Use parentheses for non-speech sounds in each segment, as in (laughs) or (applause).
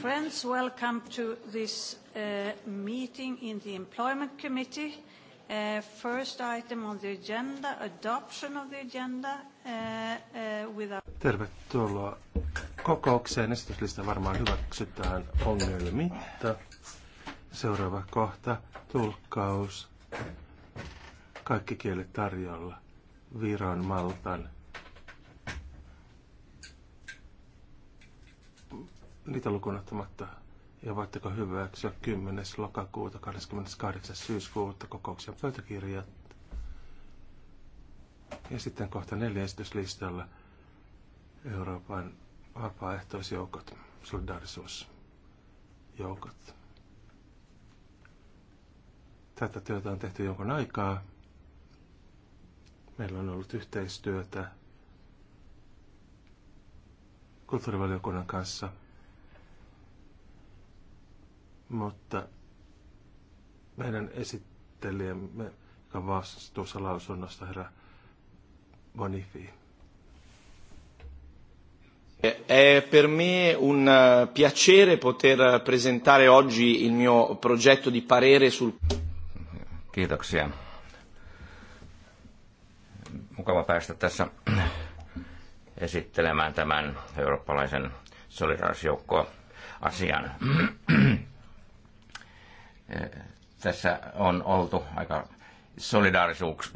Friends, welcome to this uh, meeting in the Employment Committee. Uh, first item on the agenda, adoption of the agenda. Uh, uh, without... Tervetuloa kokoukseen. Esityslista varmaan hyväksytään ongelmitta. Seuraava kohta, tulkkaus. Kaikki kielet tarjolla. Viron, Maltan, niitä lukunottamatta. Ja voitteko hyväksyä 10. lokakuuta 28. syyskuuta kokouksen pöytäkirjat. Ja sitten kohta neljä esityslistalla Euroopan vapaaehtoisjoukot, solidaarisuusjoukot. Tätä työtä on tehty jonkun aikaa. Meillä on ollut yhteistyötä kulttuurivaliokunnan kanssa – mutta meidän esittelijämme, joka vastuussa lausunnosta, herra Bonifi. È per me un eh, piacere poter presentare oggi il mio progetto di parere sul... Kiitoksia. Mukava päästä tässä esittelemään tämän eurooppalaisen solidaarisuusjoukkoa asian. Tässä on oltu aika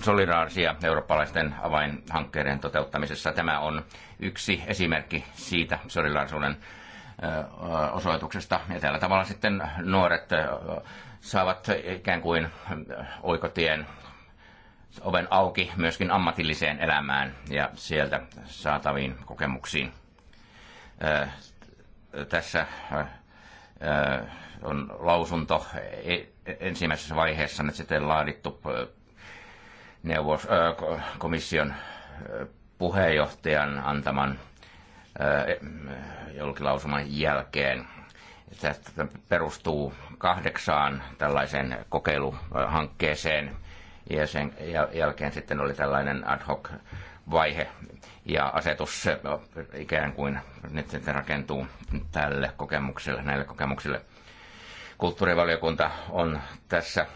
solidaarisia eurooppalaisten avainhankkeiden toteuttamisessa. Tämä on yksi esimerkki siitä solidaarisuuden osoituksesta. Ja tällä tavalla sitten nuoret saavat ikään kuin oikotien oven auki myöskin ammatilliseen elämään ja sieltä saataviin kokemuksiin. Tässä on lausunto e-, e-, ensimmäisessä vaiheessa nyt sitten laadittu neuvos, komission puheenjohtajan antaman e-, julkilausuman jälkeen. Tästä perustuu kahdeksaan tällaiseen kokeiluhankkeeseen ja sen jälkeen sitten oli tällainen ad hoc vaihe ja asetus ikään kuin nyt sitten rakentuu tälle kokemukselle, näille kokemuksille – Kulttuurivaliokunta on tässä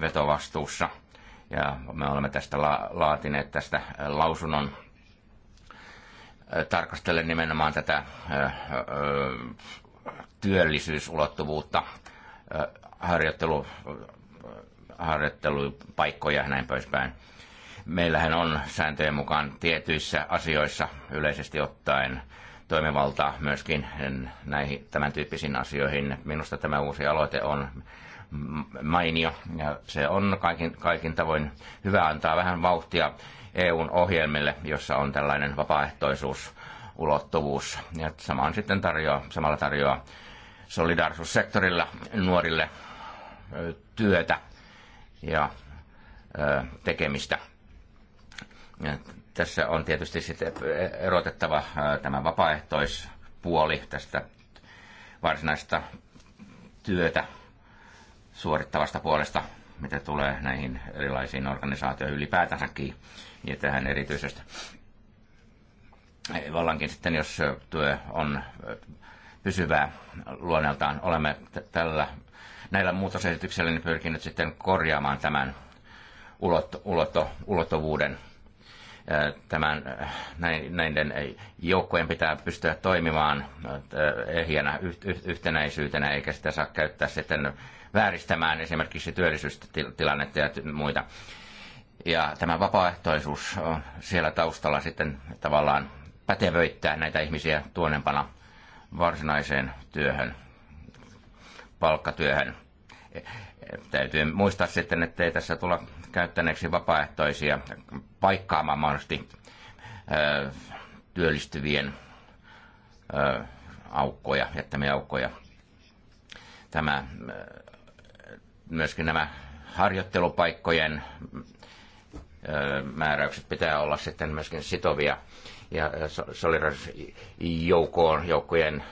vetovastuussa ja me olemme tästä laatineet tästä lausunnon tarkastellen nimenomaan tätä työllisyysulottuvuutta, harjoittelu, harjoittelupaikkoja ja näin poispäin. Meillähän on sääntöjen mukaan tietyissä asioissa yleisesti ottaen toimivaltaa myöskin näihin tämän tyyppisiin asioihin. Minusta tämä uusi aloite on mainio ja se on kaikin, kaikin tavoin hyvä antaa vähän vauhtia EUn ohjelmille, jossa on tällainen vapaaehtoisuus ulottuvuus. Ja samaan sitten tarjoaa, samalla tarjoaa solidaarisuussektorilla nuorille työtä ja tekemistä. Tässä on tietysti sitten erotettava äh, tämä vapaaehtoispuoli tästä varsinaista työtä suorittavasta puolesta, mitä tulee näihin erilaisiin organisaatioihin ylipäätänsäkin ja tähän erityisesti. Vallankin sitten, jos työ on äh, pysyvää luonneltaan, olemme tällä, näillä muutosesityksillä niin pyrkineet sitten korjaamaan tämän ulotto, ulotto, ulottuvuuden tämän, näiden joukkojen pitää pystyä toimimaan ehjänä yhtenäisyytenä, eikä sitä saa käyttää sitten vääristämään esimerkiksi työllisyystilannetta ja muita. Ja tämä vapaaehtoisuus on siellä taustalla sitten tavallaan pätevöittää näitä ihmisiä tuonempana varsinaiseen työhön, palkkatyöhön. Täytyy muistaa sitten, että ei tässä tulla käyttäneeksi vapaaehtoisia paikkaamaan mahdollisesti työllistyvien aukkoja, jättämiä aukkoja. Tämä, myöskin nämä harjoittelupaikkojen määräykset pitää olla sitten myöskin sitovia ja solidarisjoukkojen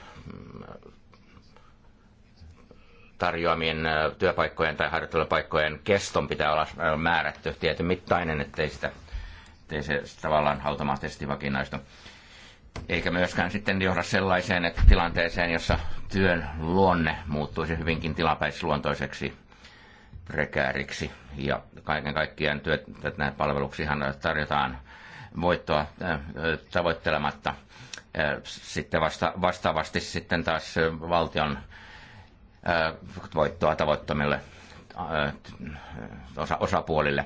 tarjoamien työpaikkojen tai harjoittelupaikkojen keston pitää olla määrätty tietyn mittainen, ettei, sitä, ettei se tavallaan automaattisesti vakinaistu. Eikä myöskään sitten johda sellaiseen että tilanteeseen, jossa työn luonne muuttuisi hyvinkin tilapäisluontoiseksi prekääriksi. Ja kaiken kaikkiaan työt, näitä palveluksia tarjotaan voittoa tavoittelematta sitten vasta, vastaavasti sitten taas valtion Äh, voittoa tavoittamille äh, osa, osapuolille.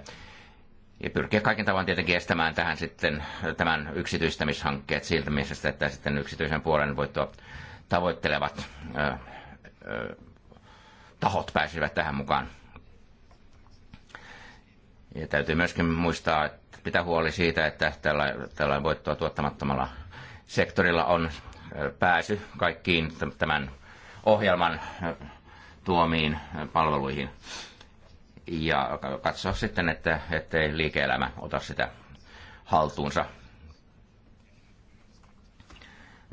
Ja pyrkiä kaiken tavoin tietenkin estämään tähän sitten tämän yksityistämishankkeet siltämisestä, että sitten yksityisen puolen voittoa tavoittelevat ö, äh, ö, tahot pääsivät tähän mukaan. Ja täytyy myöskin muistaa, että pitää huoli siitä, että tällä, tällä voittoa tuottamattomalla sektorilla on pääsy kaikkiin tämän ohjelman äh, tuomiin äh, palveluihin ja katsoa sitten, että ettei liike-elämä ota sitä haltuunsa.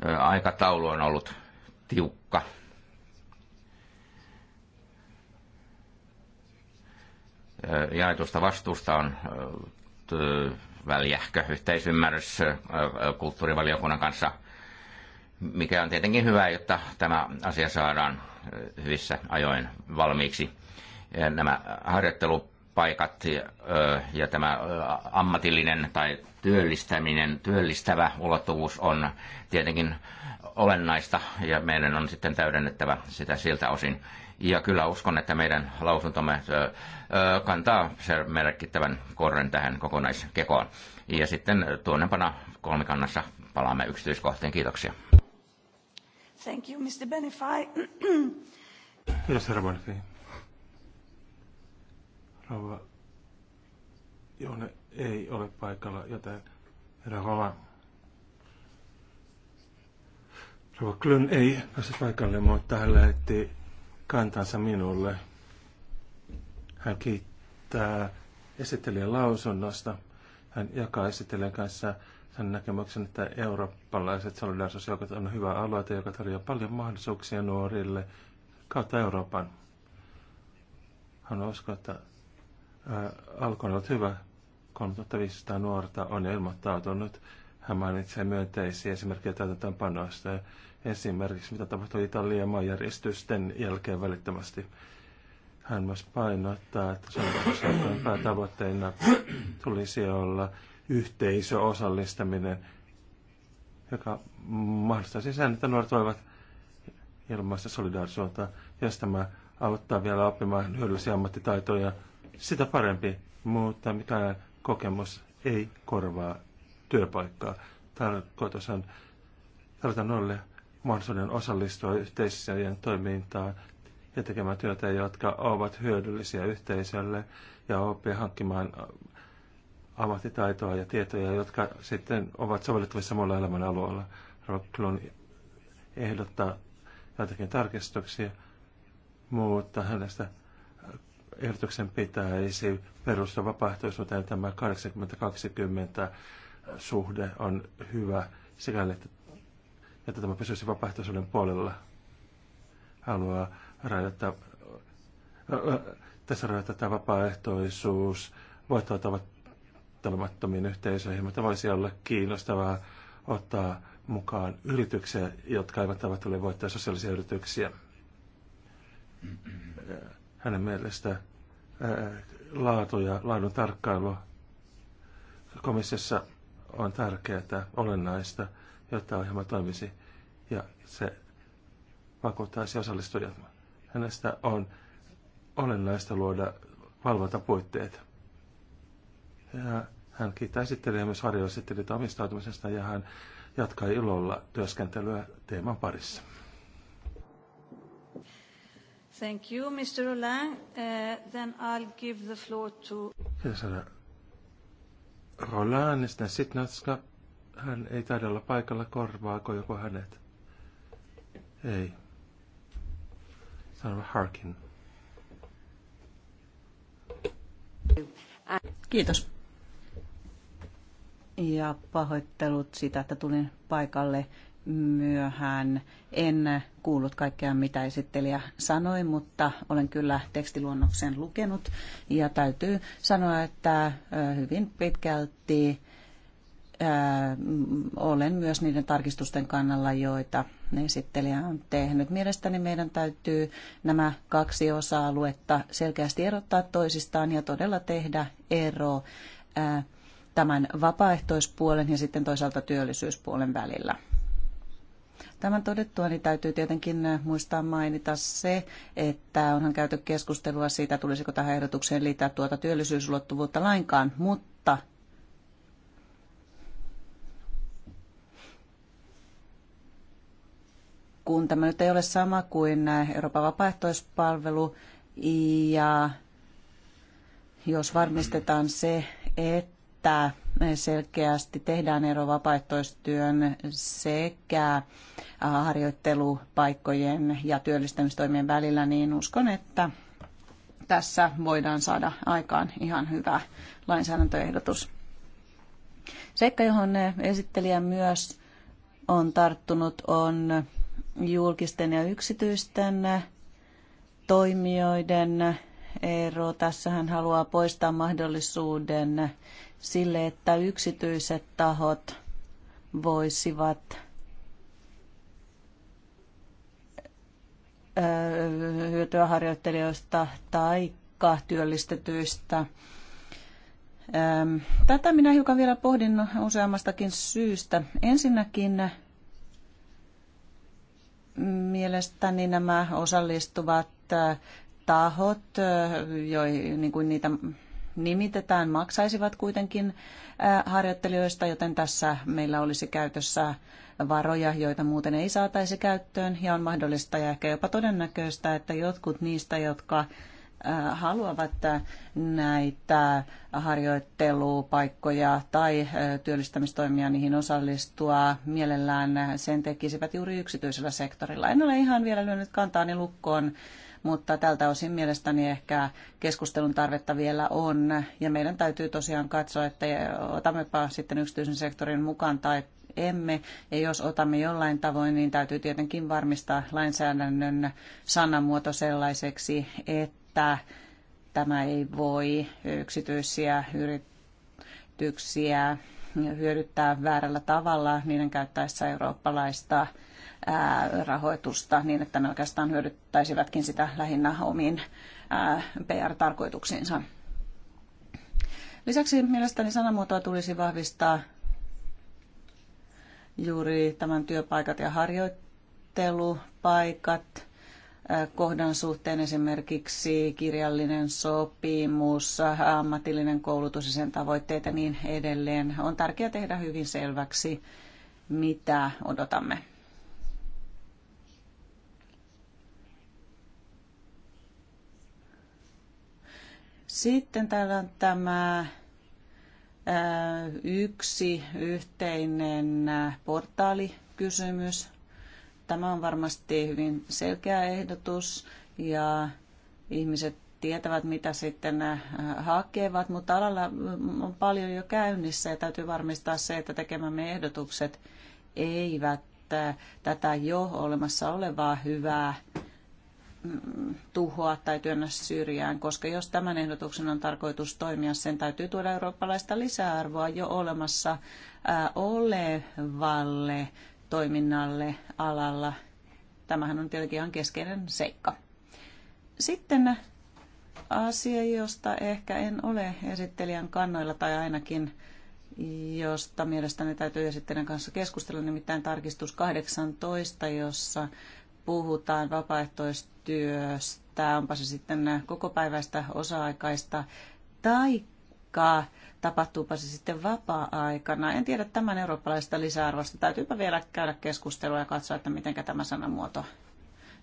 Äh, aikataulu on ollut tiukka. Jaetusta vastuusta on väljähkö yhteisymmärrys kulttuurivaliokunnan kanssa – mikä on tietenkin hyvä, jotta tämä asia saadaan hyvissä ajoin valmiiksi. Nämä harjoittelupaikat ja, tämä ammatillinen tai työllistäminen, työllistävä ulottuvuus on tietenkin olennaista ja meidän on sitten täydennettävä sitä siltä osin. Ja kyllä uskon, että meidän lausuntomme kantaa merkittävän korren tähän kokonaiskekoon. Ja sitten tuonnepana kolmikannassa palaamme yksityiskohtiin. Kiitoksia. Thank you, Mr. Benify. Kiitos, (clears throat) herra Bonifay. Rouva Joone ei ole paikalla, joten herra Hola. Rouva Klön ei päässyt paikalle, mutta hän lähetti kantansa minulle. Hän kiittää esittelijän lausunnosta. Hän jakaa esittelijän kanssa sen näkemyksen, että eurooppalaiset solidaarisuusjoukot on hyvä aloite, joka tarjoaa paljon mahdollisuuksia nuorille kautta Euroopan. Hän uskoo, että alkoi on hyvä. 3500 nuorta on ilmoittautunut. Hän mainitsee myönteisiä esimerkkejä täytäntöönpanoista panoista. esimerkiksi mitä tapahtui Italian maanjärjestysten jälkeen välittömästi. Hän myös painottaa, että solidaarisuusjoukkojen päätavoitteena tulisi olla yhteisöosallistaminen, joka mahdollistaisi sen, että nuoret voivat ilmaista solidaarisuutta. Jos tämä auttaa vielä oppimaan hyödyllisiä ammattitaitoja, sitä parempi, mutta mikään kokemus ei korvaa työpaikkaa. Tarkoitus on tarjota nuorille mahdollisuuden osallistua yhteisöjen toimintaan ja tekemään työtä, jotka ovat hyödyllisiä yhteisölle ja oppia hankkimaan ammattitaitoa ja tietoja, jotka sitten ovat sovellettavissa muilla elämän alueella. Rocklon ehdottaa jotakin tarkistuksia, mutta hänestä ehdotuksen pitäisi perustua vapaaehtoisuuteen. Tämä 80-20 suhde on hyvä sikäli, että, että tämä pysyisi vapaaehtoisuuden puolella. Haluaa rajoittaa, tässä tämä vapaaehtoisuus, voittoa ovat luottelemattomiin yhteisöihin, mutta voisi olla kiinnostavaa ottaa mukaan yrityksiä, jotka eivät tavoittele voittaa sosiaalisia yrityksiä. Hänen mielestä laatu ja laadun tarkkailu komissiossa on tärkeää, olennaista, jotta ohjelma toimisi ja se vakuuttaisi osallistujat. Hänestä on olennaista luoda valvontapuitteet. Ja hän kiittää esittelijä myös varjoesittelijöitä omistautumisesta ja hän jatkaa ilolla työskentelyä teeman parissa. Thank you, Mr. Roland. Uh, then I'll give the floor to... Kiitos, Roland sitten Sitnatska. Hän ei taida olla paikalla. Korvaako joku hänet? Ei. Sanova Harkin. Kiitos ja pahoittelut sitä, että tulin paikalle myöhään. En kuullut kaikkea, mitä esittelijä sanoi, mutta olen kyllä tekstiluonnoksen lukenut ja täytyy sanoa, että hyvin pitkälti olen myös niiden tarkistusten kannalla, joita esittelijä on tehnyt. Mielestäni meidän täytyy nämä kaksi osa-aluetta selkeästi erottaa toisistaan ja todella tehdä ero tämän vapaaehtoispuolen ja sitten toisaalta työllisyyspuolen välillä. Tämän todettua niin täytyy tietenkin muistaa mainita se, että onhan käyty keskustelua siitä, tulisiko tähän ehdotukseen liittää tuota työllisyysulottuvuutta lainkaan, mutta kun tämä nyt ei ole sama kuin Euroopan vapaaehtoispalvelu ja jos varmistetaan se, että että selkeästi tehdään ero vapaaehtoistyön sekä harjoittelupaikkojen ja työllistämistoimien välillä, niin uskon, että tässä voidaan saada aikaan ihan hyvä lainsäädäntöehdotus. Seikka, johon esittelijä myös on tarttunut, on julkisten ja yksityisten toimijoiden ero. Tässä hän haluaa poistaa mahdollisuuden sille, että yksityiset tahot voisivat hyötyä harjoittelijoista tai työllistetyistä. Tätä minä hiukan vielä pohdin useammastakin syystä. Ensinnäkin mielestäni nämä osallistuvat tahot, jo, niin kuin niitä nimitetään, maksaisivat kuitenkin harjoittelijoista, joten tässä meillä olisi käytössä varoja, joita muuten ei saataisi käyttöön, ja on mahdollista ja ehkä jopa todennäköistä, että jotkut niistä, jotka haluavat näitä harjoittelupaikkoja tai työllistämistoimia niihin osallistua, mielellään sen tekisivät juuri yksityisellä sektorilla. En ole ihan vielä lyönyt kantaani lukkoon mutta tältä osin mielestäni ehkä keskustelun tarvetta vielä on. Ja meidän täytyy tosiaan katsoa, että otammepa sitten yksityisen sektorin mukaan tai emme. Ja jos otamme jollain tavoin, niin täytyy tietenkin varmistaa lainsäädännön sanamuoto sellaiseksi, että tämä ei voi yksityisiä yrityksiä hyödyttää väärällä tavalla niiden käyttäessä eurooppalaista rahoitusta niin, että ne oikeastaan hyödyttäisivätkin sitä lähinnä omiin PR-tarkoituksiinsa. Lisäksi mielestäni sanamuotoa tulisi vahvistaa juuri tämän työpaikat ja harjoittelupaikat kohdan suhteen esimerkiksi kirjallinen sopimus, ammatillinen koulutus ja sen tavoitteet ja niin edelleen. On tärkeää tehdä hyvin selväksi, mitä odotamme. Sitten täällä on tämä äh, yksi yhteinen äh, portaalikysymys. Tämä on varmasti hyvin selkeä ehdotus ja ihmiset tietävät, mitä sitten äh, hakevat, mutta alalla mm, on paljon jo käynnissä ja täytyy varmistaa se, että tekemämme ehdotukset eivät tätä jo olemassa olevaa hyvää tuhoa tai työnnä syrjään, koska jos tämän ehdotuksen on tarkoitus toimia, sen täytyy tuoda eurooppalaista lisäarvoa jo olemassa olevalle toiminnalle alalla. Tämähän on tietenkin ihan keskeinen seikka. Sitten asia, josta ehkä en ole esittelijän kannoilla tai ainakin josta mielestäni täytyy esittelijän kanssa keskustella, nimittäin tarkistus 18, jossa puhutaan vapaaehtoista työstä, onpa se sitten kokopäiväistä, osa-aikaista, taikka tapahtuupa se sitten vapaa-aikana. En tiedä tämän eurooppalaisesta lisäarvosta. Täytyypä vielä käydä keskustelua ja katsoa, että miten tämä sanamuoto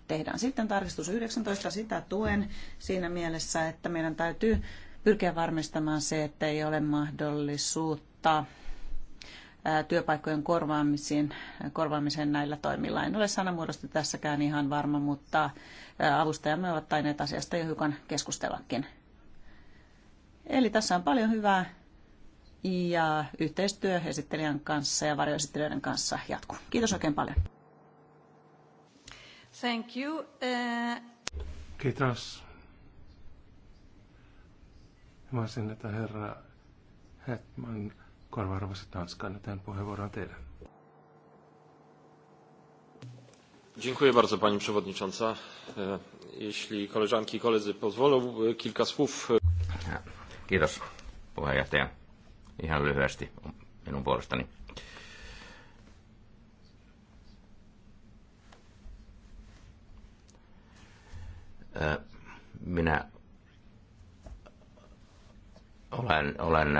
tehdään. Sitten tarkistus 19, sitä tuen siinä mielessä, että meidän täytyy pyrkiä varmistamaan se, että ei ole mahdollisuutta työpaikkojen korvaamisiin, korvaamiseen näillä toimilla. En ole sanamuodosta tässäkään ihan varma, mutta avustajamme ovat taineet asiasta jo hiukan keskustellakin. Eli tässä on paljon hyvää ja yhteistyö esittelijän kanssa ja varjoesittelijöiden kanssa jatkuu. Kiitos oikein paljon. Thank you. Uh... Kiitos. Mä sen, että herra Hetman korvaarvoiset Tanskaan. Tämän puheenvuoron teidän. Dziękuję bardzo Pani Przewodnicząca. E, jeśli koleżanki i koledzy pozwolą, e, kilka słów. E. Kiitos puheenjohtaja. Ihan lyhyesti minun puolestani. Minä olen, olen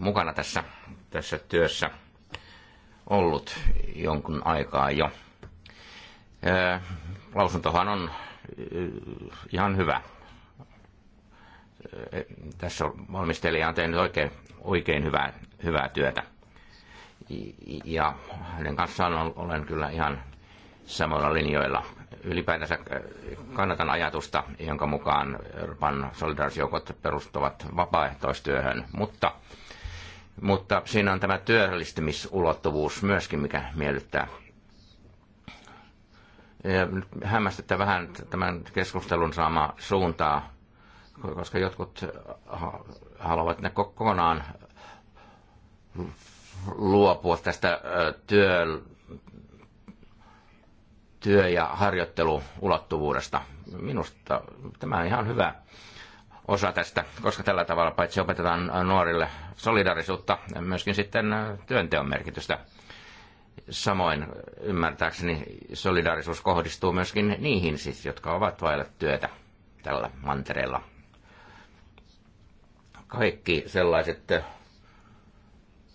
mukana tässä, tässä työssä ollut jonkun aikaa jo. Lausuntohan on ihan hyvä. E, tässä valmistelija on tehnyt oikein, oikein hyvää, hyvää työtä. Ja hänen kanssaan olen kyllä ihan samoilla linjoilla. Ylipäätänsä kannatan ajatusta, jonka mukaan Euroopan solidarisjoukot perustuvat vapaaehtoistyöhön, mutta mutta siinä on tämä työllistymisulottuvuus myöskin, mikä miellyttää. Ja hämmästyttää vähän tämän keskustelun saamaa suuntaa, koska jotkut haluavat ne kokonaan luopua tästä työ, työ- ja harjoitteluulottuvuudesta. Minusta tämä on ihan hyvä osa tästä, koska tällä tavalla paitsi opetetaan nuorille solidarisuutta, myöskin sitten työnteon merkitystä. Samoin ymmärtääkseni solidaarisuus kohdistuu myöskin niihin siis, jotka ovat vailla työtä tällä mantereella. Kaikki sellaiset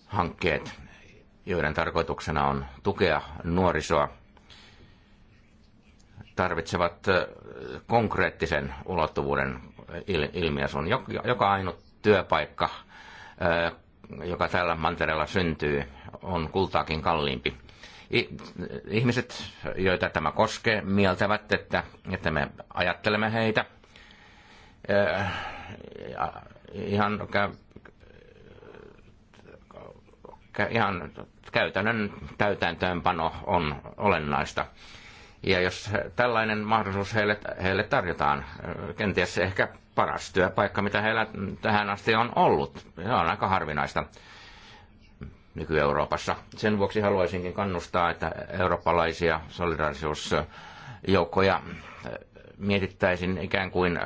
hankkeet, joiden tarkoituksena on tukea nuorisoa, tarvitsevat konkreettisen ulottuvuuden ilmiö. Se on joka ainut työpaikka, joka täällä mantereella syntyy, on kultaakin kalliimpi. Ihmiset, joita tämä koskee, mieltävät, että, että me ajattelemme heitä. Ihan, ihan käytännön täytäntöönpano on olennaista ja jos tällainen mahdollisuus heille, heille tarjotaan, kenties ehkä paras työpaikka, mitä heillä tähän asti on ollut. Se on aika harvinaista nyky-Euroopassa. Sen vuoksi haluaisinkin kannustaa, että eurooppalaisia solidarisuusjoukkoja mietittäisiin ikään kuin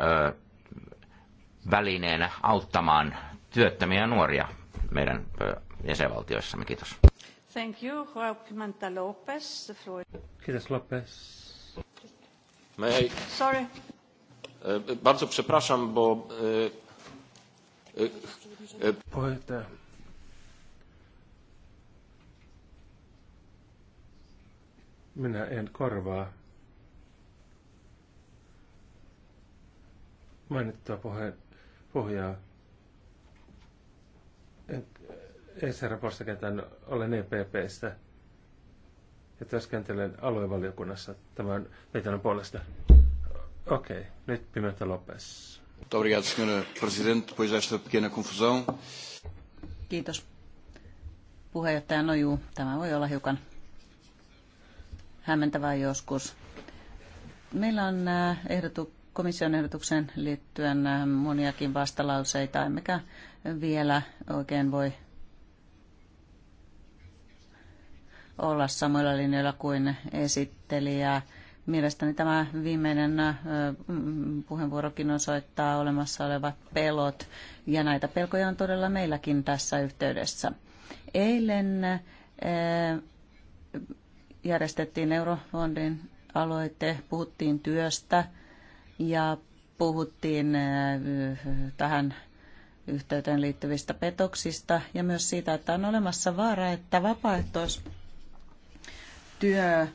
välineenä auttamaan työttömiä nuoria meidän jäsenvaltioissamme. Kiitos. Thank you, Lopez. The floor. Kiitos, Lopez. May Sorry. E, e, bardzo przepraszam, bo... E, Minä en korvaa mainittua pohjaa. Esera Postakentän olen EPPstä niin ja työskentelen aluevaliokunnassa tämän mietinnön puolesta. Okei, okay. nyt Pimenta Lopes. Kiitos. Puheenjohtaja Noju, tämä voi olla hiukan hämmentävää joskus. Meillä on äh, ehdotu, komission ehdotuksen liittyen äh, moniakin vastalauseita, emmekä vielä oikein voi olla samoilla linjoilla kuin esittelijä. Mielestäni tämä viimeinen mm, puheenvuorokin osoittaa olemassa olevat pelot, ja näitä pelkoja on todella meilläkin tässä yhteydessä. Eilen järjestettiin Eurofondin aloite, puhuttiin työstä ja puhuttiin tähän yhteyteen liittyvistä petoksista ja myös siitä, että on olemassa vaara, että vapaaehtois työ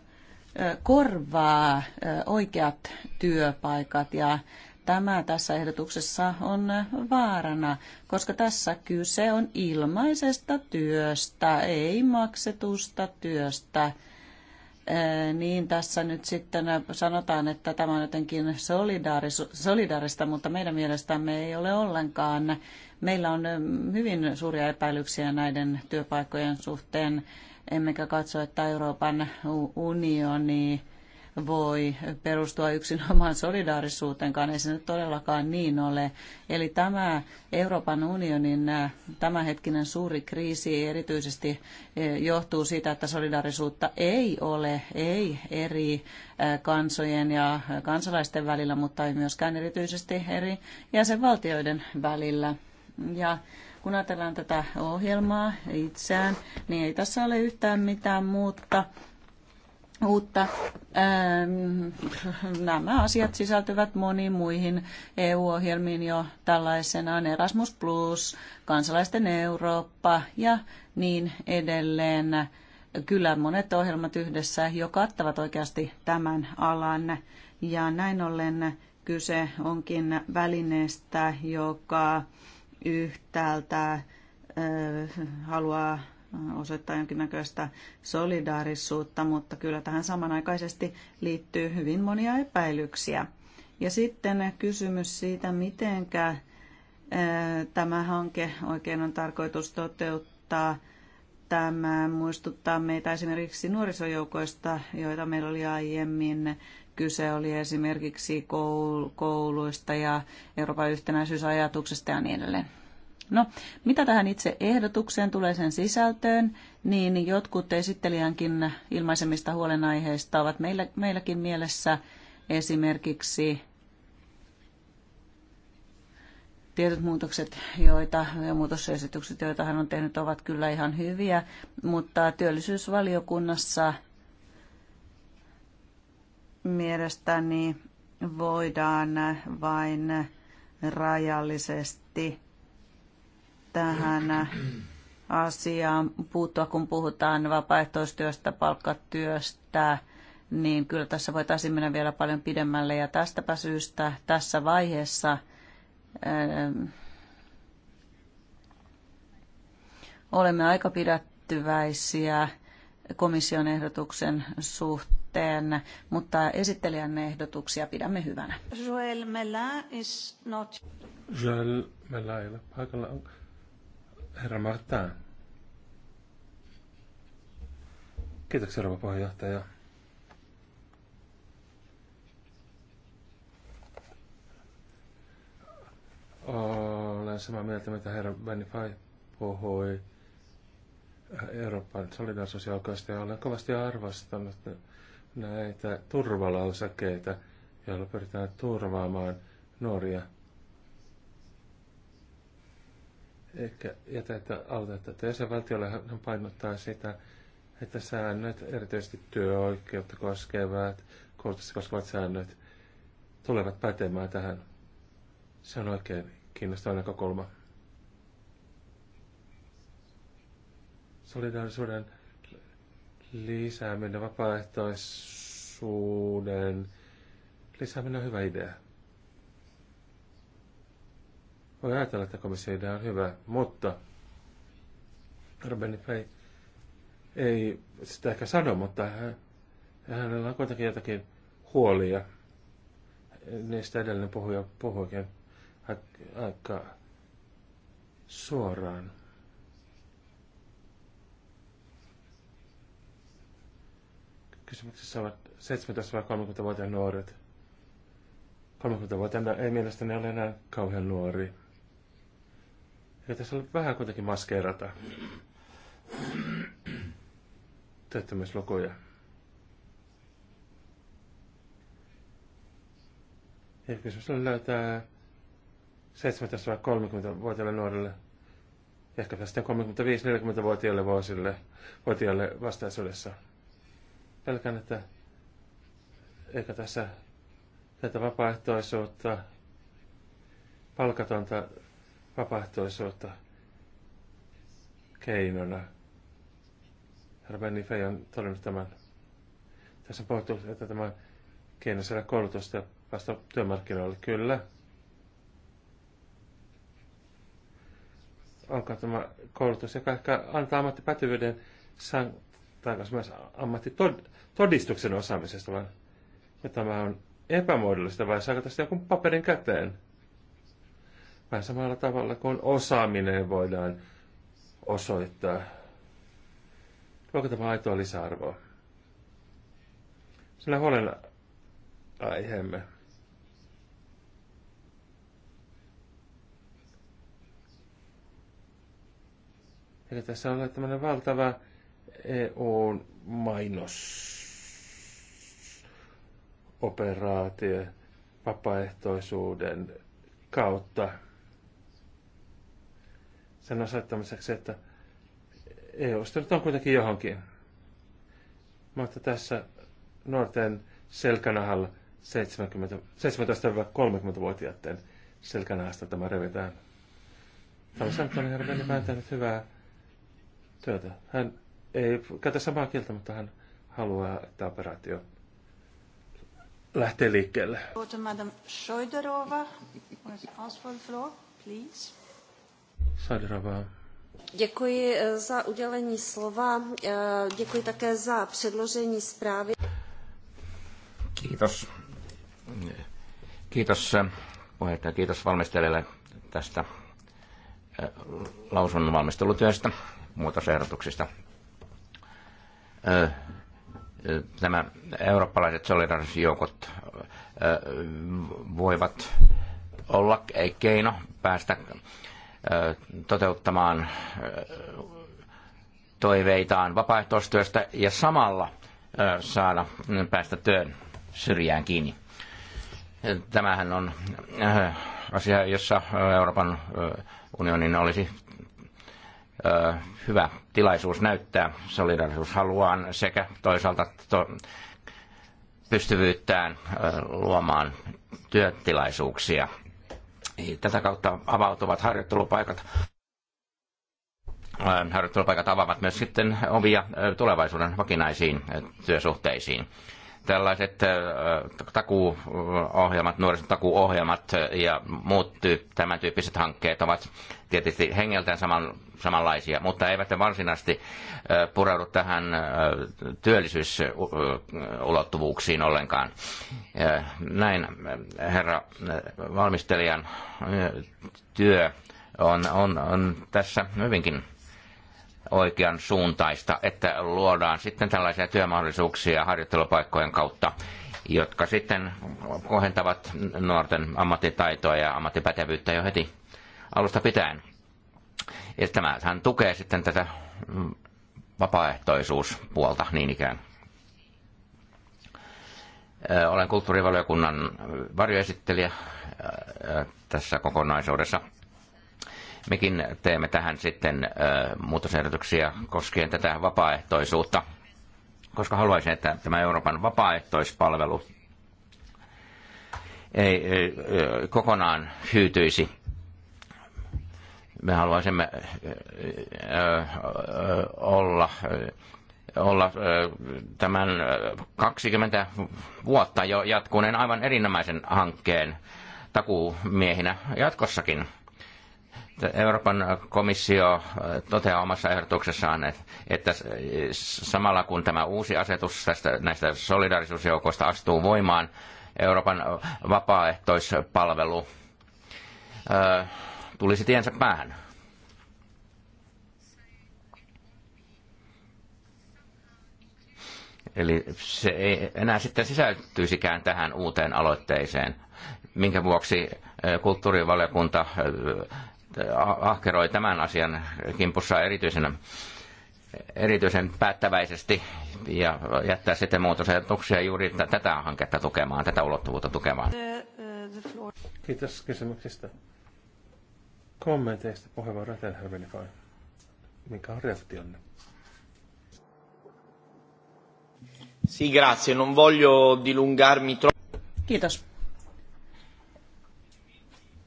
korvaa oikeat työpaikat ja tämä tässä ehdotuksessa on vaarana, koska tässä kyse on ilmaisesta työstä, ei maksetusta työstä. Niin tässä nyt sitten sanotaan, että tämä on jotenkin solidaarista, mutta meidän mielestämme ei ole ollenkaan. Meillä on hyvin suuria epäilyksiä näiden työpaikkojen suhteen emmekä katso, että Euroopan unioni voi perustua yksin oman solidaarisuuteenkaan, ei se nyt todellakaan niin ole. Eli tämä Euroopan unionin tämänhetkinen suuri kriisi erityisesti johtuu siitä, että solidaarisuutta ei ole, ei eri kansojen ja kansalaisten välillä, mutta ei myöskään erityisesti eri jäsenvaltioiden välillä. Ja kun ajatellaan tätä ohjelmaa itseään, niin ei tässä ole yhtään mitään muuta uutta. Ähm, nämä asiat sisältyvät moniin muihin EU-ohjelmiin jo tällaisenaan Erasmus Plus, kansalaisten Eurooppa ja niin edelleen. Kyllä monet ohjelmat yhdessä jo kattavat oikeasti tämän alan ja näin ollen kyse onkin välineestä, joka yhtäältä haluaa osoittaa jonkinnäköistä solidaarisuutta, mutta kyllä tähän samanaikaisesti liittyy hyvin monia epäilyksiä. Ja sitten kysymys siitä, äh, tämä hanke oikein on tarkoitus toteuttaa. Tämä muistuttaa meitä esimerkiksi nuorisojoukoista, joita meillä oli aiemmin. Kyse oli esimerkiksi kouluista ja Euroopan yhtenäisyysajatuksesta ja niin edelleen. No, mitä tähän itse ehdotukseen tulee sen sisältöön, niin jotkut esittelijänkin ilmaisemista huolenaiheista ovat meillä, meilläkin mielessä esimerkiksi tietyt muutokset, joita ja muutosesitykset, joita hän on tehnyt, ovat kyllä ihan hyviä, mutta työllisyysvaliokunnassa mielestäni voidaan vain rajallisesti tähän asiaan puuttua, kun puhutaan vapaaehtoistyöstä, palkkatyöstä, niin kyllä tässä voitaisiin mennä vielä paljon pidemmälle. Ja tästäpä syystä tässä vaiheessa ää, eh, olemme aika pidättyväisiä komission ehdotuksen suhteen suhteen, mutta esittelijän ehdotuksia pidämme hyvänä. Joel Mela is not... Joel Mela ei ole paikalla. Herra Martin. Kiitoksia, rouva puheenjohtaja. Olen samaa mieltä, mitä herra Benify puhui Euroopan solidaarisuusjoukoista ja olen kovasti arvostanut näitä turvalausakeita, joilla pyritään turvaamaan nuoria. Eikä jätetä aloitetta työsävaltiolle, hän painottaa sitä, että säännöt, erityisesti työoikeutta koskevat, koulutusta koskevat säännöt, tulevat pätemään tähän. Se on oikein kiinnostava näkökulma. Solidaarisuuden lisääminen vapaaehtoisuuden lisääminen on hyvä idea. Voi ajatella, että komission idea on hyvä, mutta Robin ei, ei sitä ehkä sano, mutta hän, hänellä on kuitenkin jotakin huolia. Niistä edellinen puhuja puhuikin aika suoraan. Kysymyksessä ovat 17-30-vuotiaat nuoret. 30-vuotiaana ei mielestäni ole enää kauhean nuori. Ja tässä on vähän kuitenkin maskeerata (clears throat) työttömyyslukuja. Ja kysymys on löytää 17-30-vuotiaille nuorille ja ehkä sitten 35-40-vuotiaille vuosille, vuotiaille vastaisuudessa pelkän, että eikä tässä tätä vapaaehtoisuutta, palkatonta vapaaehtoisuutta keinona. Herra Benny Fey on todennut tämän. Tässä on puhuttu, että tämä keino saada koulutusta ja päästä työmarkkinoille. Kyllä. Onko tämä koulutus, joka ehkä antaa ammattipätevyyden, on myös ammattitodistuksen osaamisesta, vai? ja tämä on epämuodollista, vai saako tästä joku paperin käteen? Vähän samalla tavalla kuin osaaminen voidaan osoittaa. Voiko tämä aitoa lisäarvoa? Sillä huolen aiheemme. Eli tässä on tämmöinen valtava EUn mainosoperaatio vapaaehtoisuuden kautta sen osoittamiseksi, että eu nyt on kuitenkin johonkin. Mutta tässä nuorten selkänahalla 17-30-vuotiaiden selkänahasta tämä revitään. Tämä on Samson niin Herveni päättänyt hyvää työtä. Hän ei käytä samaa kieltä, mutta hän haluaa, että operaatio lähtee liikkeelle. Madam please. Děkuji eh, za udělení slova. Eh, děkuji také za předložení zprávy. Kiitos. Kiitos eh, puheenjohtaja, kiitos valmistelijalle tästä lausunnon valmistelutyöstä, muutosehdotuksista nämä eurooppalaiset solidarisuusjoukot voivat olla keino päästä toteuttamaan toiveitaan vapaaehtoistyöstä ja samalla saada päästä työn syrjään kiinni. Tämähän on asia, jossa Euroopan unionin olisi hyvä tilaisuus näyttää solidaarisuushaluaan sekä toisaalta to, pystyvyyttään luomaan työtilaisuuksia. Tätä kautta avautuvat harjoittelupaikat. Harjoittelupaikat avaavat myös sitten ovia tulevaisuuden vakinaisiin työsuhteisiin tällaiset äh, takuuohjelmat, nuorisotakuuohjelmat ja muut tyyp, tämän tyyppiset hankkeet ovat tietysti hengeltään saman, samanlaisia, mutta eivät varsinaisesti äh, pureudu tähän äh, työllisyysulottuvuuksiin ollenkaan. Näin herra valmistelijan työ on, on, on tässä hyvinkin oikean suuntaista, että luodaan sitten tällaisia työmahdollisuuksia harjoittelupaikkojen kautta, jotka sitten kohentavat nuorten ammattitaitoa ja ammattipätevyyttä jo heti alusta pitäen. Ja tämähän tukee sitten tätä vapaaehtoisuuspuolta niin ikään. Olen kulttuurivaliokunnan varjoesittelijä tässä kokonaisuudessa. Mekin teemme tähän sitten muutosehdotuksia koskien tätä vapaaehtoisuutta, koska haluaisin, että tämä Euroopan vapaaehtoispalvelu ei, ei kokonaan hyytyisi me haluaisimme olla, olla tämän 20 vuotta jo jatkuneen aivan erinomaisen hankkeen takuumiehinä jatkossakin. Euroopan komissio äh, toteaa omassa ehdotuksessaan, että äh, samalla kun tämä uusi asetus tästä, näistä solidarisuusjoukoista astuu voimaan, Euroopan äh, vapaaehtoispalvelu tulisi tiensä päähän. Eli se ei enää sitten sisältyisikään tähän uuteen aloitteeseen, minkä vuoksi kulttuurivaliokunta Eh, ahkeroi tämän asian kimpussa erityisenä erityisen päättäväisesti ja jättää sitten muutosajatuksia juuri tätä hanketta tukemaan, tätä ulottuvuutta tukemaan. Eh, Kiitos kysymyksistä. Kommenteista puheenvuoro Etelhärveni vai? Mikä on reaktionne? Sì, grazie. Non voglio dilungarmi troppo. Kiitos.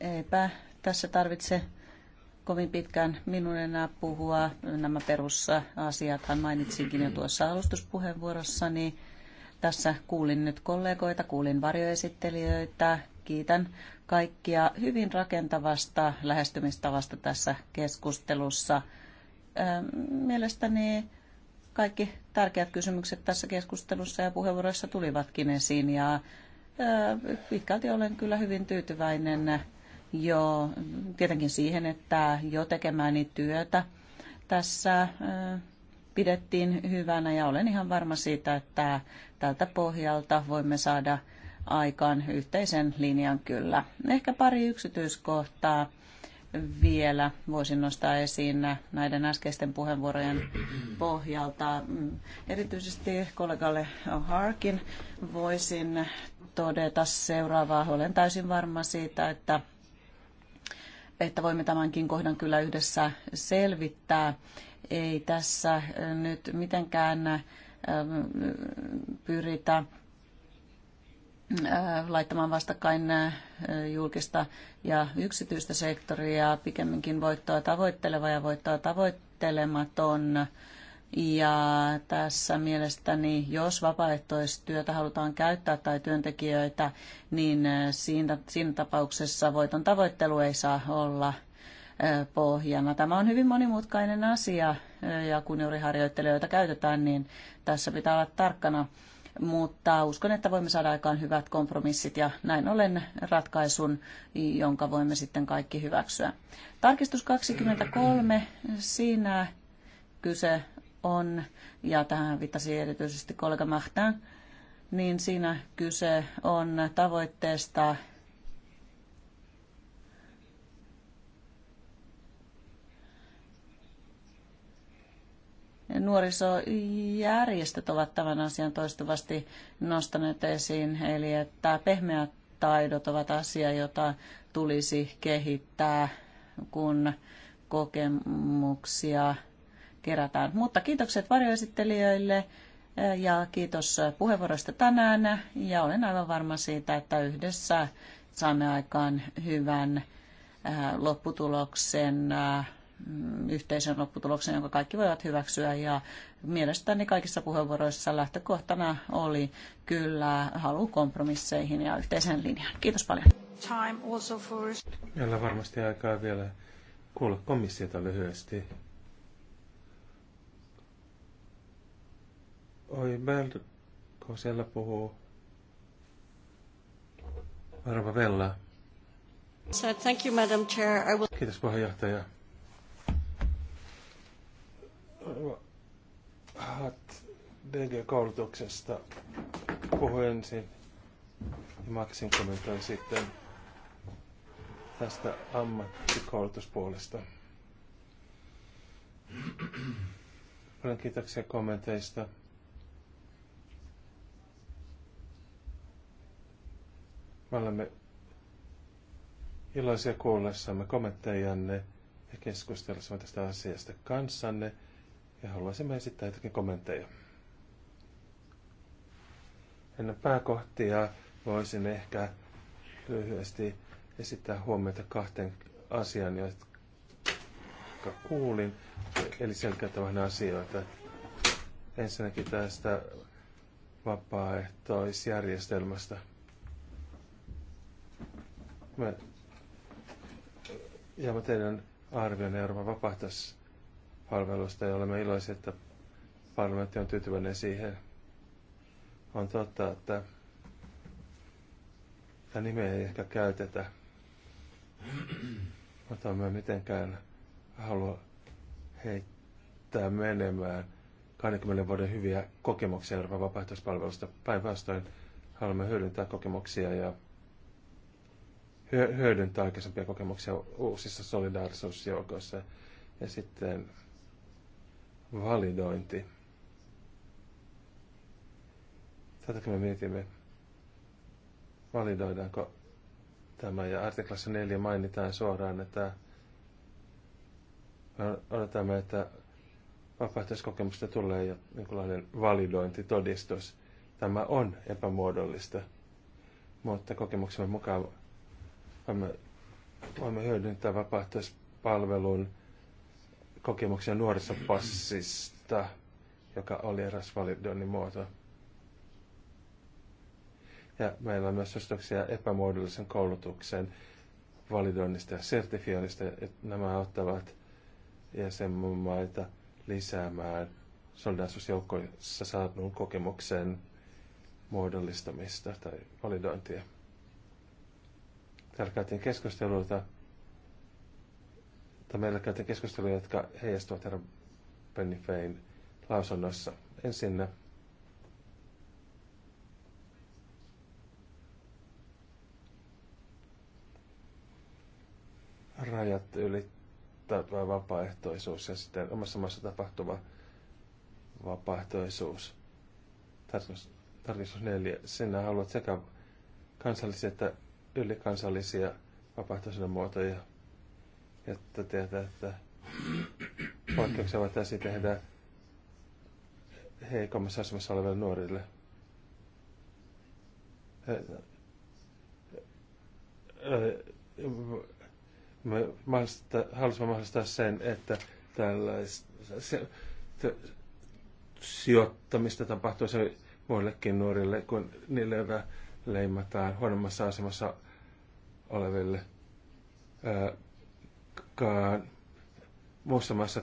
Eipä tässä tarvitse kovin pitkään minun enää puhua. Nämä perussa perusasiathan mainitsinkin jo tuossa alustuspuheenvuorossani. Tässä kuulin nyt kollegoita, kuulin varjoesittelijöitä. Kiitän kaikkia hyvin rakentavasta lähestymistavasta tässä keskustelussa. Ähm, mielestäni kaikki tärkeät kysymykset tässä keskustelussa ja puheenvuoroissa tulivatkin esiin ja äh, pitkälti olen kyllä hyvin tyytyväinen jo tietenkin siihen, että jo tekemääni työtä tässä pidettiin hyvänä ja olen ihan varma siitä, että tältä pohjalta voimme saada aikaan yhteisen linjan kyllä. Ehkä pari yksityiskohtaa vielä voisin nostaa esiin näiden äskeisten puheenvuorojen pohjalta. Erityisesti kollegalle Harkin voisin todeta seuraavaa. Olen täysin varma siitä, että että voimme tämänkin kohdan kyllä yhdessä selvittää. Ei tässä nyt mitenkään ähm, pyritä äh, laittamaan vastakkain äh, julkista ja yksityistä sektoria, pikemminkin voittoa tavoitteleva ja voittoa tavoittelematon ja tässä mielestäni, jos vapaaehtoistyötä halutaan käyttää tai työntekijöitä, niin äh, siinä, siinä tapauksessa voiton tavoittelu ei saa olla äh, pohjana. Tämä on hyvin monimutkainen asia äh, ja kun juuri harjoittelijoita käytetään, niin tässä pitää olla tarkkana. Mutta uskon, että voimme saada aikaan hyvät kompromissit ja näin ollen ratkaisun, jonka voimme sitten kaikki hyväksyä. Tarkistus 23. Siinä kyse on, ja tähän viittasi erityisesti kollega Mahtään, niin siinä kyse on tavoitteesta nuorisojärjestöt ovat tämän asian toistuvasti nostaneet esiin, eli että pehmeät taidot ovat asia, jota tulisi kehittää, kun kokemuksia – kerätään. Mutta kiitokset varjoesittelijöille eh, ja kiitos puheenvuoroista tänään. Ja olen aivan varma siitä, että yhdessä saamme aikaan hyvän eh, lopputuloksen, eh, yhteisen lopputuloksen, jonka kaikki voivat hyväksyä. Ja mielestäni kaikissa puheenvuoroissa lähtökohtana oli kyllä halu kompromisseihin ja yhteisen linjaan. Kiitos paljon. Time also for... Meillä varmasti aikaa vielä kuulla komissiota lyhyesti. Oi, kun siellä puhuu. Arva Vella. So, thank you, Madam Chair. I will... Kiitos puheenjohtaja. Hat DG-koulutuksesta puhu ensin ja Maksin kommentoi sitten tästä ammattikoulutuspuolesta. Paljon kiitoksia kommenteista. Me olemme iloisia kuullessamme kommenttejanne ja keskustelisimme tästä asiasta kanssanne ja haluaisimme esittää jotakin kommentteja. Ennen pääkohtia voisin ehkä lyhyesti esittää huomiota kahteen asiaan, jotka kuulin, eli selkeyttävän asioita. Ensinnäkin tästä vapaaehtoisjärjestelmästä – me mä teidän arvion Euroopan vapaaehtoispalvelusta ja olemme iloisia, että parlamentti on tyytyväinen siihen. On totta, että tämä nime ei ehkä käytetä, mutta me mitenkään halua heittää menemään 20 vuoden hyviä kokemuksia Euroopan vapaaehtoispalvelusta. Päinvastoin haluamme hyödyntää kokemuksia ja hyödyntää aikaisempia kokemuksia uusissa solidaarisuusjoukoissa. Ja sitten validointi. Tätäkin me mietimme, validoidaanko tämä. Ja artiklassa 4 mainitaan suoraan, että me odotamme, että vapaaehtoiskokemusta tulee jonkinlainen validointitodistus. Tämä on epämuodollista, mutta kokemuksemme mukaan voimme, voimme hyödyntää vapaaehtoispalvelun kokemuksia nuorissa passista, joka oli eräs validoinnin muoto. Ja meillä on myös ostoksia epämuodollisen koulutuksen validoinnista ja sertifioinnista, että nämä auttavat jäsenmaita lisäämään solidaisuusjoukkoissa saadun kokemuksen muodollistamista tai validointia. Täällä käytiin keskusteluita, tai meillä käytiin keskusteluja, jotka heijastuvat herra Fein lausunnossa. Ensinnä rajat ylittävä vapaaehtoisuus ja sitten omassa maassa tapahtuva vapaaehtoisuus. tarkistus neljä. Sinä haluat sekä kansallisia että ylikansallisia vapaaehtoisuuden muotoja, jotta tietää, että poikkeuksia voitaisiin tehdä heikommassa asemassa oleville nuorille. Haluaisin mahdollistaa sen, että tällaista sijoittamista tapahtuisi muillekin nuorille kuin niille, joilla leimataan huonommassa asemassa oleville kaan muussa maassa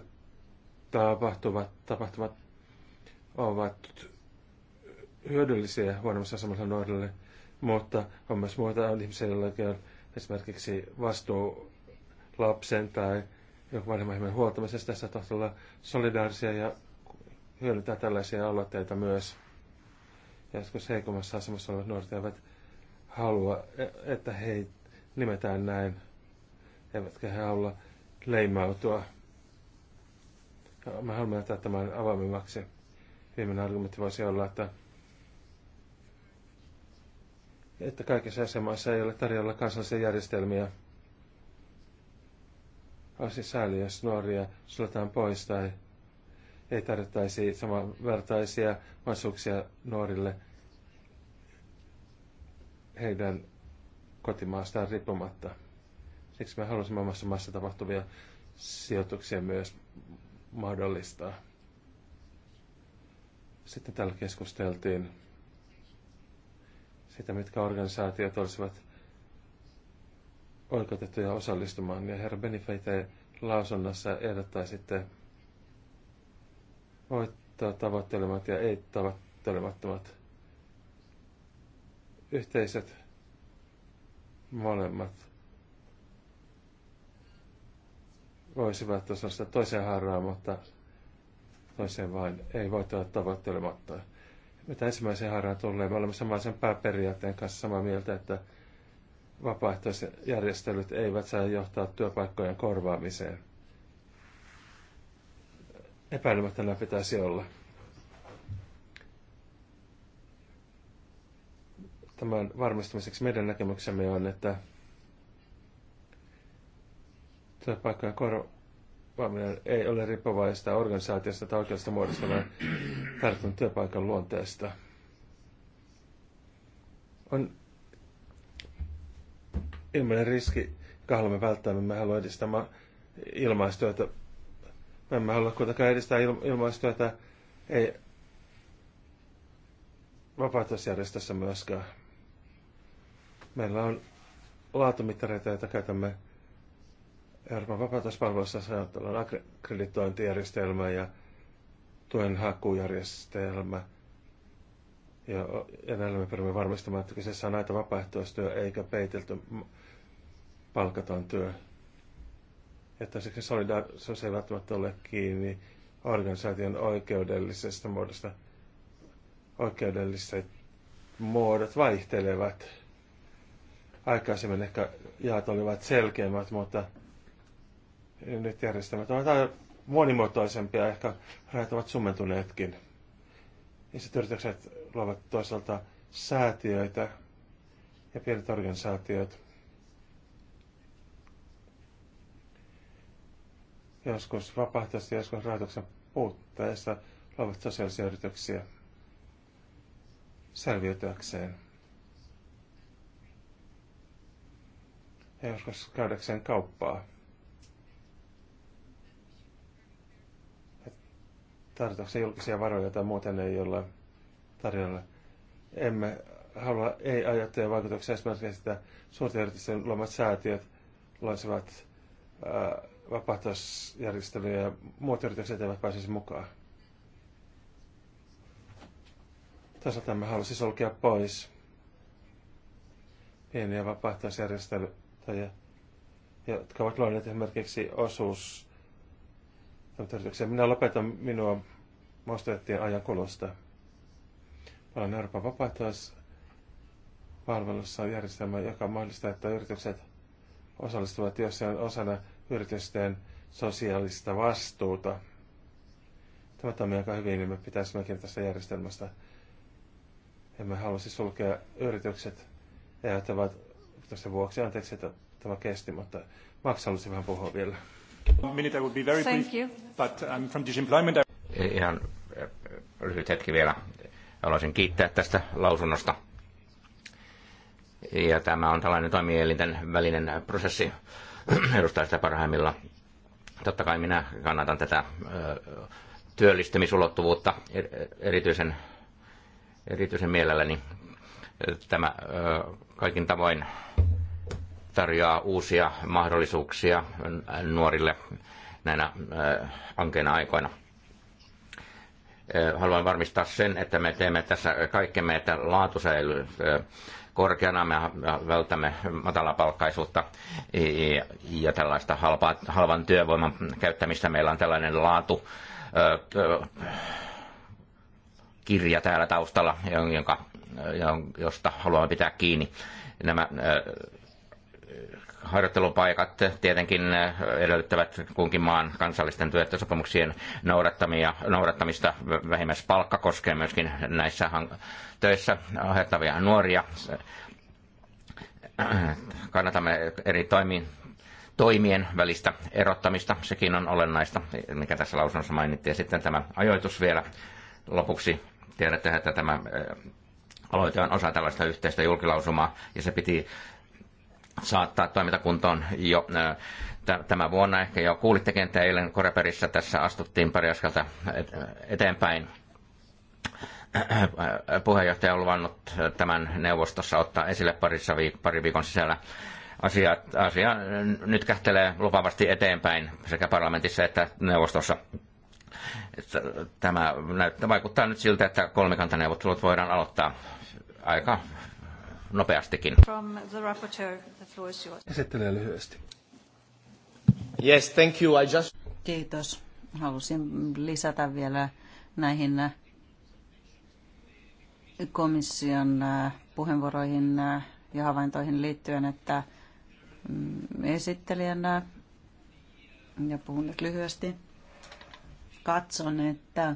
tapahtuvat tapahtumat ovat hyödyllisiä huonommassa asemassa nuorille, mutta on myös muuta on ihmisiä, joilla on esimerkiksi vastuu lapsen tai joku vanhemman ihminen huoltamisesta. Tässä tahtoo olla solidaarisia ja hyödyntää tällaisia aloitteita myös joskus heikommassa asemassa olevat nuoret eivät halua, että he nimetään näin, eivätkä he halua leimautua. Mä haluan jättää tämän avaimemmaksi. Viimeinen argumentti voisi olla, että, että kaikissa asemassa ei ole tarjolla kansallisia järjestelmiä. Olisi sääli, jos nuoria suljetaan pois tai ei tarjottaisi samanvertaisia mahdollisuuksia nuorille heidän kotimaastaan riippumatta. Siksi me haluaisimme omassa maassa tapahtuvia sijoituksia myös mahdollistaa. Sitten täällä keskusteltiin sitä, mitkä organisaatiot olisivat oikeutettuja osallistumaan. Ja herra Benifeite lausunnossa ehdottaa sitten voittaa tavoittelemat ja ei tavoittelemattomat yhteiset molemmat voisivat osasta toiseen harraa, mutta toiseen vain ei voi olla tavoittelematta. Mitä ensimmäiseen harraan tulee, me olemme samaa sen pääperiaatteen kanssa samaa mieltä, että vapaaehtoiset järjestelyt eivät saa johtaa työpaikkojen korvaamiseen. Epäilemättä nämä pitäisi olla. tämän varmistamiseksi meidän näkemyksemme on, että työpaikkojen korvaaminen ei ole riippuvaista organisaatiosta tai oikeasta muodosta, vaan tartun työpaikan luonteesta. On ilmeinen riski, joka haluamme välttää, me haluamme halua edistää ilmaistyötä. Me emme halua kuitenkaan edistää ilmaistyötä, ei vapaaehtoisjärjestössä myöskään. Meillä on laatumittareita, joita käytämme Euroopan vapautuspalvelussa sanottuna akkreditointijärjestelmä ja tuen hakujärjestelmä. Ja, ja näillä me pyrimme varmistamaan, että kyseessä on aito vapaaehtoistyö eikä peitelty palkaton työ. Että se solidaarisuus ei välttämättä ole kiinni organisaation oikeudellisesta muodosta. Oikeudelliset muodot vaihtelevat Aikaisemmin ehkä jaot olivat selkeimmät, mutta nyt järjestelmät ovat monimuotoisempia, ehkä rajat ovat summentuneetkin. Niissä yritykset luovat toisaalta säätiöitä ja pienet organisaatiot. Joskus vapaaehtoisesti, joskus rahoituksen puutteessa luovat sosiaalisia yrityksiä selviytyäkseen. joskus käydäkseen kauppaa. Tarjotaanko julkisia varoja tai muuten ei ole tarjolla. Emme halua ei-ajattuja vaikutuksia esimerkiksi, että suurten yritysten luomat säätiöt loisivat vapaaehtoisjärjestelyjä ja muut yritykset eivät pääsisi mukaan. Toisaalta mä halusimme siis sulkea pois pieniä vapaaehtoisjärjestelyjä tai, jotka ovat luoneet esimerkiksi osuus minä lopetan minua mastojettien ajan kulusta. Olen Euroopan vapaaehtoispalvelussa järjestelmä, joka mahdollistaa, että yritykset osallistuvat jossain osana yritysten sosiaalista vastuuta. Tämä toimii aika hyvin, niin me pitäisimmekin tästä järjestelmästä. Emme halusi sulkea yritykset, ja että ovat tässä vuoksi. Anteeksi, että tämä kesti, mutta Max halusi vähän puhua vielä. Minute, I would be very brief, but I'm um, from Disemployment. Ihan eh, lyhyt hetki vielä. Haluaisin kiittää tästä lausunnosta. Ja tämä on tällainen toimielinten välinen prosessi, (clears throat) edustaa sitä parhaimmilla. Totta kai minä kannatan tätä eh, työllistymisulottuvuutta er-, erityisen, erityisen mielelläni Tämä kaikin tavoin tarjoaa uusia mahdollisuuksia nuorille näinä ankeina aikoina. Haluan varmistaa sen, että me teemme tässä kaikkemme, että laatu säilyy korkeana, me vältämme matalapalkkaisuutta ja tällaista halpaa, halvan työvoiman käyttämistä. Meillä on tällainen laatu kirja täällä taustalla, jonka Äh, josta haluamme pitää kiinni. Nämä äh, harjoittelupaikat tietenkin äh, edellyttävät kunkin maan kansallisten työehtosopimuksien noudattamista. Vähimmäispalkka koskee myöskin näissä töissä ohjattavia nuoria. Kannatamme eri toimiin, toimien välistä erottamista. Sekin on olennaista, mikä tässä lausunnossa mainittiin. Ja sitten tämä ajoitus vielä lopuksi. Tiedätte, että tämä aloite on osa tällaista yhteistä julkilausumaa ja se piti saattaa toimintakuntoon jo tämä vuonna. Ehkä jo kuulitte kenttä eilen Koreperissä tässä astuttiin pari askelta eteenpäin. Puheenjohtaja on luvannut tämän neuvostossa ottaa esille parissa viik- pari viikon sisällä. Asia, asia nyt kähtelee lupavasti eteenpäin sekä parlamentissa että neuvostossa. Tämä näyttää, vaikuttaa nyt siltä, että kolmikantaneuvottelut voidaan aloittaa aika nopeastikin. From the rapporteur, the floor is yours. Esittelee lyhyesti. Yes, thank you. I just... Kiitos. Halusin lisätä vielä näihin äh, komission äh, puheenvuoroihin äh, ja havaintoihin liittyen, että mm, esittelijänä, ja puhun nyt lyhyesti, katson, että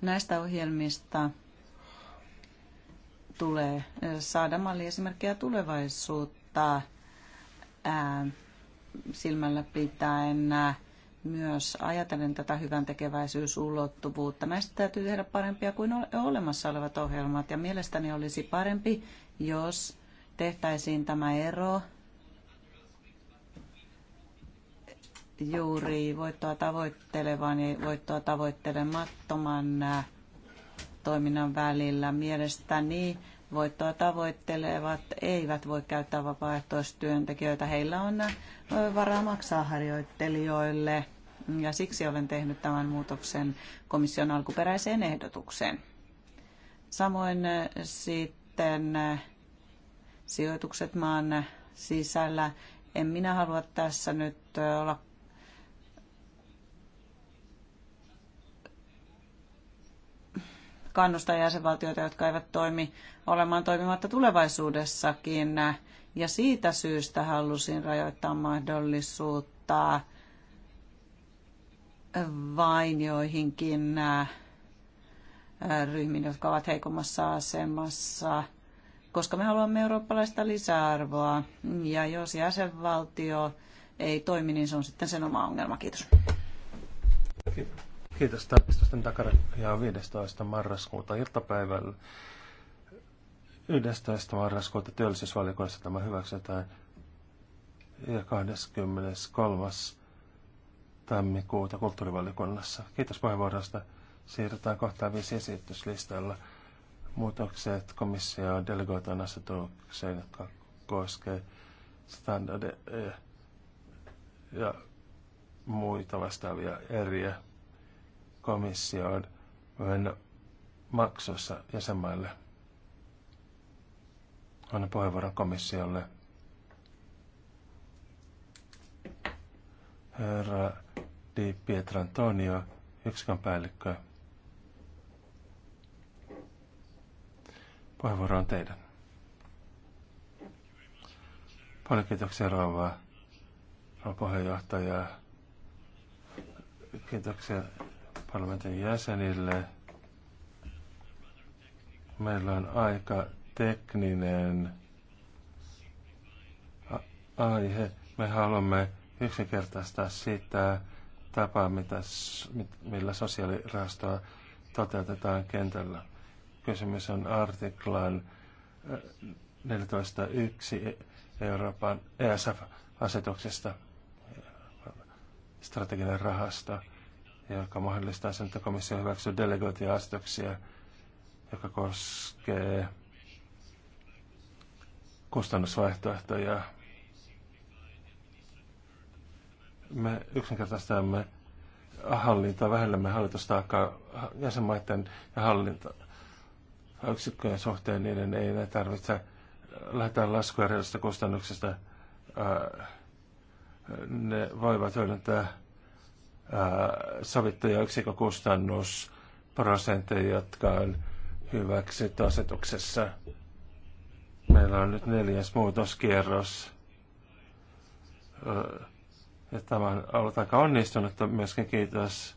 näistä ohjelmista – tulee saada malliesimerkkejä tulevaisuutta ää, silmällä pitäen myös ajatellen tätä hyvän tekeväisyysulottuvuutta. Näistä täytyy tehdä parempia kuin olemassa olevat ohjelmat ja mielestäni olisi parempi, jos tehtäisiin tämä ero juuri voittoa tavoittelevan ja voittoa tavoittelemattoman toiminnan välillä. Mielestäni voittoa tavoittelevat eivät voi käyttää vapaaehtoistyöntekijöitä. Heillä on varaa maksaa harjoittelijoille ja siksi olen tehnyt tämän muutoksen komission alkuperäiseen ehdotukseen. Samoin sitten sijoitukset maan sisällä. En minä halua tässä nyt olla kannustaa jäsenvaltioita, jotka eivät toimi olemaan toimimatta tulevaisuudessakin. Ja siitä syystä halusin rajoittaa mahdollisuutta vain joihinkin äh, ryhmiin, jotka ovat heikommassa asemassa, koska me haluamme eurooppalaista lisäarvoa. Ja jos jäsenvaltio ei toimi, niin se on sitten sen oma ongelma. Kiitos. Kiitos. Kiitos tarkistusten takana ja 15. marraskuuta iltapäivällä. 11. marraskuuta työllisyysvaliokunnassa tämä hyväksytään ja 23. tammikuuta kulttuurivaliokunnassa. Kiitos puheenvuorosta. Siirrytään kohtaan viisi esityslistalla. Muutokset komission delegoituun asetukseen, jotka koskee standardeja ja muita vastaavia eriä komissioon myönnä maksussa jäsenmaille. Anna puheenvuoro komissiolle. Herra Di Antonio, yksikön päällikkö. Puheenvuoro on teidän. Paljon kiitoksia rouva, rouva puheenjohtaja. Kiitoksia parlamentin jäsenille. Meillä on aika tekninen aihe. Me haluamme yksinkertaistaa sitä tapaa, mitä, millä sosiaalirahastoa toteutetaan kentällä. Kysymys on artiklan 14.1 e- Euroopan ESF-asetuksesta, strateginen rahasto joka mahdollistaa sen, että komissio hyväksyy delegointiasetuksia, joka koskee kustannusvaihtoehtoja. Me yksinkertaistamme hallintaa, vähennämme hallitustaakkaa jäsenmaiden ja hallinta yksikköjen suhteen, niiden ei ne tarvitse lähettää laskuja kustannuksista. Ne voivat hyödyntää Äh, sovittuja yksikkökustannusprosentteja, jotka on hyväksytty asetuksessa. Meillä on nyt neljäs muutoskierros. Äh, ja tämä on ollut aika onnistunut, myöskin kiitos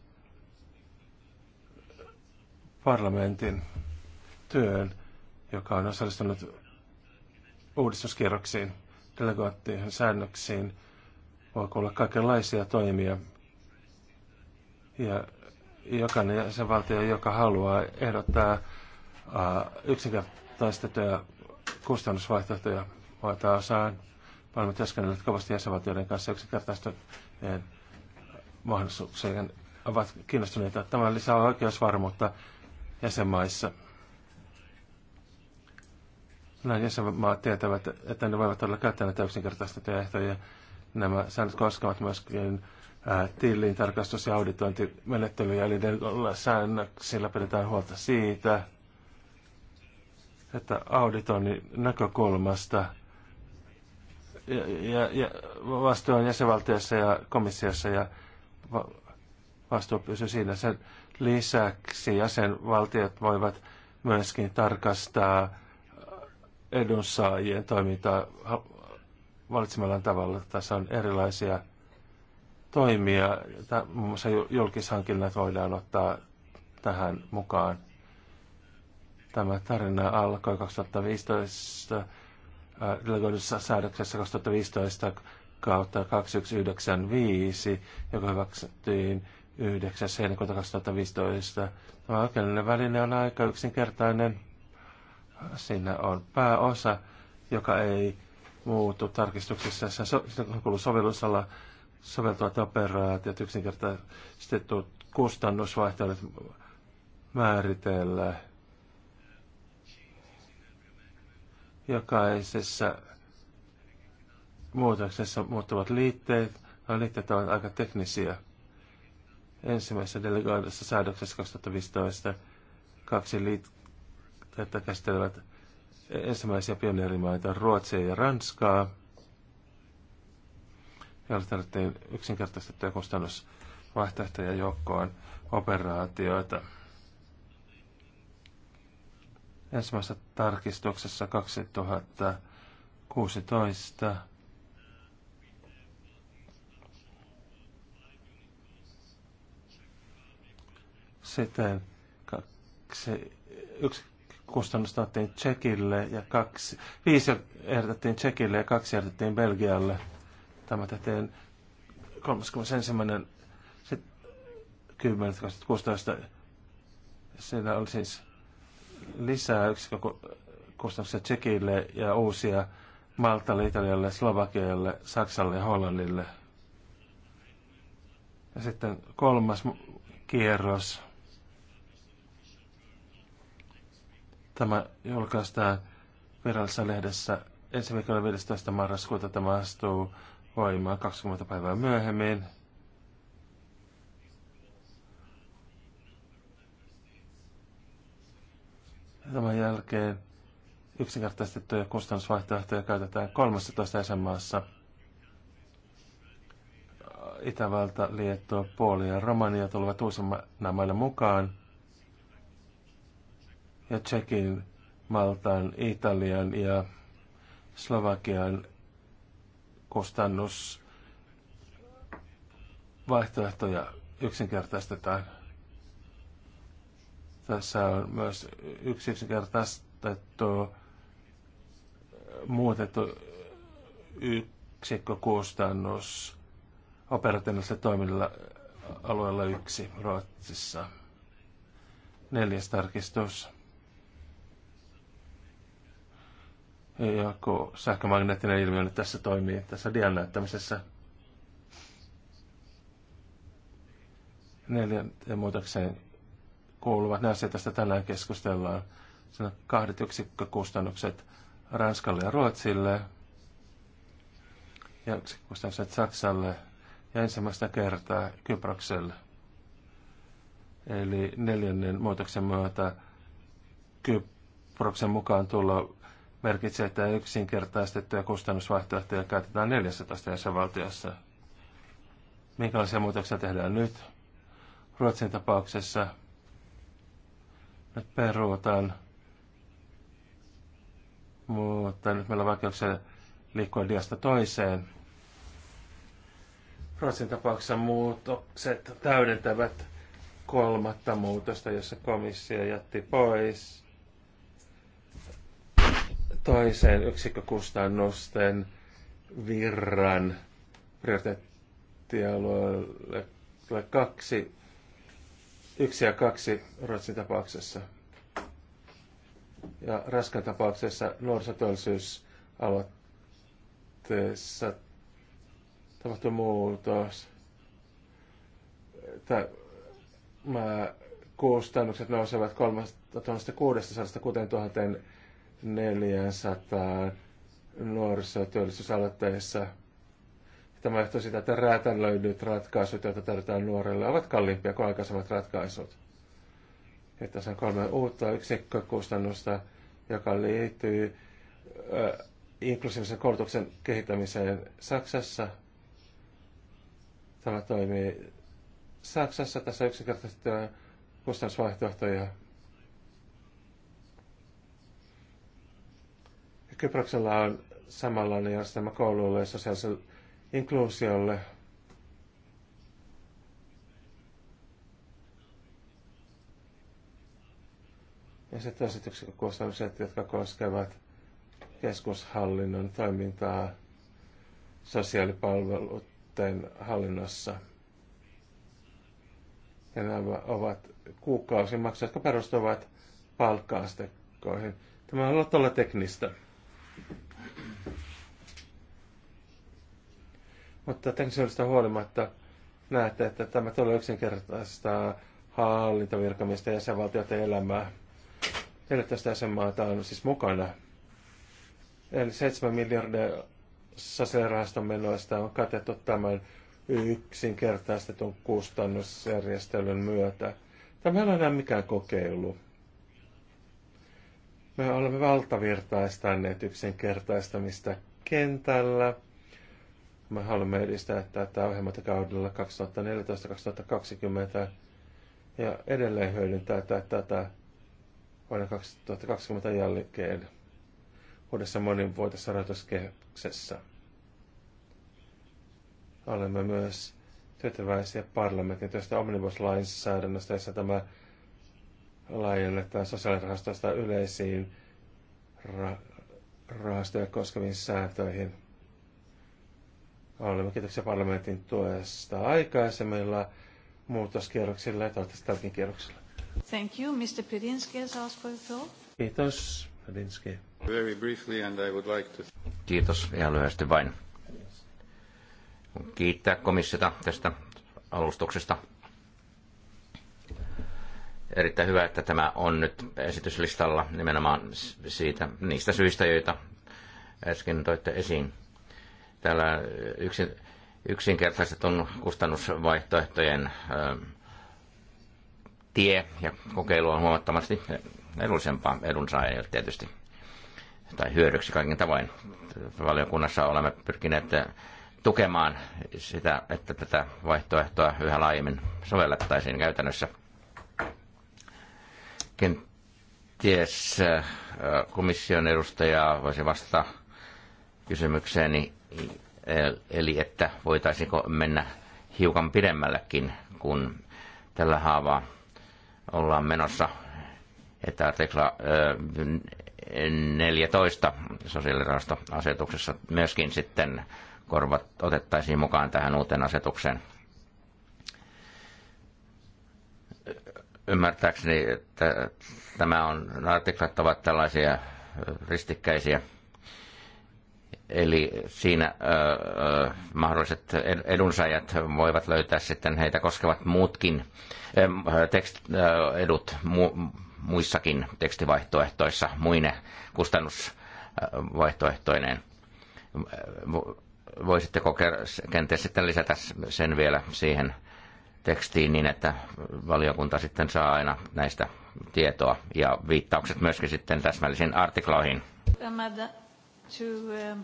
parlamentin työn, joka on osallistunut uudistuskierroksiin, delegaattiin säännöksiin. Voi olla kaikenlaisia toimia, ja jokainen jäsenvaltio, joka haluaa ehdottaa yksinkertaistettuja kustannusvaihtoehtoja voi taas Me olemme työskennelleet kovasti jäsenvaltioiden kanssa yksinkertaistujen mahdollisuuksien ovat kiinnostuneita. Tämä lisää oikeusvarmuutta jäsenmaissa. Näin jäsenmaat tietävät, että ne voivat olla käyttäneet yksinkertaistettuja ehtoja. Nämä säännöt koskevat myöskin tilin tarkastus- ja auditointimenettelyjä, eli säännöksillä pidetään huolta siitä, että auditoinnin näkökulmasta ja, ja, ja vastuu on jäsenvaltiossa ja komissiossa ja va, vastuu pysyy siinä. Sen lisäksi jäsenvaltiot voivat myöskin tarkastaa edunsaajien toimintaa valitsemallaan tavalla. Tässä on erilaisia toimia, muun muassa julkishankinnat voidaan ottaa tähän mukaan. Tämä tarina alkoi 2015 äh, delegoidussa säädöksessä 2015 kautta 2195, joka hyväksyttiin 9. heinäkuuta 2015. Tämä oikeudellinen väline on aika yksinkertainen. Siinä on pääosa, joka ei muutu tarkistuksessa. Se on kuullut sovellusalla soveltuvat operaatiot, yksinkertaistetut kustannusvaihtelut määritellä jokaisessa muutoksessa muuttuvat liitteet. Nämä no, liitteet ovat aika teknisiä. Ensimmäisessä delegoidussa säädöksessä 2015 kaksi liitteitä käsittelevät ensimmäisiä pioneerimaita, Ruotsia ja Ranskaa joilla yksinkertaistettuja kustannusvaihtoehtoja joukkoon operaatioita. Ensimmäisessä tarkistuksessa 2016 sitten kaksi, yksi kustannusta otettiin Tsekille ja kaksi, viisi ehdotettiin Tsekille ja kaksi ehdotettiin Belgialle. Tämä tehdään 31. 10. 2016. Siellä oli siis lisää yksikkökustannuksia Tsekille ja uusia Maltalle, Italialle, Slovakialle, Saksalle ja Hollannille. Ja sitten kolmas kierros. Tämä julkaistaan virallisessa lehdessä ensi viikolla 15. marraskuuta tämä astuu voimaan 20 päivää myöhemmin. Tämän jälkeen yksinkertaistettuja kustannusvaihtoehtoja käytetään 13 jäsenmaassa. Itävalta, Liettua, Puoli ja Romania tulevat uusimmaina maille mukaan. Ja Tsekin, Maltan, Italian ja Slovakian kustannus vaihtoehtoja yksinkertaistetaan. Tässä on myös yksi yksinkertaistettu muutettu yksikkökustannus operatiivisella toiminnalla alueella yksi Ruotsissa. Neljäs tarkistus. joku sähkömagneettinen ilmiö nyt tässä toimii, tässä dian näyttämisessä. Neljänteen muutokseen kuuluvat näissä asiat, tästä tänään keskustellaan. Sen on kahdet yksikkökustannukset Ranskalle ja Ruotsille ja yksikkökustannukset Saksalle ja ensimmäistä kertaa Kyprokselle. Eli neljännen muutoksen myötä Kyproksen mukaan tulla merkitsee, että yksinkertaistettuja kustannusvaihtoehtoja käytetään 14 jäsenvaltiossa. Minkälaisia muutoksia tehdään nyt? Ruotsin tapauksessa nyt peruutaan, mutta nyt meillä on vaikeuksia liikkua diasta toiseen. Ruotsin tapauksessa muutokset täydentävät kolmatta muutosta, jossa komissio jätti pois toiseen yksikkökustannusten virran prioriteettialueelle kaksi, yksi ja kaksi Ruotsin tapauksessa. Ja Raskan tapauksessa nuorisotyöllisyysaloitteessa tapahtui muutos. Tämä kustannukset nousevat 3600 6000 400 nuorisotyöllisyysaloitteessa. Tämä johtuu siitä, että räätälöidyt ratkaisut, joita tarvitaan nuorelle ovat kalliimpia kuin aikaisemmat ratkaisut. Ja tässä on kolme uutta yksikkökustannusta, joka liittyy inklusiivisen koulutuksen kehittämiseen Saksassa. Tämä toimii Saksassa tässä yksinkertaisesti kustannusvaihtoehtoja Kyproksella on samanlainen järjestelmä kouluille ja sosiaaliselle inkluusiolle. Ja sitten sitten yksikkökustannukset, jotka koskevat keskushallinnon toimintaa sosiaalipalveluiden hallinnossa. Ja nämä ovat kuukausimaksut, jotka perustuvat palkka-asteikkoihin. Tämä on ollut olla teknistä. Mutta teknisestä huolimatta näette, että tämä tulee yksinkertaistaa hallintovirkamiesten ja jäsenvaltioiden elämää. 14 jäsenmaata on siis mukana. Eli 7 miljardia saserahaston menoista on katettu tämän yksinkertaistetun kustannusjärjestelyn myötä. Tämä ei ole enää mikään kokeilu. Me olemme valtavirtaistaneet yksinkertaistamista kentällä. Me haluamme edistää tätä kaudella 2014-2020 ja edelleen hyödyntää tätä vuonna 2020 jälkeen uudessa monivuotisessa rahoituskehyksessä. Olemme myös tyytyväisiä parlamentin tästä omnibuslainsäädännöstä, jossa tämä laajennetaan sosiaalirahastosta yleisiin ra- rahastoja koskeviin sääntöihin. Olemme kiitoksia parlamentin tuesta aikaisemmilla muutoskierroksilla ja toivottavasti tälläkin kierroksella. Thank you. Mr. Pridinski has asked for the Kiitos, Pridinski. Very briefly and I would like to... Kiitos, ihan lyhyesti vain. Kiittää komissiota tästä alustuksesta erittäin hyvä, että tämä on nyt esityslistalla nimenomaan siitä, niistä syistä, joita äsken toitte esiin. Täällä yksin, yksinkertaistetun kustannusvaihtoehtojen ö, tie ja kokeilu on huomattavasti edullisempaa edunsaajille tietysti, tai hyödyksi kaiken tavoin. Valiokunnassa olemme pyrkineet tukemaan sitä, että tätä vaihtoehtoa yhä laajemmin sovellettaisiin käytännössä – Kenties äh, komission edustaja voisi vastata kysymykseeni, eli että voitaisiinko mennä hiukan pidemmällekin, kun tällä haavaa ollaan menossa, että artikla 14 äh, sosiaalirahastoasetuksessa myöskin sitten korvat otettaisiin mukaan tähän uuteen asetukseen. ymmärtääkseni, että tämä on, no, artiklat ovat tällaisia ristikkäisiä. Eli siinä äh, mahdolliset edunsaajat voivat löytää sitten heitä koskevat muutkin äh, tekst, äh, edut mu, muissakin tekstivaihtoehtoissa, muine kustannusvaihtoehtoineen. Voisitteko kenties sitten lisätä sen vielä siihen tekstiin niin, että valiokunta sitten saa aina näistä tietoa ja viittaukset myöskin sitten täsmällisiin artikloihin. Um,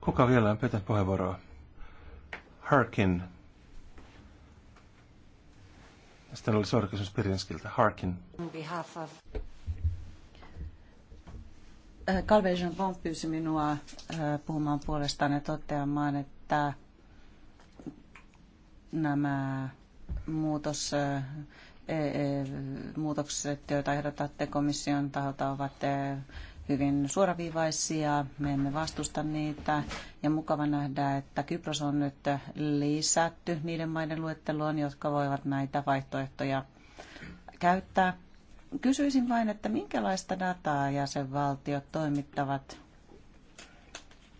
Kuka vielä on pyytänyt puheenvuoroa? Harkin. sitten oli suora kysymys Pirinskiltä. Harkin. Kalvejan äh, Jean pyysi minua äh, puhumaan puolestaan ja toteamaan, että nämä muutos, e, e, muutokset, joita ehdotatte komission taholta, ovat e, hyvin suoraviivaisia, me emme vastusta niitä ja mukava nähdä, että Kypros on nyt lisätty niiden maiden luetteloon, jotka voivat näitä vaihtoehtoja käyttää. Kysyisin vain, että minkälaista dataa jäsenvaltiot toimittavat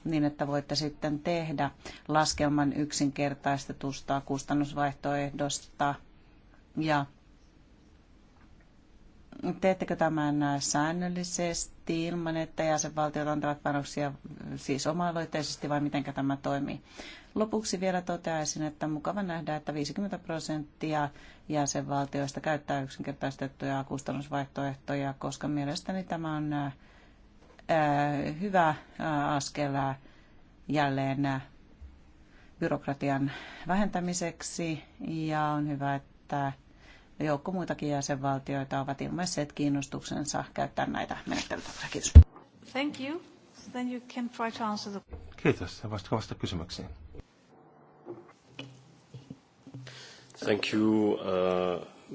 niin että voitte sitten tehdä laskelman yksinkertaistetusta kustannusvaihtoehdosta ja teettekö tämän säännöllisesti ilman, että jäsenvaltiot antavat panoksia siis oma-aloitteisesti vai miten tämä toimii? Lopuksi vielä toteaisin, että mukava nähdä, että 50 prosenttia jäsenvaltioista käyttää yksinkertaistettuja kustannusvaihtoehtoja, koska mielestäni tämä on Äh, hyvä äh, askel äh, jälleen byrokratian vähentämiseksi ja on hyvä, että joukko muitakin jäsenvaltioita ovat ilmaisseet kiinnostuksensa käyttää näitä menettelytapoja. Kiitos. Thank you. Then you can try to answer the... Kiitos. vastaa vasta kysymyksiin. Thank you. Uh,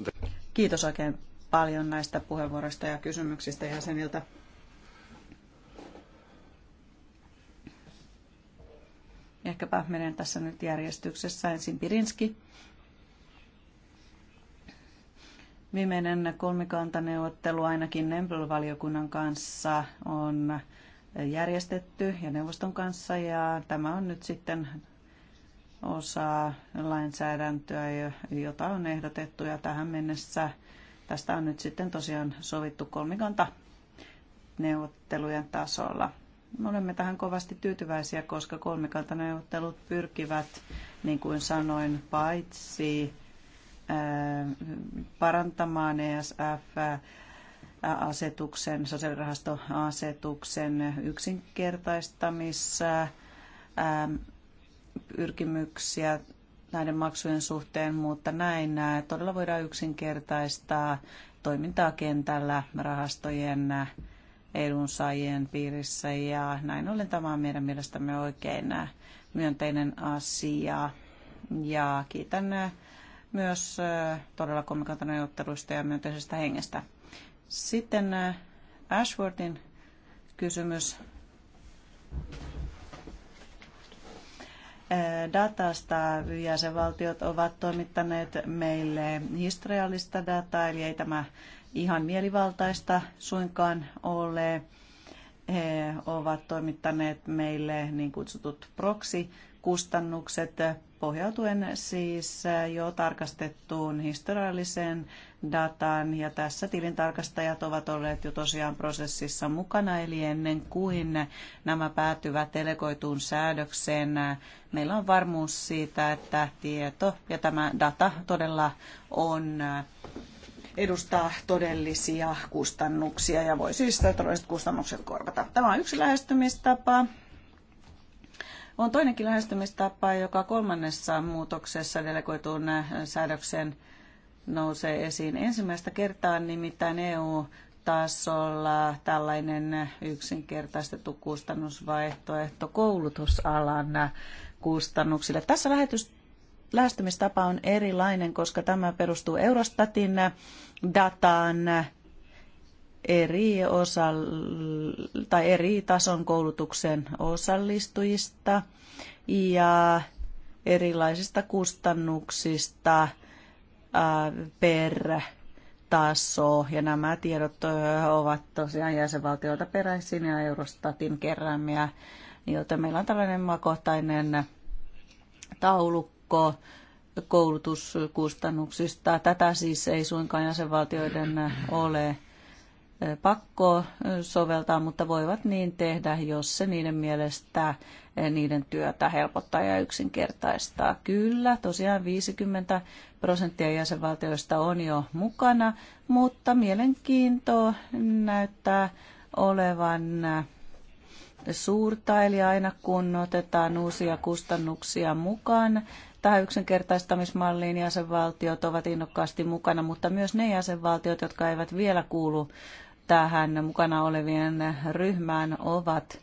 the... Kiitos oikein paljon näistä puheenvuoroista ja kysymyksistä jäseniltä. ehkäpä menen tässä nyt järjestyksessä. Ensin Pirinski. Viimeinen kolmikantaneuvottelu ainakin Nempel-valiokunnan kanssa on järjestetty ja neuvoston kanssa ja tämä on nyt sitten osa lainsäädäntöä, jota on ehdotettu ja tähän mennessä tästä on nyt sitten tosiaan sovittu kolmikanta neuvottelujen tasolla olemme tähän kovasti tyytyväisiä, koska kolmikantaneuvottelut pyrkivät, niin kuin sanoin, paitsi parantamaan ESF asetuksen, sosiaalirahastoasetuksen yksinkertaistamissa pyrkimyksiä näiden maksujen suhteen, mutta näin todella voidaan yksinkertaistaa toimintaa kentällä rahastojen edunsaajien piirissä ja näin ollen tämä on meidän mielestämme oikein äh, myönteinen asia. Ja kiitän äh, myös äh, todella kolmikantaneuvotteluista ja myönteisestä hengestä. Sitten Ashworthin kysymys datasta jäsenvaltiot ovat toimittaneet meille historiallista dataa, eli ei tämä ihan mielivaltaista suinkaan ole. He ovat toimittaneet meille niin kutsutut proxy-kustannukset pohjautuen siis jo tarkastettuun historialliseen dataan. Ja tässä tilintarkastajat ovat olleet jo tosiaan prosessissa mukana, eli ennen kuin nämä päätyvät delegoituun säädökseen, meillä on varmuus siitä, että tieto ja tämä data todella on edustaa todellisia kustannuksia ja voi siis todelliset kustannukset korvata. Tämä on yksi lähestymistapa. On toinenkin lähestymistapa, joka kolmannessa muutoksessa delegoituun äh, säädöksen nousee esiin. Ensimmäistä kertaa nimittäin EU-tasolla tällainen yksinkertaistettu kustannusvaihtoehto koulutusalan kustannuksille. Tässä lähestymistapa on erilainen, koska tämä perustuu Eurostatin dataan eri, osa, tai eri tason koulutuksen osallistujista ja erilaisista kustannuksista äh, per taso. Ja nämä tiedot äh, ovat tosiaan jäsenvaltioilta peräisin ja Eurostatin keräämiä, joten meillä on tällainen makohtainen taulukko joukko koulutuskustannuksista. Tätä siis ei suinkaan jäsenvaltioiden ole eh, pakko eh, soveltaa, mutta voivat niin tehdä, jos se niiden mielestä eh, niiden työtä helpottaa ja yksinkertaistaa. Kyllä, tosiaan 50 prosenttia jäsenvaltioista on jo mukana, mutta mielenkiinto näyttää olevan suurta, eli aina kun otetaan uusia kustannuksia mukaan, Tähän yksinkertaistamismalliin jäsenvaltiot ovat innokkaasti mukana, mutta myös ne jäsenvaltiot, jotka eivät vielä kuulu tähän mukana olevien ryhmään, ovat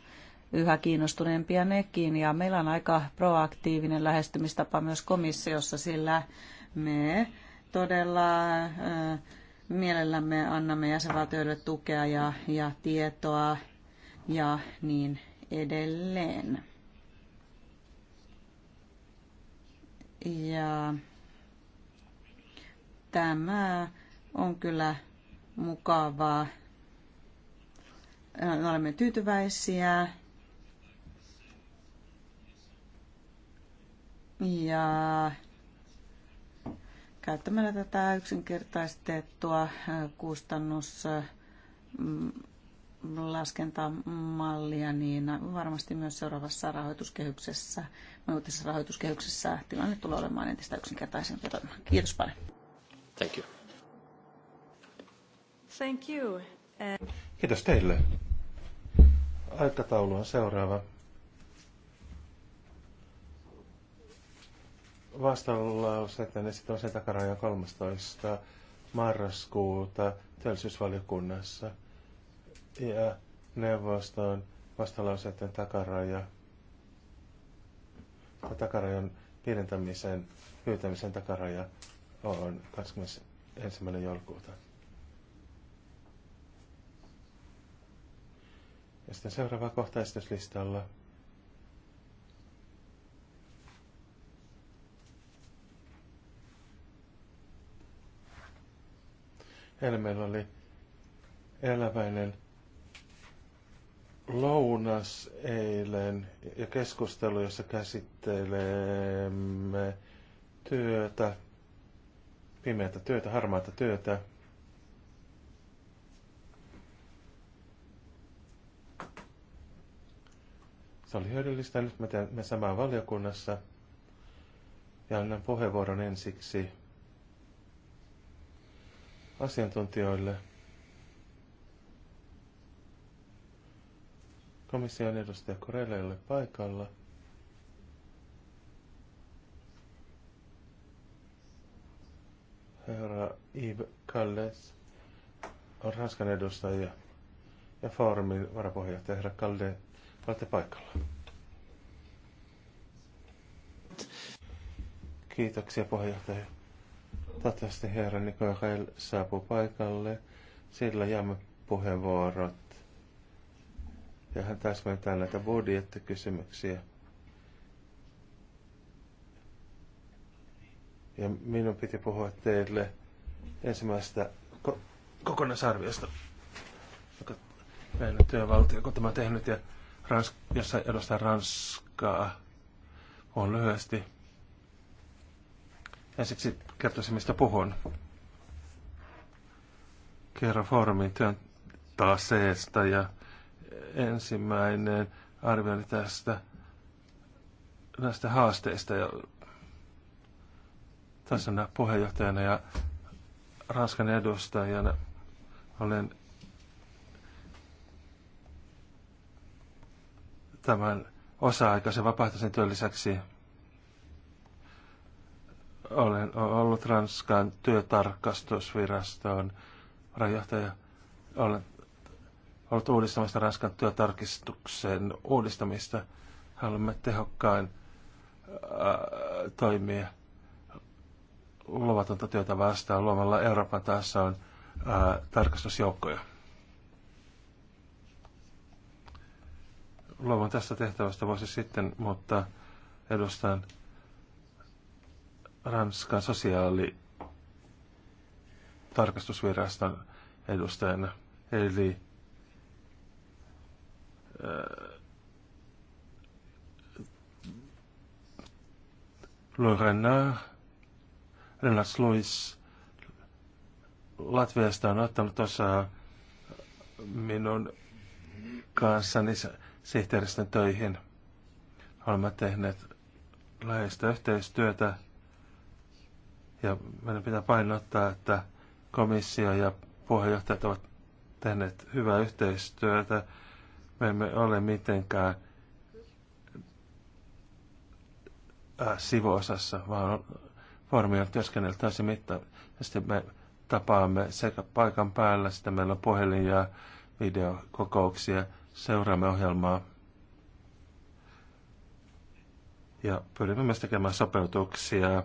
yhä kiinnostuneempia nekin. Ja meillä on aika proaktiivinen lähestymistapa myös komissiossa, sillä me todella äh, mielellämme annamme jäsenvaltioille tukea ja, ja tietoa ja niin edelleen. Ja tämä on kyllä mukavaa. olemme tyytyväisiä. Ja käyttämällä tätä yksinkertaistettua äh, kustannuslaskentamallia, äh, niin varmasti myös seuraavassa rahoituskehyksessä monivuotisessa rahoituskehyksessä tilanne tulee olemaan entistä yksinkertaisempi. Kiitos paljon. Thank you. Thank you. Eh. Kiitos teille. Aikataulu on seuraava. Vastalauseet ja sitten on sen takaraja 13. marraskuuta työllisyysvaliokunnassa ja neuvoston vastalauseiden takaraja ja takarajan pidentämiseen pyytämisen takaraja on 21. joulukuuta. Ja sitten seuraava kohta esityslistalla. Eilen meillä oli eläväinen lounas eilen ja keskustelu, jossa käsittelemme työtä, pimeätä työtä, harmaata työtä. Se oli hyödyllistä. Nyt me me samaan valiokunnassa. Ja annan puheenvuoron ensiksi asiantuntijoille – Komission edustaja Korelle ei ole paikalla. Herra Yves Kalles on Ranskan edustaja ja foorumin varapuheenjohtaja herra Kalde. Olette paikalla. Kiitoksia puheenjohtaja. Toivottavasti herra Nikoel saapuu paikalle. Sillä jäämme puheenvuorot ja hän täsmentää näitä budjettikysymyksiä. Ja minun piti puhua teille ensimmäisestä ko- kokonaisarviosta, joka meidän työvaltio, kun tämä on tehnyt, ja Ransk- jossa edustan Ranskaa, on lyhyesti. Ensiksi kertoisin, mistä puhun. Kerro foorumin työn taaseesta ja ensimmäinen arvioni tästä näistä haasteista. Ja tässä puheenjohtajana ja Ranskan edustajana olen tämän osa-aikaisen vapaaehtoisen työn lisäksi olen ollut Ranskan työtarkastusviraston rajoittaja. Olen ollut uudistamista Ranskan työtarkistuksen uudistamista. Haluamme tehokkain ää, äh, toimia luvatonta työtä vastaan luomalla Euroopan taassa on ää, äh, tarkastusjoukkoja. Luovan tästä tehtävästä voisi sitten, mutta edustan Ranskan sosiaali tarkastusviraston edustajana. Eli Äh, Lorena, Renard, Renat Louis Latviasta on ottanut osaa minun kanssani sihteeristön töihin. Olemme tehneet läheistä yhteistyötä ja meidän pitää painottaa, että komissio ja puheenjohtajat ovat tehneet hyvää yhteistyötä me emme ole mitenkään äh, sivuosassa, vaan foorumi on työskennellyt täysin mitta. Sitten me tapaamme sekä paikan päällä, sitten meillä on puhelin- ja videokokouksia, seuraamme ohjelmaa ja pyrimme myös tekemään sopeutuksia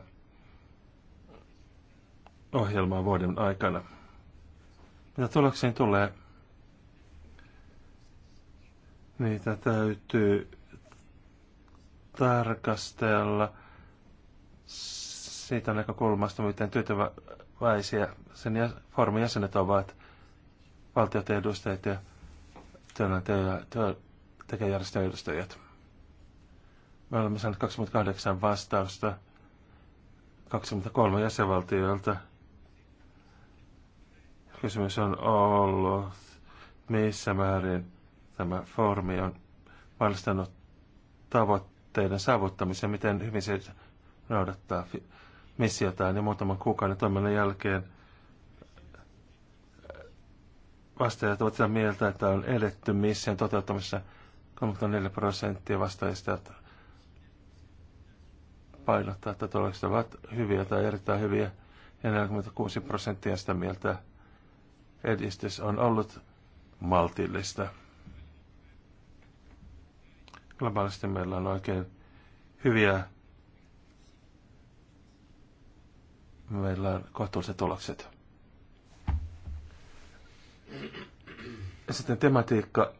ohjelmaa vuoden aikana. Mitä tuloksiin tulee, Niitä täytyy tarkastella siitä näkökulmasta, miten tyytyväisiä sen formin jäsenet ovat valtiot ja edustajat ja työnantajajärjestöjen työ, edustajat. Me olemme saaneet 28 vastausta 23 jäsenvaltioilta. Kysymys on ollut, missä määrin Tämä foorumi on valistanut tavoitteiden saavuttamisen, miten hyvin se noudattaa missiotaan ja muutaman kuukauden toiminnan jälkeen vastaajat ovat sitä mieltä, että on edetty mission toteuttamisessa 34 prosenttia vastaajista painottaa, että tulokset ovat hyviä tai erittäin hyviä ja 46 prosenttia sitä mieltä edistys on ollut maltillista globaalisti meillä on oikein hyviä, meillä on kohtuulliset tulokset. Ja sitten tematiikka,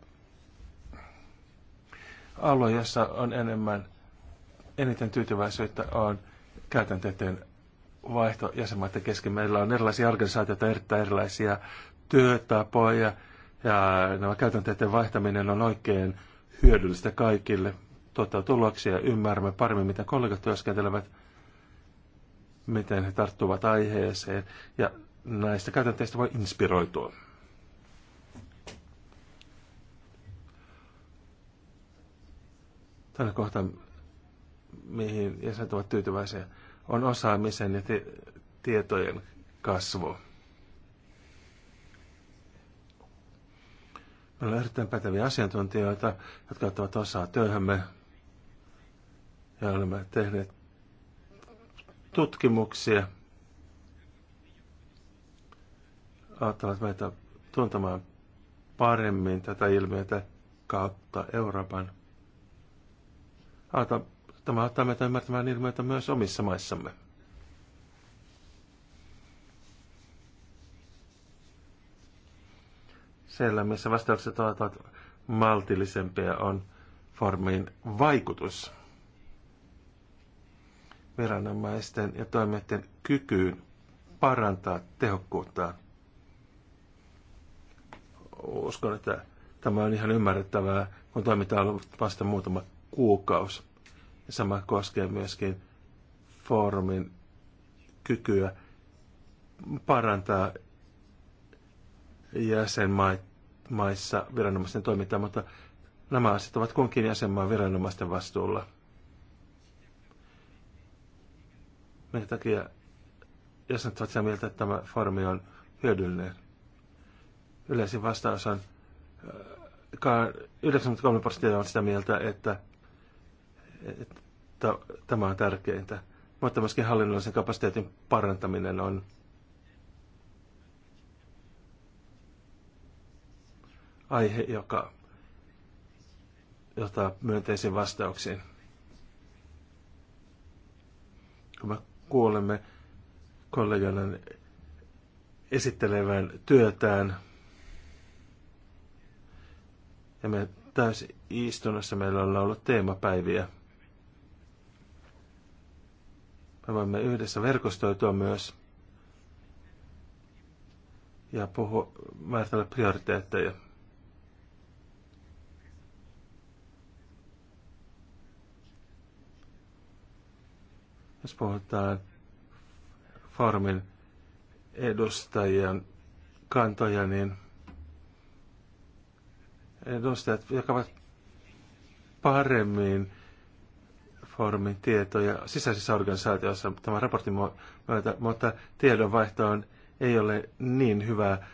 alue, jossa on enemmän, eniten tyytyväisyyttä, on käytänteiden vaihto jäsenmaiden kesken. Meillä on erilaisia organisaatioita, erittäin erilaisia työtapoja, ja nämä käytänteiden vaihtaminen on oikein hyödyllistä kaikille, tuottaa tuloksia ja ymmärrämme paremmin, miten kollegat työskentelevät, miten he tarttuvat aiheeseen ja näistä käytänteistä voi inspiroitua. Tällä kohta, mihin jäsenet ovat tyytyväisiä, on osaamisen ja tietojen kasvu. Meillä on erittäin päteviä asiantuntijoita, jotka ottavat osaa työhömme. Ja olemme tehneet tutkimuksia, auttavat meitä tuntemaan paremmin tätä ilmiötä kautta Euroopan. Tämä auttaa meitä ymmärtämään ilmiötä myös omissa maissamme. Siellä, missä vastaukset ovat maltillisempia, on formiin vaikutus viranomaisten ja toimijoiden kykyyn parantaa tehokkuutta. Uskon, että tämä on ihan ymmärrettävää, kun toiminta on ollut vasta muutama kuukausi. Ja sama koskee myöskin foorumin kykyä parantaa jäsenmaissa viranomaisten toimintaa, mutta nämä asiat ovat kunkin jäsenmaan viranomaisten vastuulla. Minkä takia jäsenet ovat sitä mieltä, että tämä foorumi on hyödyllinen? Yleisin vastaus on, 93 äh, prosenttia on sitä mieltä, että, että tämä on tärkeintä. Mutta myöskin hallinnollisen kapasiteetin parantaminen on aihe, joka johtaa myönteisiin vastauksiin. Kun me kuulemme kollegan esittelevän työtään, ja me täysistunnossa meillä on ollut teemapäiviä. Me voimme yhdessä verkostoitua myös ja puhua, määritellä prioriteetteja. Jos puhutaan farmin edustajien kantoja, niin edustajat jakavat paremmin foorumin tietoja sisäisissä organisaatioissa tämän raportin myötä, mutta tiedonvaihtoon ei ole niin hyvää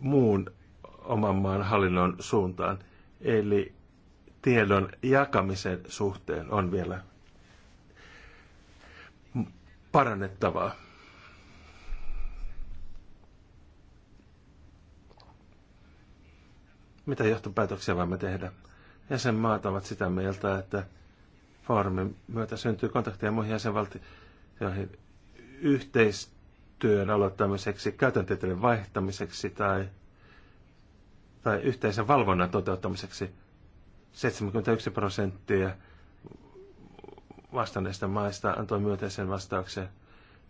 muun oman maan hallinnon suuntaan. Eli tiedon jakamisen suhteen on vielä parannettavaa. Mitä johtopäätöksiä voimme tehdä? Jäsenmaat ovat sitä mieltä, että foorumin myötä syntyy kontakteja muihin jäsenvaltioihin yhteistyön aloittamiseksi, käytäntöiden vaihtamiseksi tai, tai yhteisen valvonnan toteuttamiseksi. 71 prosenttia vastanneista maista antoi myönteisen vastauksen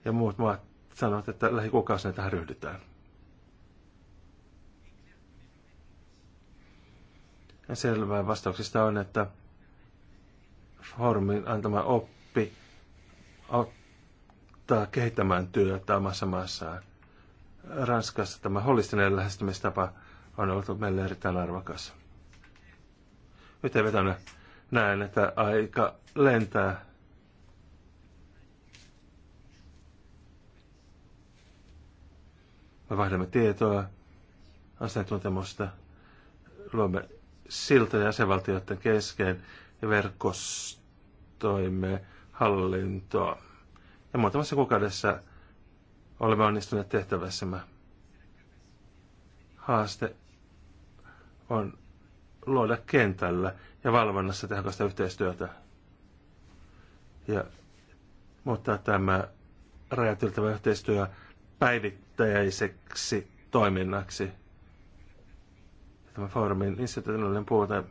ja muut maat sanoivat, että lähikuukausina tähän ryhdytään. Ja selvää vastauksista on, että foorumin antama oppi auttaa kehittämään työtä omassa maassaan. Ranskassa tämä holistinen lähestymistapa on ollut meille erittäin arvokas. Yhteenvetona näen, että aika lentää Me vaihdamme tietoa, asiantuntemusta, luomme siltoja jäsenvaltioiden kesken ja verkostoimme hallintoa. Ja muutamassa kuukaudessa olemme onnistuneet tehtävässämme. Haaste on luoda kentällä ja valvonnassa tehokasta yhteistyötä ja muuttaa tämä rajat yhteistyö päivittäin pitkäjäiseksi toiminnaksi. Tämä foorumin institutionaalinen puute,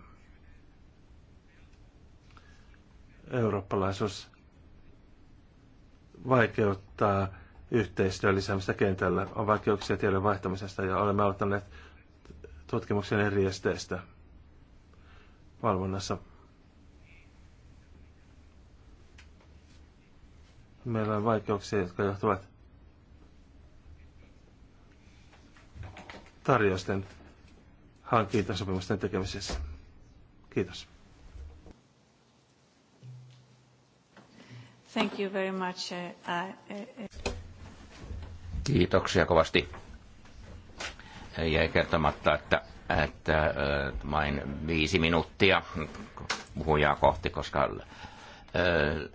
eurooppalaisuus vaikeuttaa yhteistyön lisäämistä kentällä. On vaikeuksia tiedon vaihtamisesta ja olemme aloittaneet tutkimuksen eri esteistä valvonnassa. Meillä on vaikeuksia, jotka johtuvat tarjousten hankintasopimusten tekemisessä. Kiitos. Thank you very much. Uh, uh, uh. Kiitoksia kovasti. Jäi kertomatta, että, että äh, vain viisi minuuttia puhujaa kohti, koska äh,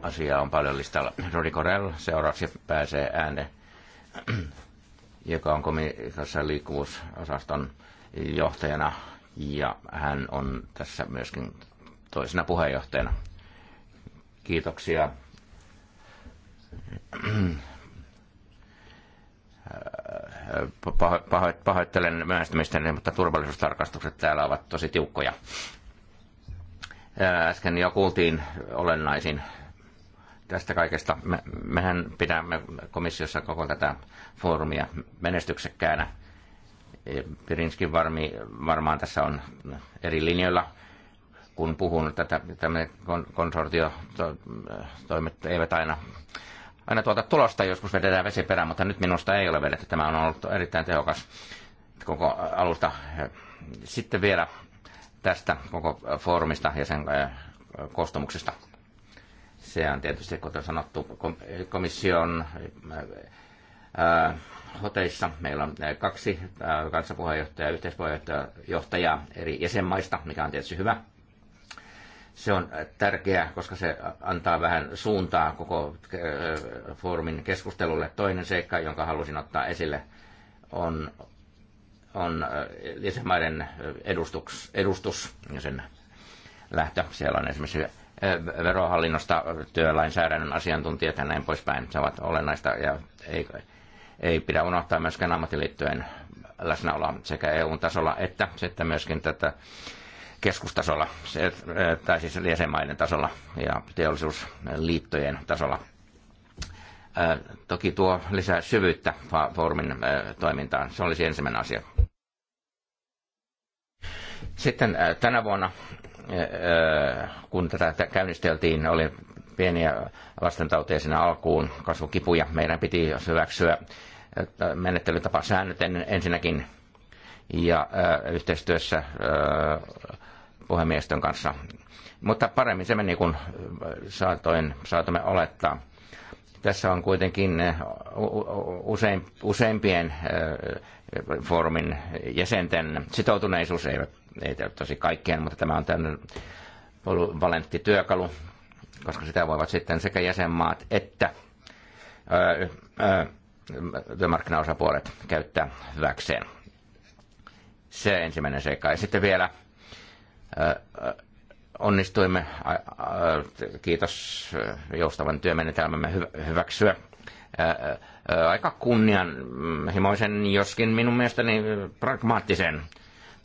asia on paljon listalla. Rodi Corell seuraavaksi pääsee ääneen joka on komissiossa liikkuvuusosaston johtajana ja hän on tässä myöskin toisena puheenjohtajana. Kiitoksia pahoittelen myöhästymistä, mutta turvallisuustarkastukset täällä ovat tosi tiukkoja. Äsken jo kuultiin olennaisin tästä kaikesta. Me, mehän pidämme komissiossa koko tätä foorumia menestyksekkäänä. E, Pirinskin varmi, varmaan tässä on eri linjoilla, kun puhun, että tämmöiset konsortiotoimet eivät aina, aina tuota tulosta, joskus vedetään vesiperään, mutta nyt minusta ei ole vedetty. Tämä on ollut erittäin tehokas koko alusta. Sitten vielä tästä koko foorumista ja sen koostumuksesta se on tietysti, kuten sanottu, komission äh, äh, hoteissa. Meillä on äh, kaksi kansanpuheenjohtajaa ja yhteispuheenjohtajaa eri jäsenmaista, mikä on tietysti hyvä. Se on tärkeää, koska se antaa vähän suuntaa koko foorumin keskustelulle. Toinen seikka, jonka halusin ottaa esille, on, on jäsenmaiden edustus, edustus ja sen lähtö. Siellä on esimerkiksi verohallinnosta työlainsäädännön asiantuntijat ja näin poispäin. Se ovat olennaista ja ei, ei pidä unohtaa myöskään ammattiliittojen läsnäoloa sekä EU-tasolla että sitten myöskin tätä keskustasolla, tai siis jäsenmaiden tasolla ja teollisuusliittojen tasolla. Toki tuo lisää syvyyttä foorumin toimintaan. Se olisi ensimmäinen asia. Sitten tänä vuonna kun tätä käynnisteltiin, oli pieniä lastentauteja siinä alkuun, kasvukipuja. Meidän piti hyväksyä menettelytapa säännöt ensinnäkin ja yhteistyössä puhemiestön kanssa. Mutta paremmin se meni kuin saatoin, saatamme olettaa. Tässä on kuitenkin usein, useimpien foorumin jäsenten sitoutuneisuus eivät ei tosi kaikkeen, mutta tämä on tämmöinen valentti työkalu, koska sitä voivat sitten sekä jäsenmaat että öö, öö, työmarkkinaosapuolet käyttää hyväkseen. Se ensimmäinen seikka. Ja sitten vielä onnistuimme, kiitos joustavan työmenetelmämme hyväksyä, aika kunnianhimoisen, joskin minun mielestäni pragmaattisen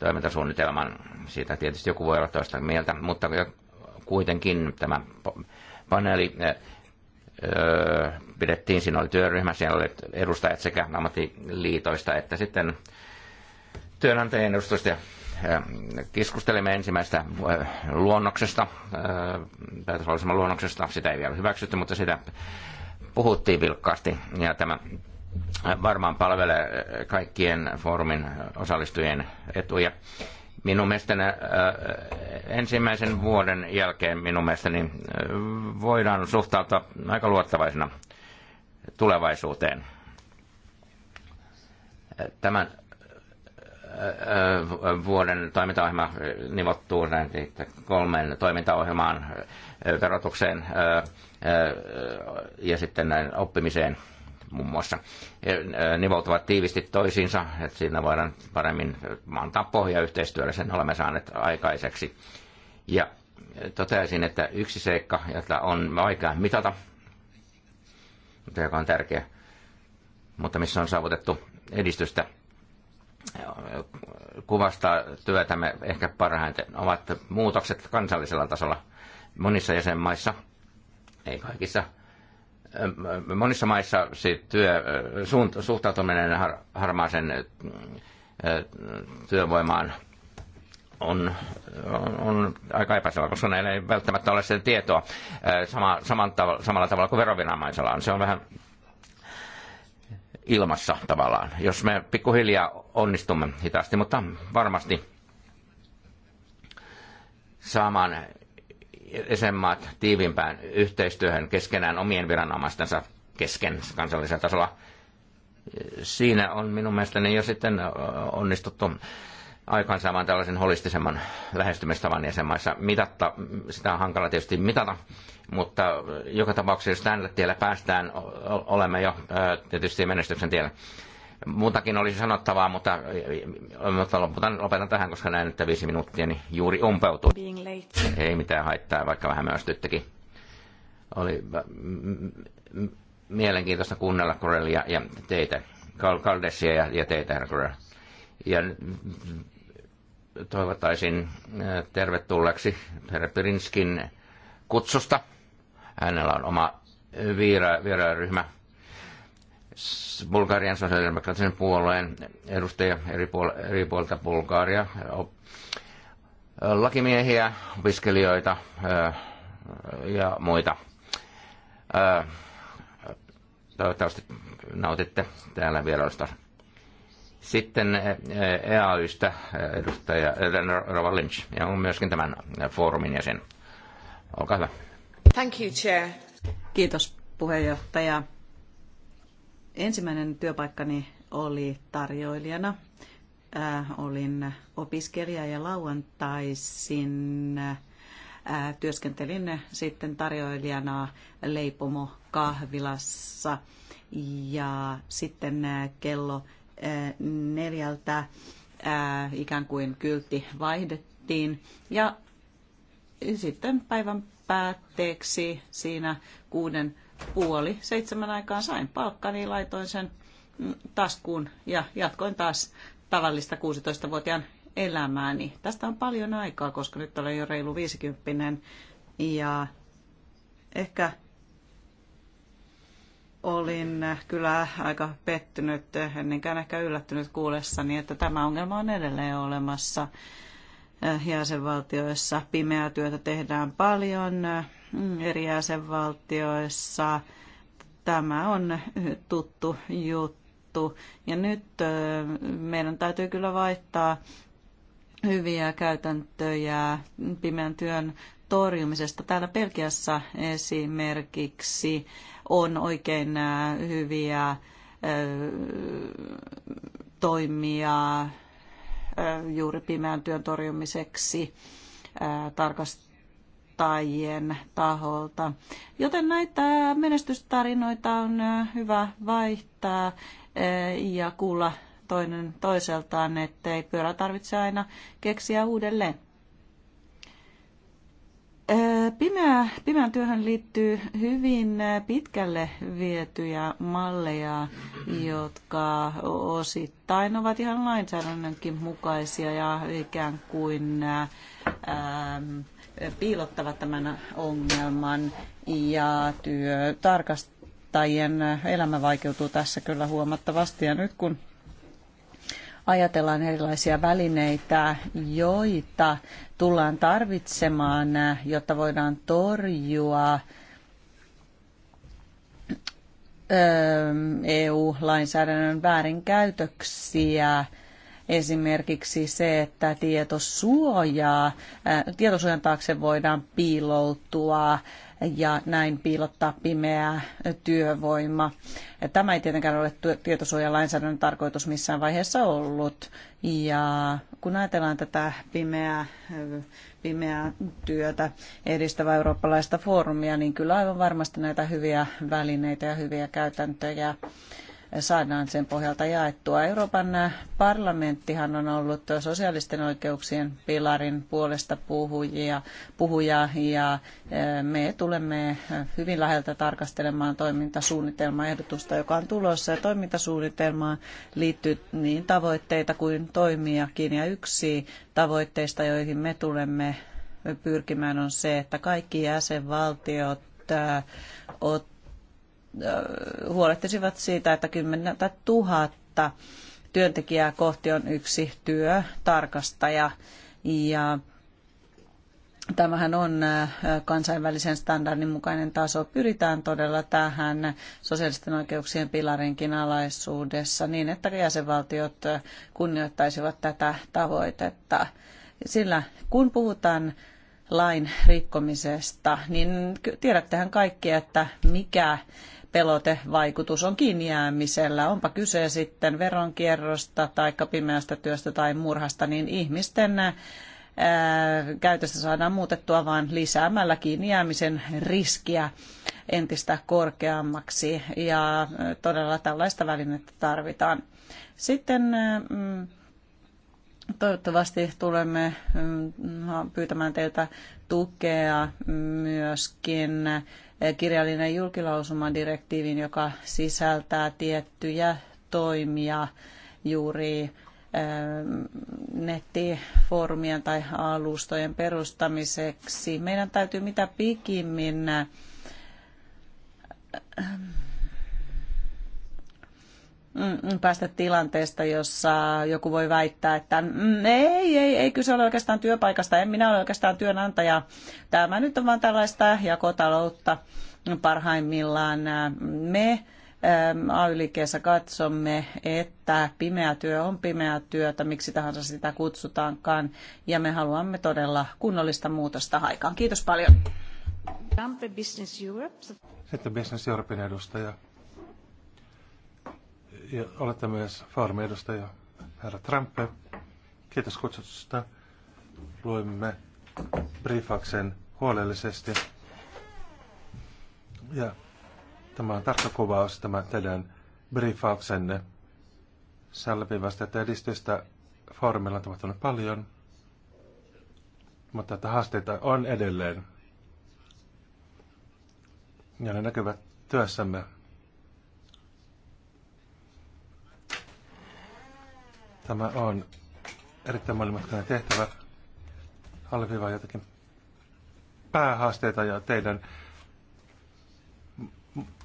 toimintasuunnitelman. Siitä tietysti joku voi olla toista mieltä, mutta kuitenkin tämä paneeli öö, pidettiin, siinä oli työryhmä, siellä oli edustajat sekä ammattiliitoista että sitten työnantajien edustajista. Eh, keskustelimme ensimmäistä luonnoksesta, päätöslauselman luonnoksesta, sitä ei vielä hyväksytty, mutta sitä puhuttiin vilkkaasti ja tämä varmaan palvelee kaikkien foorumin osallistujien etuja. Minun mielestäni äh, ensimmäisen vuoden jälkeen minun mielestäni äh, voidaan suhtautua aika luottavaisena tulevaisuuteen. Tämän äh, vuoden toimintaohjelma nivottuu kolmen kolmeen toimintaohjelmaan, verotukseen ja sitten näin oppimiseen – muun muassa äh, nivoutuvat tiivisti toisiinsa, että siinä voidaan paremmin antaa pohja yhteistyölle, sen olemme saaneet aikaiseksi. Ja toteaisin, että yksi seikka, jota on vaikea mitata, mutta joka on tärkeä, mutta missä on saavutettu edistystä, kuvastaa työtämme ehkä parhaiten, ovat muutokset kansallisella tasolla monissa jäsenmaissa, ei kaikissa, monissa maissa se työ, suhtautuminen har, harmaaseen työvoimaan on, on, on aika epäselvä, koska näillä ei välttämättä ole sen tietoa sama, saman samalla tavalla kuin veroviranomaisella on. Se on vähän ilmassa tavallaan, jos me pikkuhiljaa onnistumme hitaasti, mutta varmasti saamaan jäsenmaat tiivimpään yhteistyöhön keskenään omien viranomaistensa kesken kansallisella tasolla. Siinä on minun mielestäni jo sitten onnistuttu aikaansaamaan tällaisen holistisemman lähestymistavan jäsenmaissa. Mitatta, sitä on hankala tietysti mitata, mutta joka tapauksessa jos tällä tiellä päästään, olemme jo tietysti menestyksen tiellä. Muutakin olisi sanottavaa, mutta, mutta lopetan, lopetan tähän, koska näen, että viisi minuuttia niin juuri umpeutuu. Ei mitään haittaa, vaikka vähän myöstyttekin. Oli mielenkiintoista kuunnella Corelia ja teitä, Kaldesia ja, ja teitä, herra Corel. Ja toivottaisin tervetulleeksi herra Pirinskin kutsusta. Hänellä on oma vieraryhmä. Viera Bulgarian sosiaalidemokraattisen puolueen edustajia eri, puol- eri puolta Bulgaria, lakimiehiä, opiskelijoita ja muita. Toivottavasti nautitte täällä vierailusta. Sitten EAYstä edustaja Rova Lynch, ja on myöskin tämän foorumin jäsen. Olkaa hyvä. Thank you, Chair. Kiitos puheenjohtaja ensimmäinen työpaikkani oli tarjoilijana. Äh, olin opiskelija ja lauantaisin äh, työskentelin sitten tarjoilijana leipomo kahvilassa ja sitten äh, kello äh, neljältä äh, ikään kuin kyltti vaihdettiin ja sitten päivän päätteeksi siinä kuuden puoli seitsemän aikaan sain palkkani, laitoin sen mm, taskuun ja jatkoin taas tavallista 16-vuotiaan elämääni. Tästä on paljon aikaa, koska nyt olen jo reilu 50 ja ehkä olin kyllä aika pettynyt, ennenkään ehkä yllättynyt kuulessani, että tämä ongelma on edelleen olemassa jäsenvaltioissa. Pimeää työtä tehdään paljon, eri jäsenvaltioissa. Tämä on tuttu juttu. Ja nyt meidän täytyy kyllä vaihtaa hyviä käytäntöjä pimeän työn torjumisesta. Täällä Pelkiässä esimerkiksi on oikein hyviä toimia juuri pimeän työn torjumiseksi tarkast kuluttajien taholta. Joten näitä menestystarinoita on hyvä vaihtaa ja kuulla toinen toiseltaan, ettei pyörä tarvitse aina keksiä uudelleen. Pimeä, pimeän työhön liittyy hyvin pitkälle vietyjä malleja, jotka osittain ovat ihan lainsäädännönkin mukaisia ja ikään kuin ää, piilottavat tämän ongelman ja työtarkastajien elämä vaikeutuu tässä kyllä huomattavasti. Ja nyt kun ajatellaan erilaisia välineitä, joita tullaan tarvitsemaan, jotta voidaan torjua EU-lainsäädännön väärinkäytöksiä, esimerkiksi se, että tietosuojaa, tietosuojan taakse voidaan piiloutua ja näin piilottaa pimeä työvoima. Tämä ei tietenkään ole tietosuojalainsäädännön tarkoitus missään vaiheessa ollut. Ja kun ajatellaan tätä pimeää, pimeää työtä edistävää eurooppalaista foorumia, niin kyllä aivan varmasti näitä hyviä välineitä ja hyviä käytäntöjä saadaan sen pohjalta jaettua. Euroopan parlamenttihan on ollut sosiaalisten oikeuksien pilarin puolesta puhujia, puhuja ja e, me tulemme hyvin läheltä tarkastelemaan toimintasuunnitelmaehdotusta, joka on tulossa. Ja toimintasuunnitelmaan liittyy niin tavoitteita kuin toimiakin ja yksi tavoitteista, joihin me tulemme pyrkimään on se, että kaikki jäsenvaltiot ottaa huolehtisivat siitä, että 10 tuhatta työntekijää kohti on yksi työtarkastaja. Ja Tämähän on kansainvälisen standardin mukainen taso. Pyritään todella tähän sosiaalisten oikeuksien pilarinkin alaisuudessa niin, että jäsenvaltiot kunnioittaisivat tätä tavoitetta. Sillä kun puhutaan lain rikkomisesta, niin tiedättehän kaikki, että mikä pelotevaikutus on kiinni jäämisellä. Onpa kyse sitten veronkierrosta tai pimeästä työstä tai murhasta, niin ihmisten käytöstä saadaan muutettua vain lisäämällä kiinni jäämisen riskiä entistä korkeammaksi ja todella tällaista välinettä tarvitaan. Sitten mm, toivottavasti tulemme pyytämään teiltä tukea myöskin kirjallinen julkilausuma direktiivin, joka sisältää tiettyjä toimia juuri eh, nettifoorumien tai alustojen perustamiseksi. Meidän täytyy mitä pikimmin eh, Mm, mm, päästä tilanteesta, jossa joku voi väittää, että mm, ei, ei, ei kyse ole oikeastaan työpaikasta, en minä ole oikeastaan työnantaja. Tämä nyt on vain tällaista jakotaloutta parhaimmillaan. Äh, me ähm, AY-liikkeessä katsomme, että pimeä työ on pimeää työtä, miksi tahansa sitä kutsutaankaan, ja me haluamme todella kunnollista muutosta aikaan. Kiitos paljon. Sitten Business Europein edustaja ja olette myös faarumin edustaja herra Trampe. Kiitos kutsusta. Luimme briefaksen huolellisesti. Ja tämä on tarkka kuvaus, tämä teidän briefauksenne. Sälvivästä, että edistystä foorumilla on tapahtunut paljon, mutta että haasteita on edelleen. Ja ne näkyvät työssämme Tämä on erittäin monimutkainen tehtävä. Alleviivaa jotakin päähaasteita ja teidän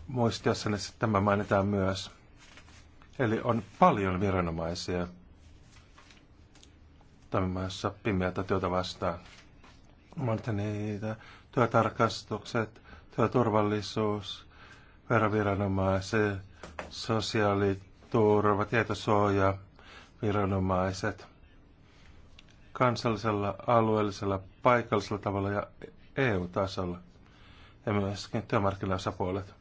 muistiossanne tämä mainitaan myös. Eli on paljon viranomaisia toimimassa pimeätä työtä vastaan. Monta niitä, työtarkastukset, työturvallisuus, veroviranomaiset, sosiaaliturva, tietosuoja, viranomaiset kansallisella, alueellisella, paikallisella tavalla ja EU-tasolla ja myöskin työmarkkinaosapuolet.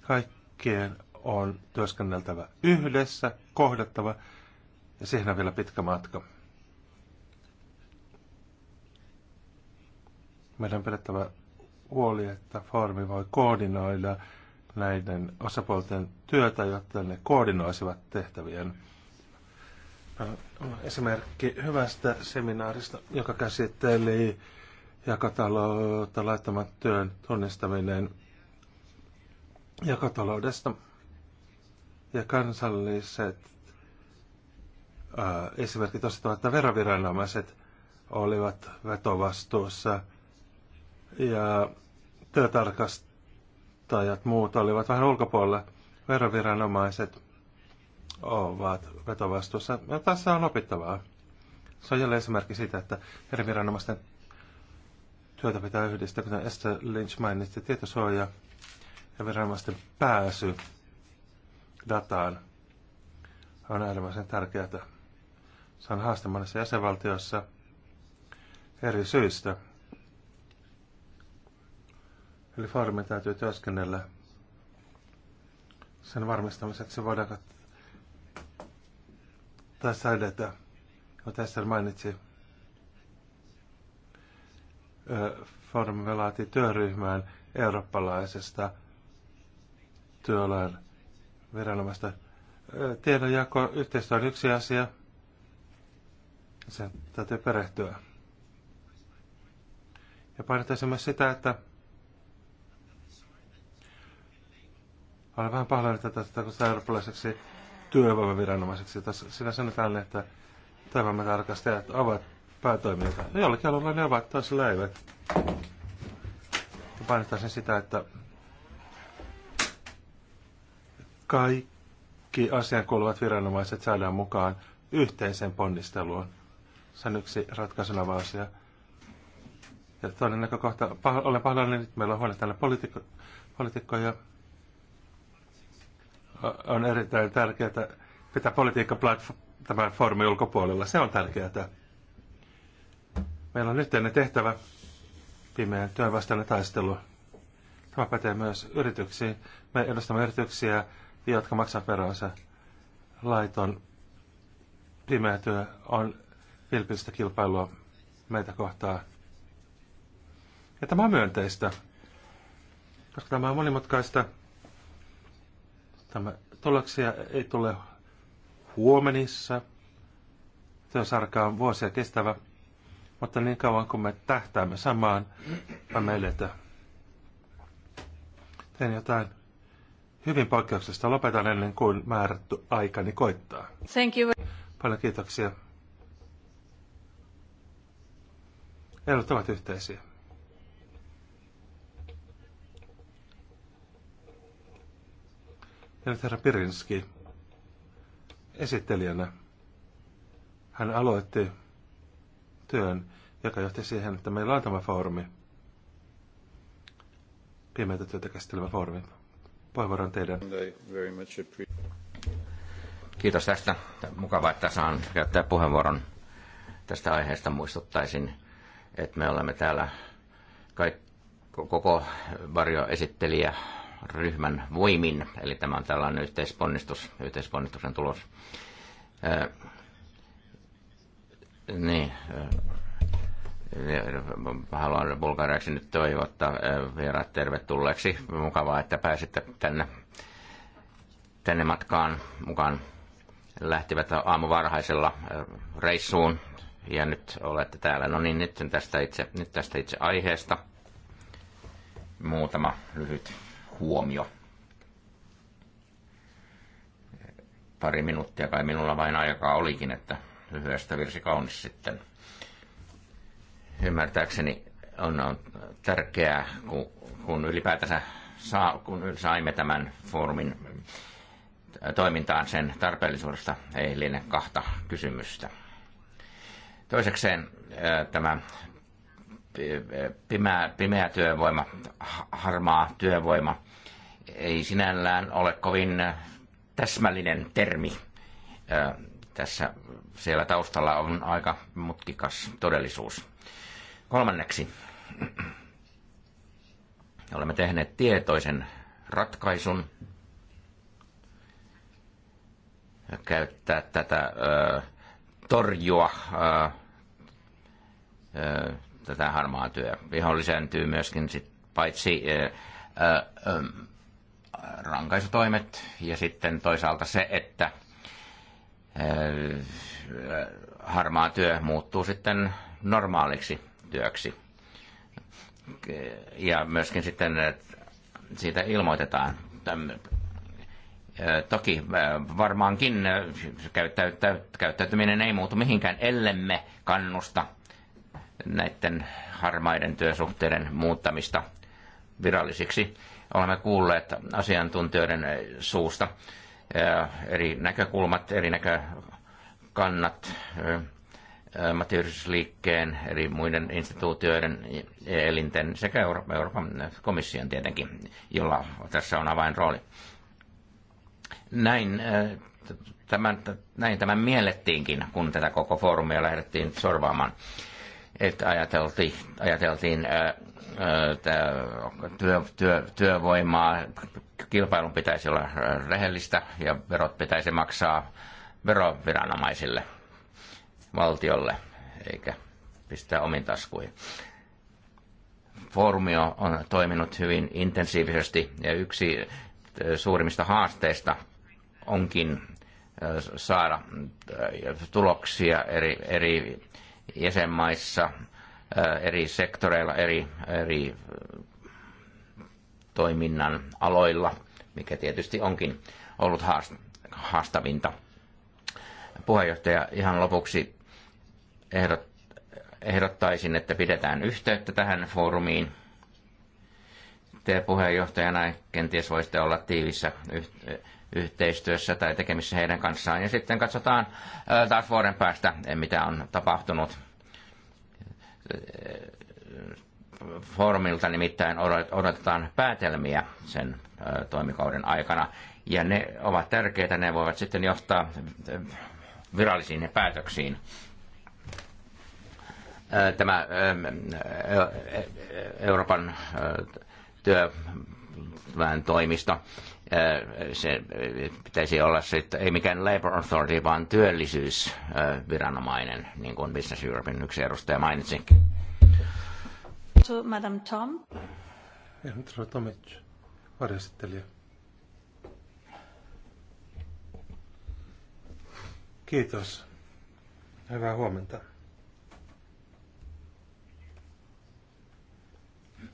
Kaikkien on työskenneltävä yhdessä, kohdattava ja siihen on vielä pitkä matka. Meidän on pidettävä huoli, että foorumi voi koordinoida näiden osapuolten työtä, jotta ne koordinoisivat tehtävien Äh, esimerkki hyvästä seminaarista, joka käsitteli jakotaloutta, laittamat työn tunnistaminen jakotaloudesta ja kansalliset ää, äh, esimerkit osoittavat, että veroviranomaiset olivat vetovastuussa ja työtarkastajat muut olivat vähän ulkopuolella. Veroviranomaiset ovat vetovastuussa. Ja tässä on opittavaa. Se on jälleen esimerkki siitä, että eri viranomaisten työtä pitää yhdistää, kuten Esther Lynch mainitsi, tietosuoja ja viranomaisten pääsy dataan on äärimmäisen tärkeää. Se on haaste monessa jäsenvaltiossa eri syistä. Eli foorumin täytyy työskennellä sen varmistamiseksi, voidaanko tässä edetä. No, tässä mainitsi formulaati työryhmään eurooppalaisesta työlain viranomaista. Tiedonjako yhteistyö on yksi asia. Se täytyy perehtyä. Ja painottaisin myös sitä, että olen vähän pahoillani tätä kun sitä eurooppalaiseksi työvoimaviranomaiseksi. Siinä sanotaan, että työvoimatarkastajat ovat päätoimijoita. No jollakin alueella ne ovat, taas leivät. Painetaan sen sitä, että kaikki asian kuuluvat viranomaiset saadaan mukaan yhteiseen ponnisteluun. Se on yksi ratkaisuna asia. Ja toinen näkökohta, olen pahoillani, että meillä on huone täällä poliitikkoja, on erittäin tärkeää pitää politiikka tämän foorumin ulkopuolella. Se on tärkeää. Meillä on yhteinen tehtävä, pimeän työn vastainen taistelu. Tämä pätee myös yrityksiin. Me edustamme yrityksiä, jotka maksavat veronsa. Laiton pimeä työ on vilpillistä kilpailua meitä kohtaa. Ja tämä on myönteistä, koska tämä on monimutkaista Tämä tuloksia ei tule huomenissa. Työsarka on vuosia kestävä, mutta niin kauan kuin me tähtäämme samaan, me eletään. Teen jotain hyvin poikkeuksesta. Lopetan ennen kuin määrätty aikani koittaa. Thank you. Paljon kiitoksia. Ehdot ovat yhteisiä. Ja nyt herra Pirinski esittelijänä. Hän aloitti työn, joka johti siihen, että meillä on tämä foorumi. Pimeätä työtä käsittelevä foorumi. Puheenvuoron teidän. Kiitos tästä. Mukavaa, että saan käyttää puheenvuoron tästä aiheesta. Muistuttaisin, että me olemme täällä kaikki, koko varjoesittelijä ryhmän voimin. Eli tämä on tällainen yhteisponnistus, yhteisponnistuksen tulos. Ää, niin, haluan bulgariaksi nyt toivottaa vieraat tervetulleeksi. Mukavaa, että pääsitte tänne, tänne matkaan mukaan. Lähtivät aamuvarhaisella reissuun ja nyt olette täällä. No niin, nyt tästä itse, nyt tästä itse aiheesta muutama lyhyt huomio. Pari minuuttia kai minulla vain aikaa olikin, että lyhyestä virsi kaunis sitten. Ymmärtääkseni on, on tärkeää, kun, kun ylipäätänsä saa, kun saimme tämän foorumin toimintaan sen tarpeellisuudesta, ei liene kahta kysymystä. Toisekseen tämä pimeä, pimeä työvoima, harmaa työvoima ei sinällään ole kovin äh, täsmällinen termi. Äh, tässä siellä taustalla on aika mutkikas todellisuus. Kolmanneksi, (clears throat) olemme tehneet tietoisen ratkaisun käyttää tätä äh, torjua tätä harmaa työ. Viho lisääntyy myöskin sit paitsi rankaisutoimet ja sitten toisaalta se, että äh, harmaa työ muuttuu sitten normaaliksi työksi. Ja myöskin sitten, että siitä ilmoitetaan. Äh, toki äh, varmaankin käyttäytyminen ei muutu mihinkään, ellemme kannusta näiden harmaiden työsuhteiden muuttamista virallisiksi olemme kuulleet asiantuntijoiden suusta eri näkökulmat, eri näkökannat, ammattiyhdistysliikkeen, eri muiden instituutioiden e- elinten sekä Euroopan komission tietenkin, jolla tässä on avainrooli. Näin tämän, näin tämän miellettiinkin, kun tätä koko foorumia lähdettiin sorvaamaan. Että ajateltiin, ajateltiin työ, työ, työvoimaa. Kilpailun pitäisi olla rehellistä ja verot pitäisi maksaa veroviranomaisille, valtiolle, eikä pistää omiin taskuihin. Foorumi on toiminut hyvin intensiivisesti ja yksi suurimmista haasteista onkin saada tuloksia eri, eri jäsenmaissa – Äh, eri sektoreilla, eri, eri äh, toiminnan aloilla, mikä tietysti onkin ollut haastavinta. Puheenjohtaja, ihan lopuksi ehdot, ehdottaisin, että pidetään yhteyttä tähän foorumiin. Te puheenjohtajana kenties voisitte olla tiivissä yhteistyössä tai tekemissä heidän kanssaan. Ja sitten katsotaan äh, taas vuoden päästä, mitä on tapahtunut foorumilta nimittäin odotetaan päätelmiä sen toimikauden aikana. Ja ne ovat tärkeitä, ne voivat sitten johtaa virallisiin päätöksiin. Tämä Euroopan työväen toimisto Äh, se äh, pitäisi olla että ei mikään Labour Authority, vaan työllisyysviranomainen, äh, niin kuin Business Europein yksi edustaja mainitsi. To Madam Tom. Entra Tomic, varjastelija. Kiitos. Hyvää huomenta.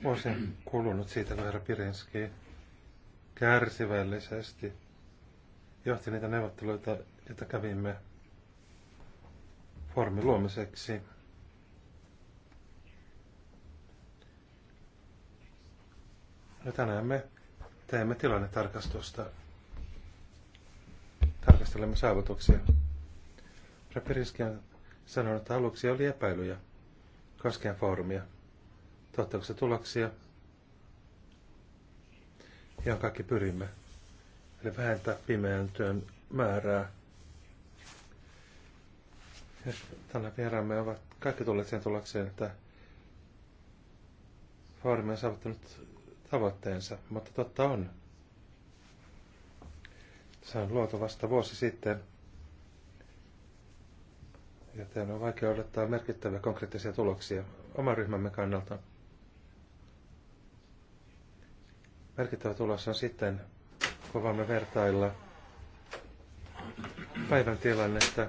Vuosi kulunut siitä, kun herra Pirenski kärsivällisesti johti niitä neuvotteluita, joita kävimme formin luomiseksi. Ja tänään me teemme tilannetarkastusta. Tarkastelemme saavutuksia. Rapiriski on sanonut, että aluksi oli epäilyjä koskien foorumia. se tuloksia – ihan kaikki pyrimme. Eli vähentää pimeän työn määrää. Ja tänä vieraamme ovat kaikki tulleet sen tulokseen, että Faarimme on saavuttanut tavoitteensa, mutta totta on. Se on luotu vasta vuosi sitten, joten on vaikea odottaa merkittäviä konkreettisia tuloksia oman ryhmämme kannalta. merkittävä tulos on sitten, kun voimme vertailla päivän tilannetta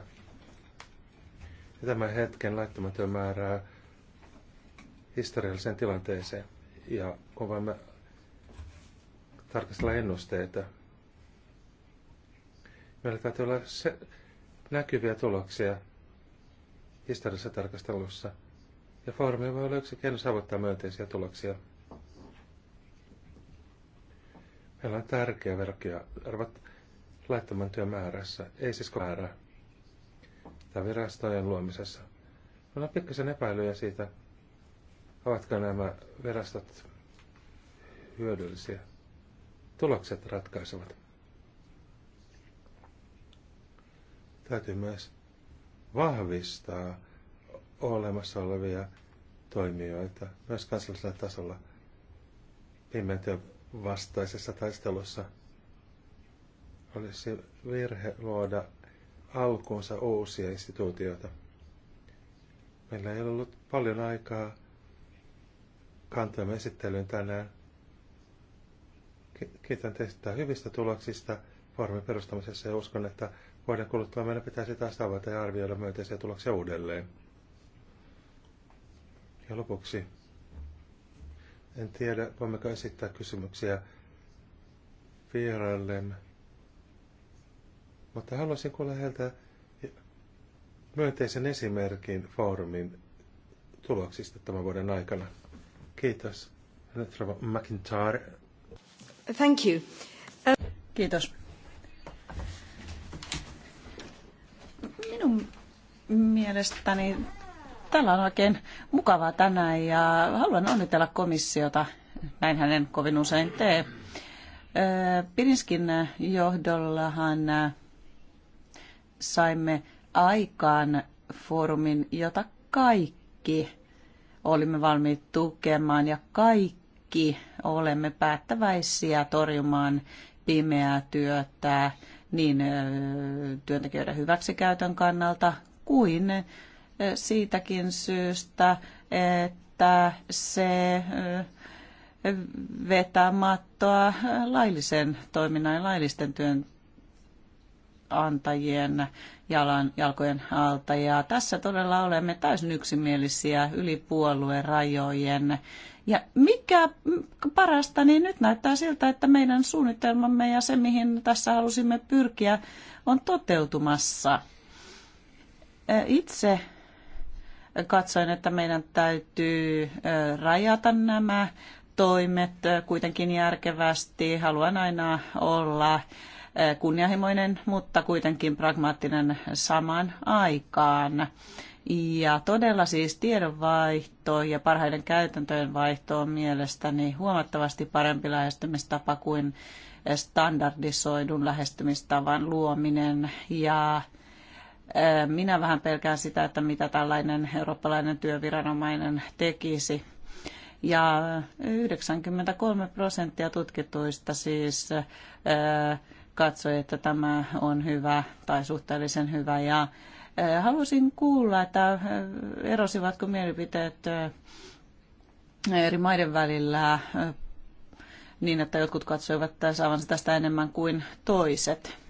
ja tämän hetken laittamaton määrää historialliseen tilanteeseen. Ja kun voimme tarkastella ennusteita, meillä täytyy olla se, näkyviä tuloksia historiassa tarkastelussa. Ja foorumi voi olla yksi keino saavuttaa myönteisiä tuloksia. Meillä on tärkeä verkkiarvot laittoman työn määrässä, ei siis määrä tai virastojen luomisessa. Meillä on pikkasen epäilyjä siitä, ovatko nämä virastot hyödyllisiä. Tulokset ratkaisevat. Täytyy myös vahvistaa olemassa olevia toimijoita myös kansallisella tasolla. Pimeän vastaisessa taistelussa olisi virhe luoda alkuunsa uusia instituutioita. Meillä ei ollut paljon aikaa kantamme esittelyyn tänään. Kiitän teistä hyvistä tuloksista foorumin perustamisessa ja uskon, että vuoden kuluttua meidän pitäisi taas tavata ja arvioida myönteisiä tuloksia uudelleen. Ja lopuksi en tiedä, voimmeko esittää kysymyksiä vieraillemme. Mutta haluaisin kuulla heiltä myönteisen esimerkin foorumin tuloksista tämän vuoden aikana. Kiitos. McIntyre. Thank you. Uh... Kiitos. Minun mielestäni Täällä on oikein mukavaa tänään ja haluan onnitella komissiota. Näin hänen kovin usein tee. Pirinskin johdollahan saimme aikaan foorumin, jota kaikki olimme valmiit tukemaan ja kaikki olemme päättäväisiä torjumaan pimeää työtä niin työntekijöiden hyväksikäytön kannalta kuin siitäkin syystä, että se vetää mattoa laillisen toiminnan ja laillisten työn antajien jalan, jalkojen alta. Ja tässä todella olemme täysin yksimielisiä yli puolueen rajojen. Ja mikä parasta, niin nyt näyttää siltä, että meidän suunnitelmamme ja se, mihin tässä halusimme pyrkiä, on toteutumassa. Itse katsoin, että meidän täytyy rajata nämä toimet kuitenkin järkevästi. Haluan aina olla kunnianhimoinen, mutta kuitenkin pragmaattinen samaan aikaan. Ja todella siis tiedonvaihto ja parhaiden käytäntöjen vaihto on mielestäni huomattavasti parempi lähestymistapa kuin standardisoidun lähestymistavan luominen ja minä vähän pelkään sitä, että mitä tällainen eurooppalainen työviranomainen tekisi. Ja 93 prosenttia tutkituista siis katsoi, että tämä on hyvä tai suhteellisen hyvä. Ja halusin kuulla, että erosivatko mielipiteet eri maiden välillä niin, että jotkut katsoivat saavansa tästä enemmän kuin toiset.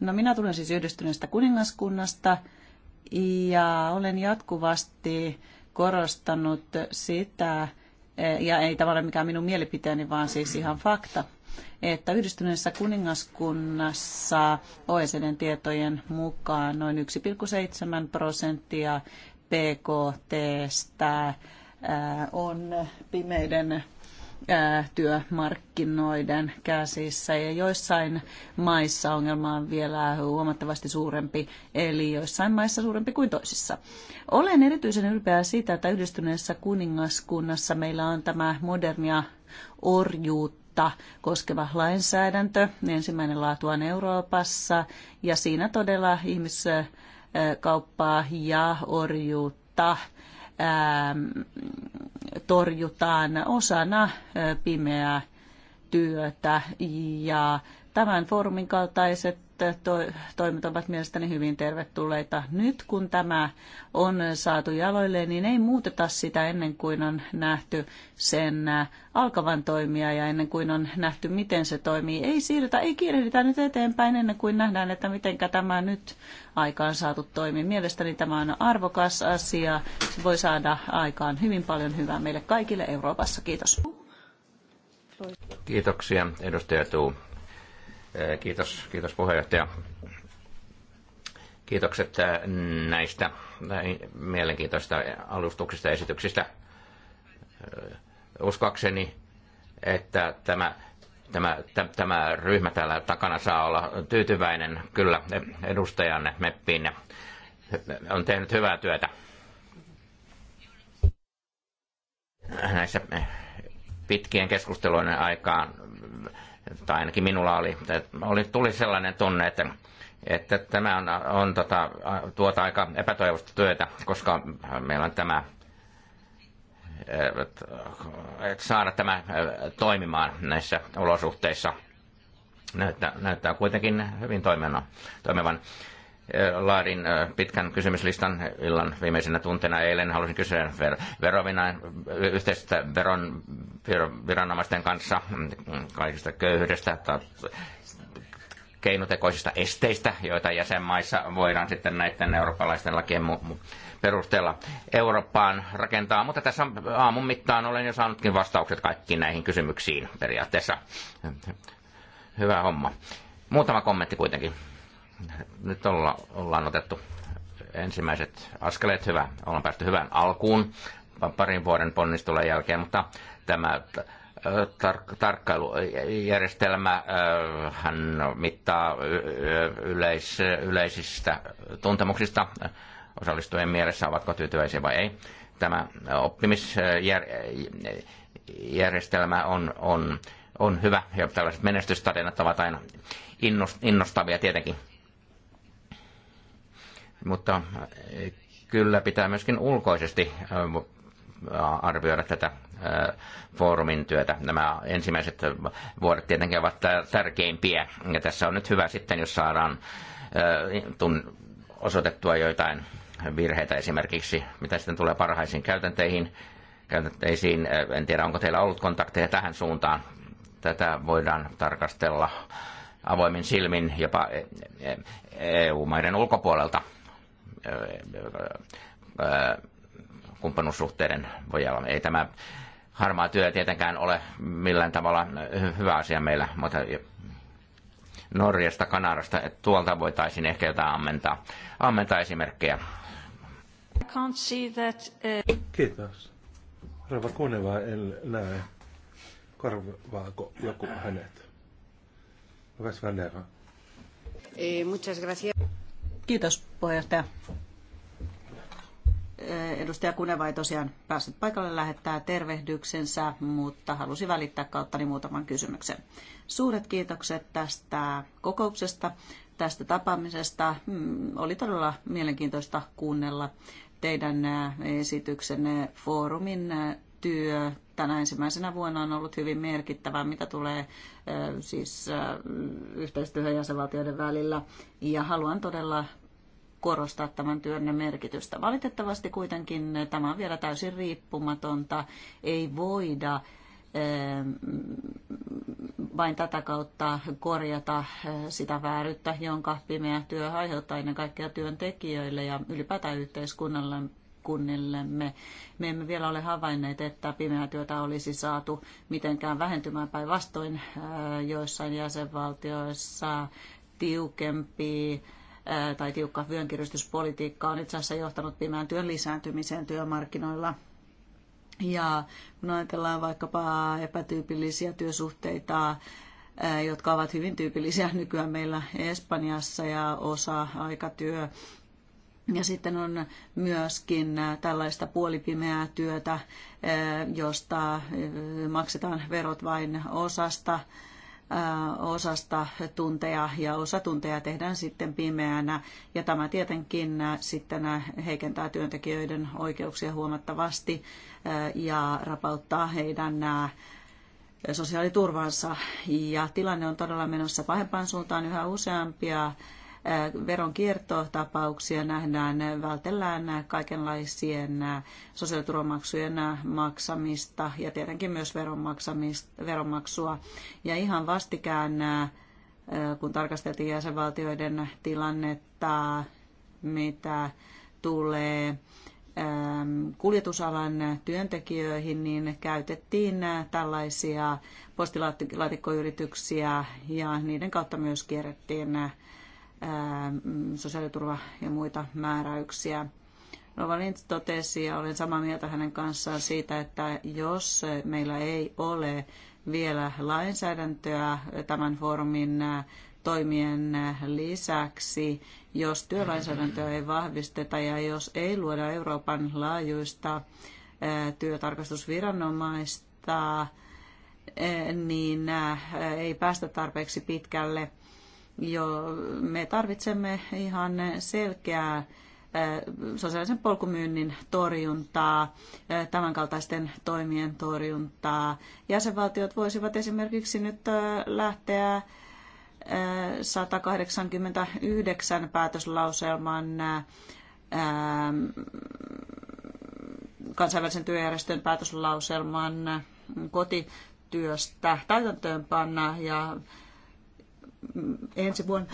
No minä tulen siis yhdistyneestä kuningaskunnasta ja olen jatkuvasti korostanut sitä, eh, ja ei tavallaan mikään minun mielipiteeni, vaan siis ihan fakta, että yhdistyneessä kuningaskunnassa OECDn tietojen mukaan noin 1,7 prosenttia PKTstä eh, on pimeiden työmarkkinoiden käsissä ja joissain maissa ongelma on vielä huomattavasti suurempi, eli joissain maissa suurempi kuin toisissa. Olen erityisen ylpeä siitä, että yhdistyneessä kuningaskunnassa meillä on tämä modernia orjuutta koskeva lainsäädäntö, ensimmäinen laatuaan Euroopassa, ja siinä todella ihmiskauppaa ja orjuutta Ähm, torjutaan osana äh, pimeää työtä ja tämän foorumin kaltaiset toimet ovat mielestäni hyvin tervetulleita. Nyt kun tämä on saatu jaloille, niin ei muuteta sitä ennen kuin on nähty sen äh, alkavan toimia ja ennen kuin on nähty, miten se toimii. Ei siirrytä, ei kiirehditä nyt eteenpäin ennen kuin nähdään, että miten tämä nyt aikaan saatu toimii. Mielestäni tämä on arvokas asia. Se voi saada aikaan hyvin paljon hyvää meille kaikille Euroopassa. Kiitos. Kiitoksia, edustaja Tuu. Äh, kiitos, kiitos puheenjohtaja. Kiitokset äh, näistä mielenkiintoista alustuksista ja esityksistä. Äh, uskoakseni, että tämä, tämä, tämä ryhmä täällä takana saa olla tyytyväinen kyllä edustajanne, Meppiin, On tehnyt hyvää työtä näissä pitkien keskustelujen aikaan tai ainakin minulla oli, oli tuli sellainen tunne, että, että tämä on, on tota, tuota aika epätoivosta työtä, koska meillä on tämä että saada tämä toimimaan näissä olosuhteissa. Näyttää, näyttää kuitenkin hyvin toimivan laadin pitkän kysymyslistan illan viimeisenä tunteena eilen. Halusin kysyä verovina yhteistä veron viranomaisten kanssa mm, kaikista köyhyydestä keinotekoisista esteistä, joita jäsenmaissa voidaan sitten näiden eurooppalaisten lakien perusteella Eurooppaan rakentaa. Mutta tässä aamun mittaan olen jo saanutkin vastaukset kaikkiin näihin kysymyksiin periaatteessa. Hyvä homma. Muutama kommentti kuitenkin nyt olla, ollaan otettu ensimmäiset askeleet hyvä. Ollaan päästy hyvään alkuun parin vuoden ponnistulen jälkeen, mutta tämä äh, tar- tarkkailujärjestelmä äh, hän mittaa yleis- yleisistä tuntemuksista osallistujien mielessä, ovatko tyytyväisiä vai ei. Tämä oppimisjärjestelmä on, on, on hyvä ja tällaiset menestystarinat ovat aina innostavia tietenkin mutta eh, kyllä pitää myöskin ulkoisesti eh, arvioida tätä eh, foorumin työtä. Nämä ensimmäiset vuodet tietenkin ovat tärkeimpiä, ja tässä on nyt hyvä sitten, jos saadaan osoitettua joitain virheitä esimerkiksi, mitä sitten tulee parhaisiin käytänteihin, käytänteisiin. En tiedä, onko teillä ollut kontakteja tähän suuntaan. Tätä voidaan tarkastella avoimin silmin jopa EU-maiden ulkopuolelta kumppanuussuhteiden olla. Ei tämä harmaa työ tietenkään ole millään tavalla hyvä asia meillä, mutta Norjasta, Kanarasta, että tuolta voitaisiin ehkä jotain ammentaa, ammentaa esimerkkejä. Uh, Kiitos. Rava Kuneva en näe. Korvaako joku hänet? Vesvanera. Eh, muchas gracias. Kiitos puheenjohtaja. Edustaja Kuneva ei tosiaan päässyt paikalle lähettää tervehdyksensä, mutta halusi välittää kauttani muutaman kysymyksen. Suuret kiitokset tästä kokouksesta, tästä tapaamisesta. Mm, oli todella mielenkiintoista kuunnella teidän esityksenne foorumin työ tänä ensimmäisenä vuonna on ollut hyvin merkittävää, mitä tulee siis yhteistyöhön jäsenvaltioiden välillä. Ja haluan todella korostaa tämän työnne merkitystä. Valitettavasti kuitenkin tämä on vielä täysin riippumatonta. Ei voida vain tätä kautta korjata sitä vääryyttä, jonka pimeä työ aiheuttaa ennen kaikkea työntekijöille ja ylipäätään yhteiskunnalle kunnillemme. Me emme vielä ole havainneet, että pimeää työtä olisi saatu mitenkään vähentymään päinvastoin äh, joissain jäsenvaltioissa tiukempi äh, tai tiukka vyönkiristyspolitiikka on itse asiassa johtanut pimeän työn lisääntymiseen työmarkkinoilla. Ja kun ajatellaan vaikkapa epätyypillisiä työsuhteita, äh, jotka ovat hyvin tyypillisiä (laughs) nykyään meillä Espanjassa ja osa-aikatyö ja sitten on myöskin äh, tällaista puolipimeää työtä, äh, josta äh, maksetaan verot vain osasta, osasta tunteja ja osa tunteja tehdään sitten pimeänä. Ja tämä tietenkin sitten heikentää työntekijöiden oikeuksia huomattavasti ja rapauttaa heidän sosiaaliturvansa. Ja tilanne on todella menossa pahempaan suuntaan yhä useampia veronkiertotapauksia nähdään, vältellään kaikenlaisien sosiaaliturvamaksujen maksamista ja tietenkin myös veronmaksua. Ja ihan vastikään, kun tarkasteltiin jäsenvaltioiden tilannetta, mitä tulee ähm, kuljetusalan työntekijöihin, niin käytettiin tällaisia postilaatikkoyrityksiä ja niiden kautta myös kierrettiin Mm, sosiaaliturva- ja muita määräyksiä. Rova Lintz totesi, ja olen samaa mieltä hänen kanssaan siitä, että jos meillä ei ole vielä lainsäädäntöä tämän foorumin toimien lisäksi, jos työlainsäädäntöä ei vahvisteta ja jos ei luoda Euroopan laajuista työtarkastusviranomaista, niin ei päästä tarpeeksi pitkälle jo me tarvitsemme ihan selkeää eh, sosiaalisen polkumyynnin torjuntaa, eh, tämänkaltaisten toimien torjuntaa. Jäsenvaltiot voisivat esimerkiksi nyt eh, lähteä 189 päätöslauselman kansainvälisen työjärjestön päätöslauselman kotityöstä täytäntöönpanna ja ensi vuonna.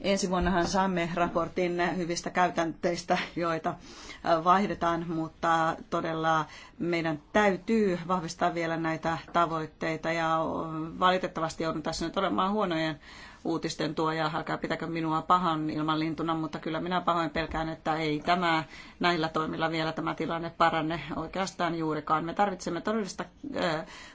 Ensi vuonnahan saamme raportin hyvistä käytänteistä, joita vaihdetaan, mutta todella meidän täytyy vahvistaa vielä näitä tavoitteita ja valitettavasti joudun tässä nyt olemaan huonojen uutisten tuoja, älkää pitäkö minua pahan ilman lintuna, mutta kyllä minä pahoin pelkään, että ei tämä näillä toimilla vielä tämä tilanne paranne oikeastaan juurikaan. Me tarvitsemme todellista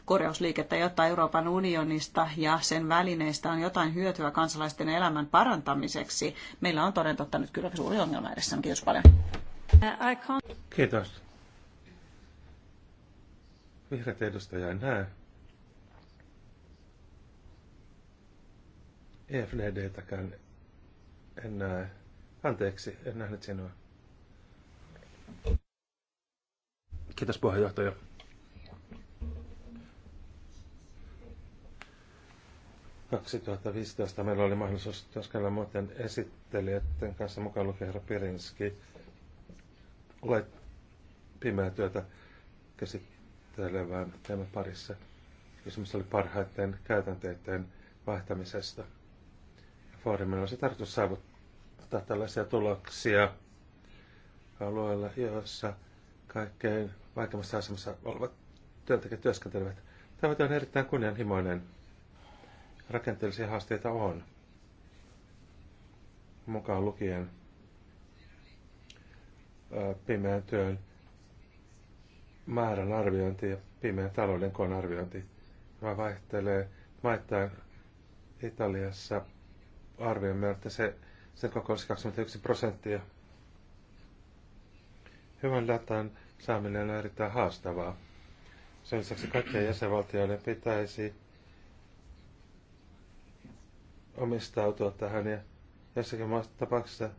korjausliikettä, jotta Euroopan unionista ja sen välineistä on jotain hyötyä kansalaisten elämän parantamiseksi. Meillä on toden totta nyt kyllä suuri ongelma edessä. Kiitos paljon. Uh, Kiitos. Vihreät edustaja näe. EFLD-täkään. E en näe. Anteeksi, en nähnyt sinua. Kiitos puheenjohtaja. ...2015 meillä oli mahdollisuus työskennellä muuten esittelijöiden kanssa, mukaan lukien herra Pirinski, Olet pimeää työtä käsittelevään teemme parissa. Kysymys oli parhaiten käytänteiden vaihtamisesta foorumin olisi tarkoitus saavuttaa tällaisia tuloksia alueella, joissa kaikkein vaikeimmassa asemassa olevat työntekijät työskentelevät. Tämä on erittäin kunnianhimoinen. Rakenteellisia haasteita on, mukaan lukien pimeän työn määrän arviointi ja pimeän talouden koon arviointi. Tämä vaihtelee maittain Italiassa arvioimme, että se, sen koko olisi 21 prosenttia. Hyvän datan saaminen on erittäin haastavaa. Sen lisäksi kaikkien jäsenvaltioiden pitäisi omistautua tähän ja jossakin tapauksessa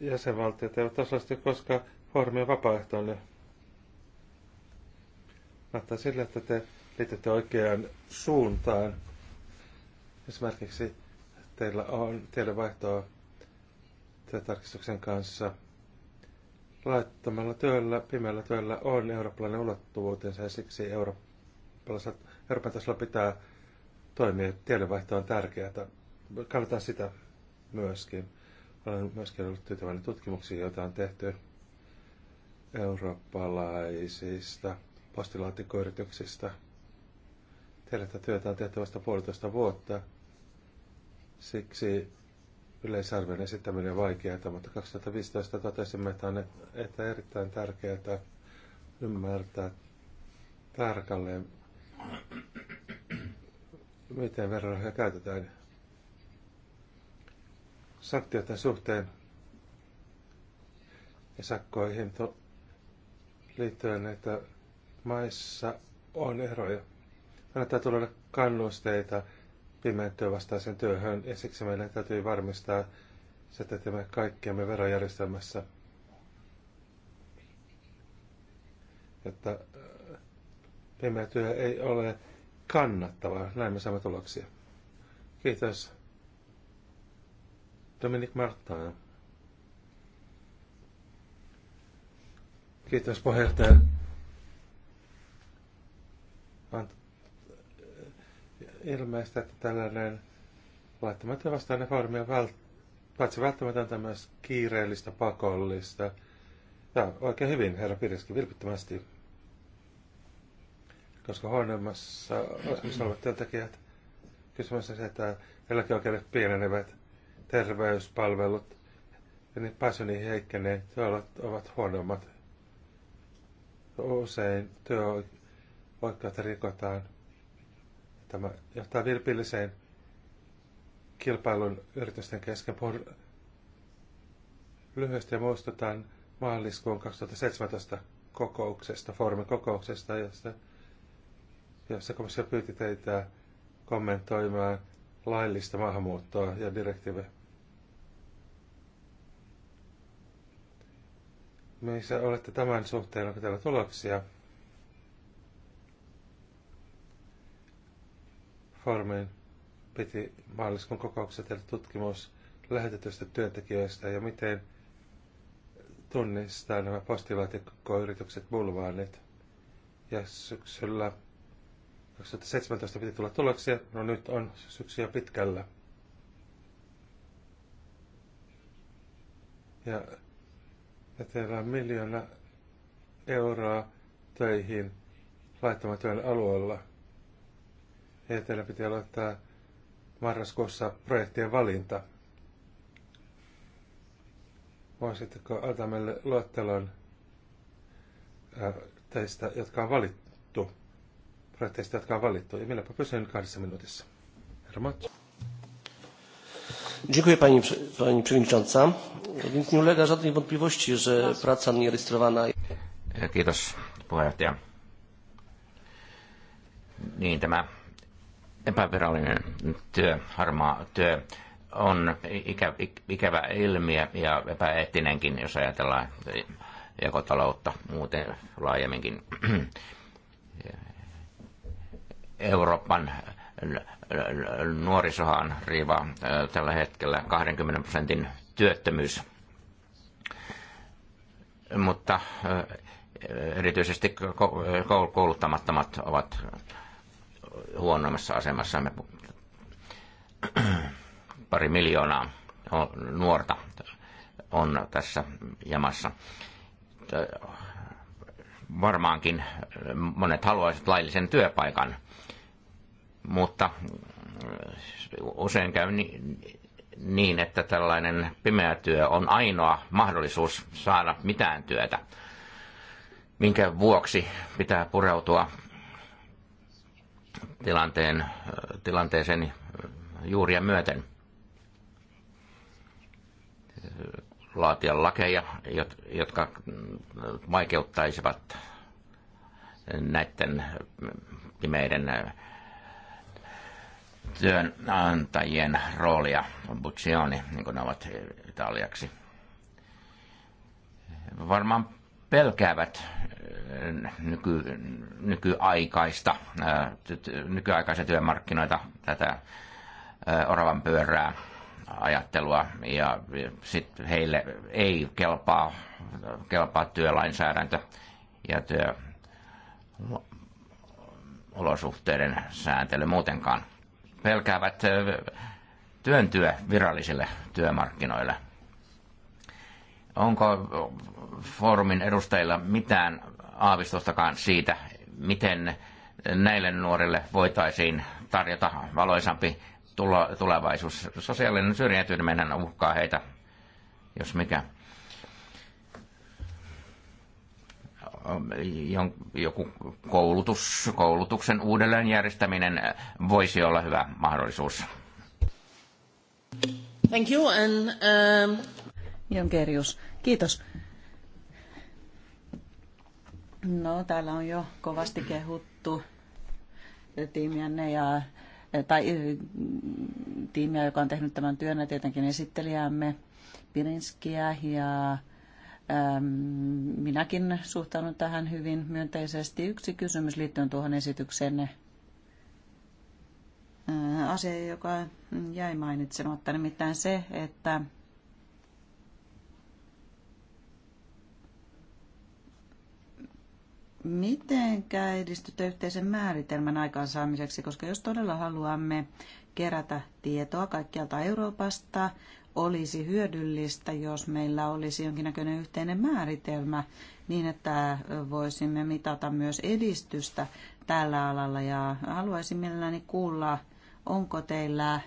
jäsenvaltiot eivät osallistu, koska foorumi on vapaaehtoinen. Näyttää sille, että te liitytte oikeaan suuntaan. Esimerkiksi teillä on vaihtoa työtarkistuksen kanssa. Laittomalla työllä, pimeällä työllä on eurooppalainen ulottuvuutensa ja siksi Euroopan tasolla pitää toimia. Tiedonvaihto on tärkeää. Kannatan sitä myöskin. Olen myöskin ollut tyytyväinen tutkimuksiin, joita on tehty eurooppalaisista postilaatikoyrityksistä. Tiedettä työtä on tehty vasta puolitoista vuotta – Siksi yleisarvion esittäminen on vaikeaa, mutta 2015 totesimme, että on että erittäin tärkeää ymmärtää tarkalleen, miten verorahoja käytetään sanktioiden suhteen ja sakkoihin to, liittyen, että maissa on eroja. Kannattaa tulla kannusteita pimeän työvastaisen työhön, ja siksi meidän täytyy varmistaa se, että teemme kaikkemme verojärjestelmässä, jotta äh, pimeä työ ei ole kannattavaa. Näin me saamme tuloksia. Kiitos. Dominik Martin. Kiitos puheenjohtaja ilmeistä, että tällainen laittamatta vastainen foorumi on vält- paitsi välttämätöntä myös kiireellistä, pakollista. Ja oikein hyvin, herra Piriski, vilpittömästi. Koska huonoimmassa asemassa olevat työntekijät kysymässä se, että eläkeoikeudet pienenevät, terveyspalvelut ja niin pääsy niihin heikkenee, työolot ovat huonommat. Usein työoikeutta rikotaan Tämä johtaa vilpilliseen kilpailun yritysten kesken. Puhun lyhyesti ja muistutan maaliskuun 2017 kokouksesta, foorumin kokouksesta, jossa, jossa komissio pyyti teitä kommentoimaan laillista maahanmuuttoa ja direktiivejä. Missä olette tämän suhteen, onko teillä tuloksia? foorumin piti maaliskuun kokouksessa tehdä tutkimus lähetetystä työntekijöistä ja miten tunnistaa nämä postilaatikkoyritykset bulvaanit. Ja syksyllä 2017 piti tulla tuloksia, no nyt on syksyä pitkällä. Ja me tehdään miljoona euroa töihin laittoman työn alueella – ja teillä piti aloittaa marraskuussa projektien valinta. Voisitteko antaa meille luettelon teistä, jotka on valittu, projekteista, jotka on valittu, ja milläpä pysyn kahdessa minuutissa. Herra Mats. Dziękuję Pani, Pani Przewodnicząca. Więc nie ulega żadnej wątpliwości, że praca nierejestrowana... Kiitos puheenjohtaja. Niin, tämä epävirallinen työ, harmaa työ on ikä, ikävä ilmiö ja epäeettinenkin, jos ajatellaan ekotaloutta muuten laajemminkin. Euroopan nuorisohan riiva tällä hetkellä 20 prosentin työttömyys. Mutta erityisesti kouluttamattomat ovat huonoimmassa asemassa. Me pari miljoonaa nuorta on tässä jamassa. Varmaankin monet haluaisivat laillisen työpaikan, mutta usein käy niin, että tällainen pimeä työ on ainoa mahdollisuus saada mitään työtä, minkä vuoksi pitää pureutua tilanteen, äh, tilanteeseen äh, juuria myöten äh, laatia lakeja, jotka vaikeuttaisivat näiden pimeiden työnantajien roolia, Buccioni, niin kuin ne ovat italiaksi. Varmaan pelkäävät äh, nyky, nykyaikaista, äh, nykyaikaisia työmarkkinoita, tätä äh, oravan pyörää ajattelua ja sitten heille ei kelpaa, kelpaa työlainsäädäntö ja työ, olosuhteiden sääntely muutenkaan. Pelkäävät työntyä virallisille työmarkkinoille – Onko foorumin edustajilla mitään aavistustakaan siitä, miten näille nuorille voitaisiin tarjota valoisampi tulevaisuus. Sosiaalinen syrjäytyminen uhkaa heitä, jos mikä. Joku koulutus, koulutuksen uudelleen järjestäminen voisi olla hyvä mahdollisuus. Thank you and, um... Jonkerius. Kiitos. No, täällä on jo kovasti kehuttu tiimiänne ja, tai eh, tiimiä, joka on tehnyt tämän työn ja tietenkin esittelijämme Pirinskiä ja minäkin suhtaudun tähän hyvin myönteisesti. Yksi kysymys liittyen tuohon esitykseenne. Asia, joka jäi mainitsematta, nimittäin se, että Miten edistytte yhteisen määritelmän aikaansaamiseksi, koska jos todella haluamme kerätä tietoa kaikkialta Euroopasta, olisi hyödyllistä, jos meillä olisi jonkinnäköinen yhteinen määritelmä niin, että voisimme mitata myös edistystä tällä alalla. Ja haluaisin mielelläni kuulla, onko teillä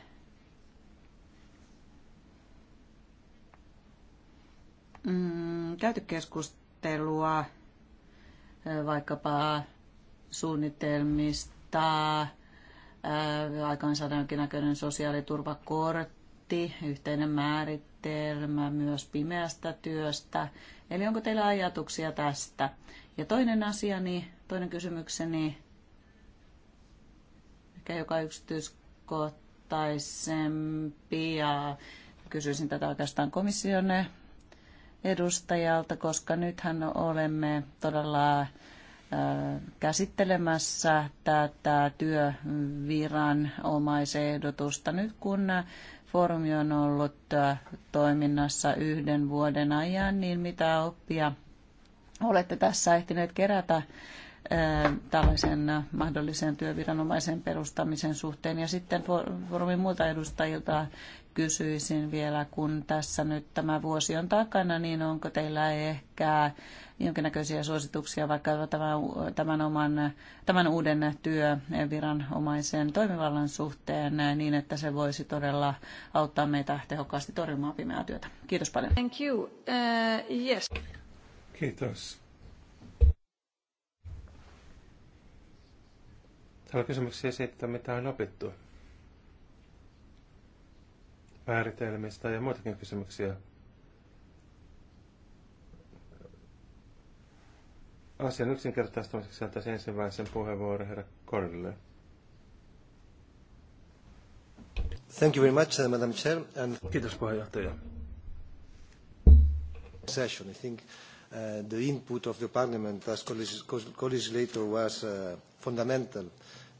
mm, käyty keskustelua vaikkapa suunnitelmista, aikaansaada jonkinnäköinen sosiaaliturvakortti, yhteinen määritelmä myös pimeästä työstä. Eli onko teillä ajatuksia tästä? Ja toinen asiani, toinen kysymykseni, ehkä joka yksityiskohtaisempi ja kysyisin tätä oikeastaan komissionne edustajalta, koska nythän olemme todella käsittelemässä tätä ehdotusta Nyt kun foorumi on ollut toiminnassa yhden vuoden ajan, niin mitä oppia olette tässä ehtineet kerätä tällaisen mahdollisen työviranomaisen perustamisen suhteen ja sitten foorumin muilta edustajilta kysyisin vielä, kun tässä nyt tämä vuosi on takana, niin onko teillä ehkä jonkinnäköisiä suosituksia vaikka tämän, tämän, oman, tämän uuden työviranomaisen toimivallan suhteen niin, että se voisi todella auttaa meitä tehokkaasti torjumaan pimeää työtä. Kiitos paljon. Thank you. Uh, yes. Kiitos. Täällä on kysymyksiä siitä, mitä on opittu määritelmistä ja muitakin kysymyksiä. Asian yksinkertaistamiseksi antaisin ensimmäisen puheenvuoron herra Korille. Thank you very much, uh, Madam Chair. And Kiitos puheenjohtaja. Session. I think uh, the input of the Parliament as co-legislator was uh, fundamental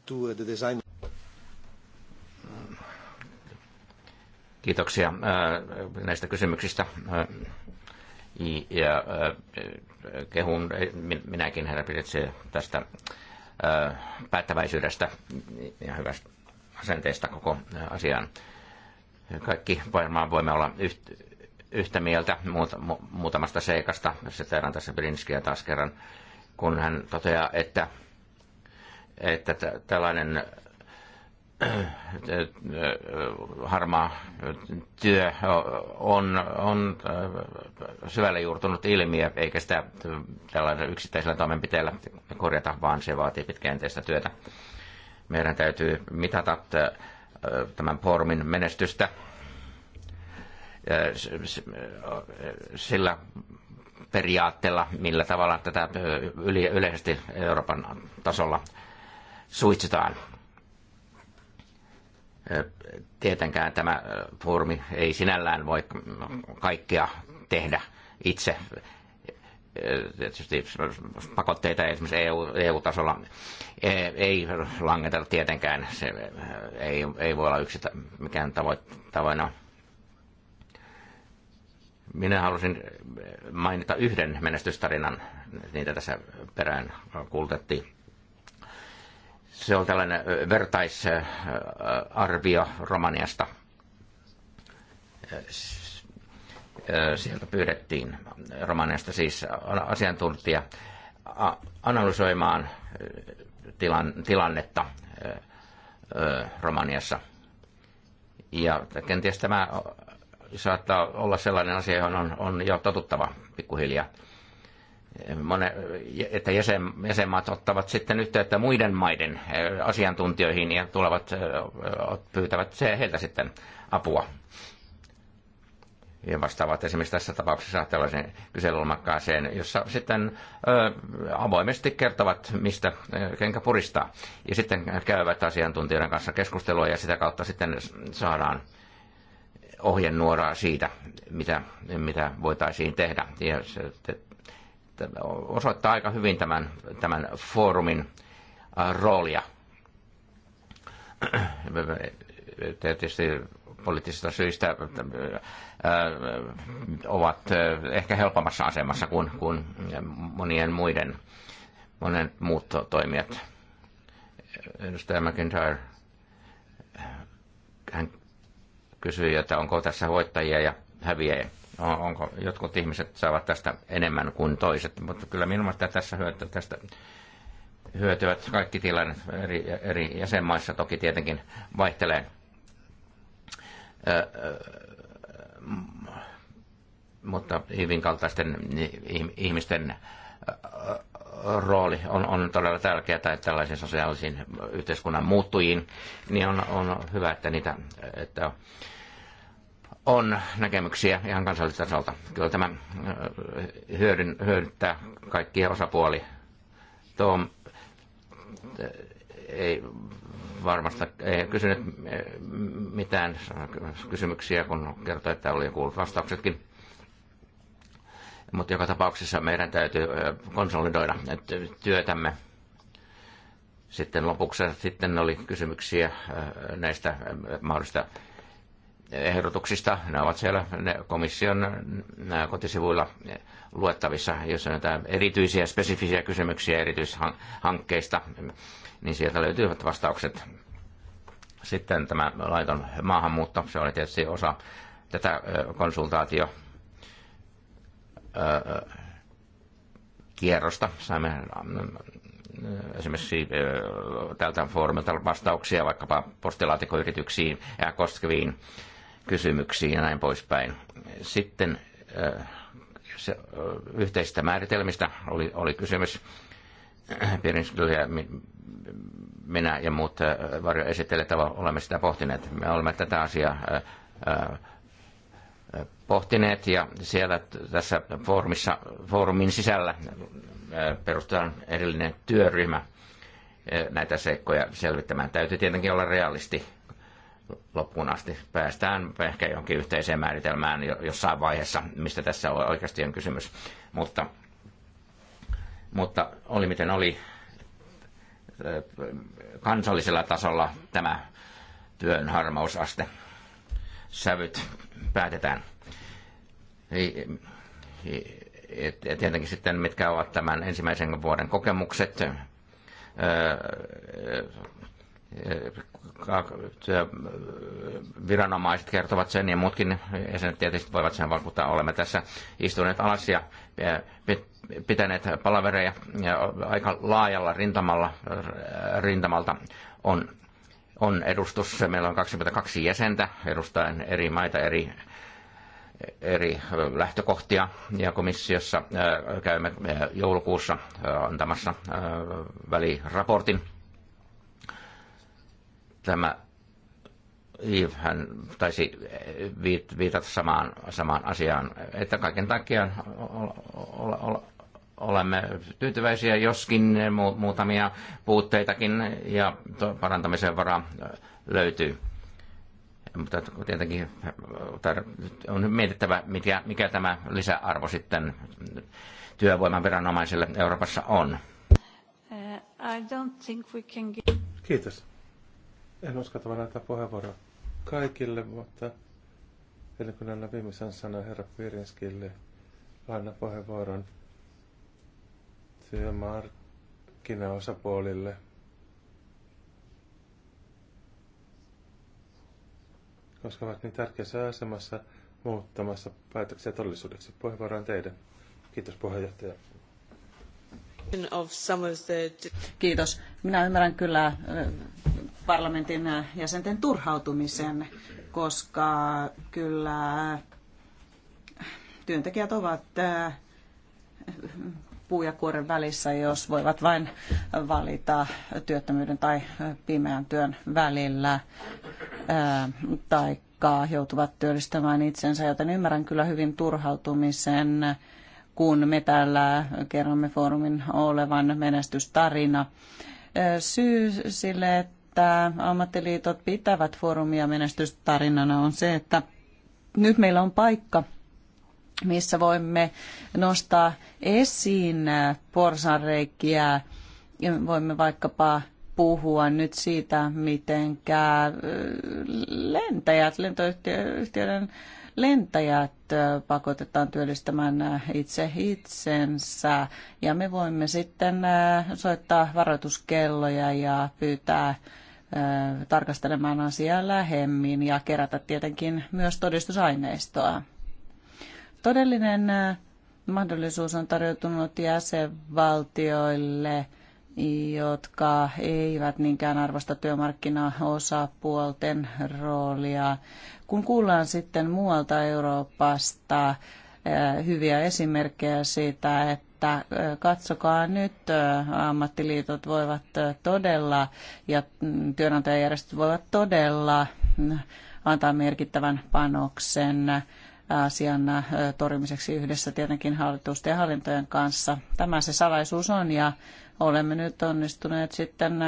to uh, the design Kiitoksia äh, näistä kysymyksistä. Äh, ja äh, kehun minäkin herra Piritsi tästä päättäväisyydestä ja hyvästä asenteesta koko asiaan. Kaikki varmaan voimme olla yhtä mieltä muutamasta seikasta. tehdään tässä Brinskiä taas kerran, kun hän toteaa, että, että tällainen Äh, äh, harmaa työ on, on äh, syvälle juurtunut ilmiö, eikä sitä tällaisella yksittäisellä toimenpiteellä korjata, vaan se vaatii pitkäjänteistä työtä. Meidän täytyy mitata tämän formin menestystä sillä periaatteella, millä tavalla tätä yleisesti Euroopan tasolla suitsitaan Tietenkään tämä foorumi ei sinällään voi kaikkea tehdä itse. Tietysti pakotteita esimerkiksi EU, EU-tasolla e, ei langeta tietenkään. Se ei, ei voi olla yksi mikään tavoina. No. Minä halusin mainita yhden menestystarinan, niitä tässä perään kultettiin se on tällainen vertaisarvio Romaniasta. Sieltä pyydettiin Romaniasta siis asiantuntija analysoimaan tilannetta Romaniassa. Ja kenties tämä saattaa olla sellainen asia, johon on, jo totuttava pikkuhiljaa. Monen, että jäsen, jäsenmaat ottavat sitten yhteyttä muiden maiden eh, asiantuntijoihin ja tulevat, eh, pyytävät heiltä sitten apua. Ja vastaavat esimerkiksi tässä tapauksessa tällaisen kyselylomakkaaseen, jossa sitten eh, avoimesti kertovat, mistä kenkä puristaa. Ja sitten käyvät asiantuntijoiden kanssa keskustelua ja sitä kautta sitten saadaan ohjenuoraa siitä, mitä, mitä voitaisiin tehdä. Ja se, osoittaa aika hyvin tämän, tämän foorumin äh, roolia. (clears throat) Tietysti poliittisista syistä äh, ovat äh, ehkä helpommassa asemassa kuin, kuin monien muiden monen muut toimijat. Edustaja McIntyre, hän kysyi, että onko tässä voittajia ja häviäjiä onko jotkut ihmiset saavat tästä enemmän kuin toiset, mutta kyllä minun mielestä tässä hyöty, tästä hyötyvät kaikki tilanne eri, eri jäsenmaissa toki tietenkin vaihtelee. mutta hyvin kaltaisten ihmisten rooli on, on todella tärkeä tai tällaisiin sosiaalisiin yhteiskunnan muuttujiin, niin on, on hyvä, että niitä että on näkemyksiä ihan kansallistasolta. Kyllä tämä äh, hyödyn, hyödyttää kaikkia osapuoli. Tom äh, ei varmasti ei kysynyt äh, mitään kysymyksiä, kun kertoi, että oli kuullut vastauksetkin. Mutta joka tapauksessa meidän täytyy konsolidoida työtämme. Sitten lopuksi sitten oli kysymyksiä näistä mahdollista ehdotuksista. Ne ovat siellä ne komission kotisivuilla luettavissa, jos on jotain erityisiä, spesifisiä kysymyksiä erityishankkeista, niin sieltä löytyvät vastaukset. Sitten tämä laiton maahanmuutto, se oli tietysti osa tätä konsultaatio kierrosta. Saimme esimerkiksi tältä foorumilta vastauksia vaikkapa postilaatikoyrityksiin ja koskeviin kysymyksiin ja näin poispäin. Sitten äh, se, äh, yhteisistä määritelmistä oli, oli kysymys. (clears throat) Pirinskil ja minä ja muut äh, varjoesittelijät olemme sitä pohtineet. Me olemme tätä asiaa pohtineet ja siellä tässä foorumissa, foorumin sisällä perustetaan erillinen työryhmä näitä seikkoja selvittämään. Täytyy tietenkin olla realisti loppuun asti päästään ehkä johonkin yhteiseen määritelmään jossain vaiheessa, mistä tässä on oikeasti on kysymys. Mutta, mutta oli miten oli, kansallisella tasolla tämä työn harmausaste, sävyt päätetään. Ja tietenkin sitten mitkä ovat tämän ensimmäisen vuoden kokemukset, öö, viranomaiset kertovat sen ja muutkin jäsenet tietysti voivat sen vakuuttaa. Olemme tässä istuneet alas ja pitäneet palavereja ja aika laajalla rintamalla, rintamalta on, on edustus. Meillä on 22 jäsentä edustaen eri maita, eri eri lähtökohtia ja komissiossa käymme joulukuussa antamassa väliraportin Tämä hän taisi viitata samaan, samaan asiaan, että kaiken takia olemme tyytyväisiä, joskin muutamia puutteitakin ja parantamisen varaa löytyy. Mutta tietenkin on mietittävä, mikä, mikä tämä lisäarvo sitten työvoiman viranomaisille Euroopassa on. Uh, Kiitos en vaan antaa puheenvuoroa kaikille, mutta ennen kuin annan viimeisen sanan herra Pirinskille, annan puheenvuoron työmarkkinaosapuolille. Koska ovat niin tärkeässä asemassa muuttamassa päätöksiä todellisuudeksi. Puheenvuoro on teidän. Kiitos puheenjohtaja. Kiitos. Minä ymmärrän kyllä parlamentin äh, jäsenten turhautumisen, koska kyllä työntekijät ovat äh, puu ja kuoren välissä, jos voivat vain valita työttömyyden tai äh, pimeän työn välillä tai joutuvat työllistämään itsensä, joten ymmärrän kyllä hyvin turhautumisen, kun me täällä kerromme foorumin olevan menestystarina syy sille, että ammattiliitot pitävät foorumia menestystarinana on se, että nyt meillä on paikka, missä voimme nostaa esiin porsanreikiä. Voimme vaikkapa puhua nyt siitä, miten äh, lentäjät, lentoyhtiöiden lentäjät äh, pakotetaan työllistämään äh, itse itsensä ja me voimme sitten soittaa varoituskelloja ja pyytää tarkastelemaan asiaa lähemmin ja kerätä tietenkin myös todistusaineistoa. Todellinen mahdollisuus on tarjoutunut jäsenvaltioille, jotka eivät niinkään arvosta työmarkkinaosapuolten roolia. Kun kuullaan sitten muualta Euroopasta hyviä esimerkkejä siitä, että että katsokaa nyt, ammattiliitot voivat todella ja mm, työnantajajärjestöt voivat todella mm, antaa merkittävän panoksen asian torjumiseksi yhdessä tietenkin hallitusten ja hallintojen kanssa. Tämä se salaisuus on ja olemme nyt onnistuneet sitten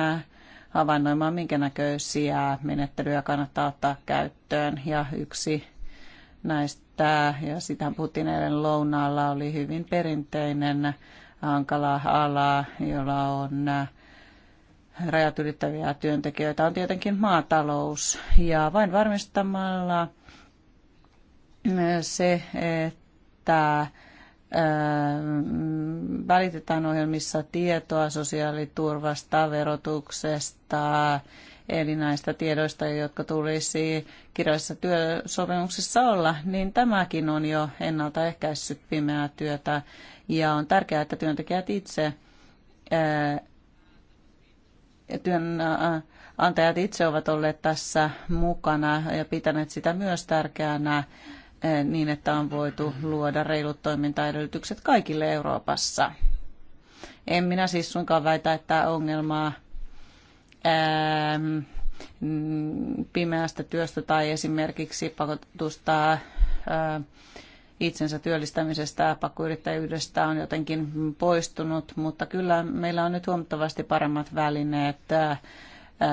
havainnoimaan, minkä näköisiä menettelyjä kannattaa ottaa käyttöön. Ja yksi näistä tämä, ja sitä puhuttiin eilen lounaalla, oli hyvin perinteinen hankala ala, jolla on äh, rajat ylittäviä työntekijöitä, on tietenkin maatalous. Ja vain varmistamalla äh, se, että äh, välitetään ohjelmissa tietoa sosiaaliturvasta, verotuksesta, eli näistä tiedoista, jotka tulisi kirjallisessa työsopimuksessa olla, niin tämäkin on jo ennaltaehkäissyt pimeää työtä. Ja on tärkeää, että työntekijät itse, ää, työnantajat itse ovat olleet tässä mukana ja pitäneet sitä myös tärkeänä niin, että on voitu luoda reilut toimintaedellytykset kaikille Euroopassa. En minä siis suinkaan väitä, että ongelmaa Ähm, mm, pimeästä työstä tai esimerkiksi pakotusta äh, itsensä työllistämisestä ja pakkoyrittäjyydestä on jotenkin poistunut, mutta kyllä meillä on nyt huomattavasti paremmat välineet äh,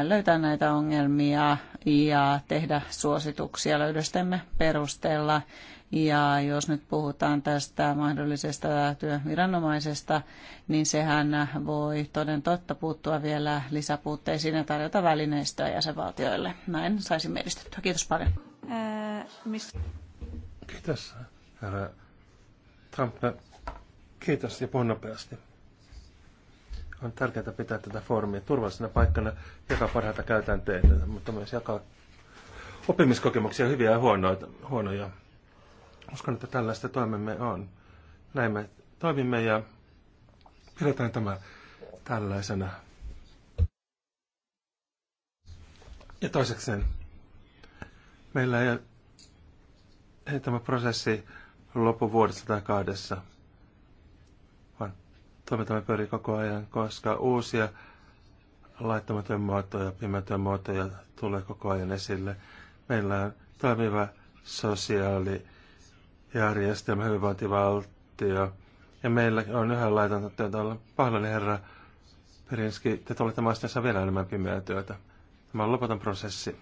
löytää näitä ongelmia ja tehdä suosituksia löydöstemme perusteella. Ja jos nyt puhutaan tästä mahdollisesta työviranomaisesta, niin sehän voi toden totta puuttua vielä lisäpuutteisiin ja tarjota välineistöä jäsenvaltioille. Näin saisin edistettyä. Kiitos paljon. Ää, äh, Kiitos, herra Trump. Kiitos ja puhun nopeasti. On tärkeää pitää tätä foorumia turvallisena paikkana, joka parhaita käytänteitä, mutta myös jakaa oppimiskokemuksia, hyviä ja huonoja. huonoja. Uskon, että tällaista toimemme on. Näin me toimimme ja pidetään tämä tällaisena. Ja toisekseen, meillä ei, ei tämä prosessi lopu vuodessa tai kahdessa, vaan toimintamme pyörii koko ajan, koska uusia laittamaton muotoja, pimeätön muotoja tulee koko ajan esille. Meillä on toimiva sosiaali- järjestelmä, hyvinvointivaltio. Ja meillä on yhä laitonta työtä olla pahoillani herra Perinski, te tulette maistansa vielä enemmän pimeää työtä. Tämä on lopetan prosessi.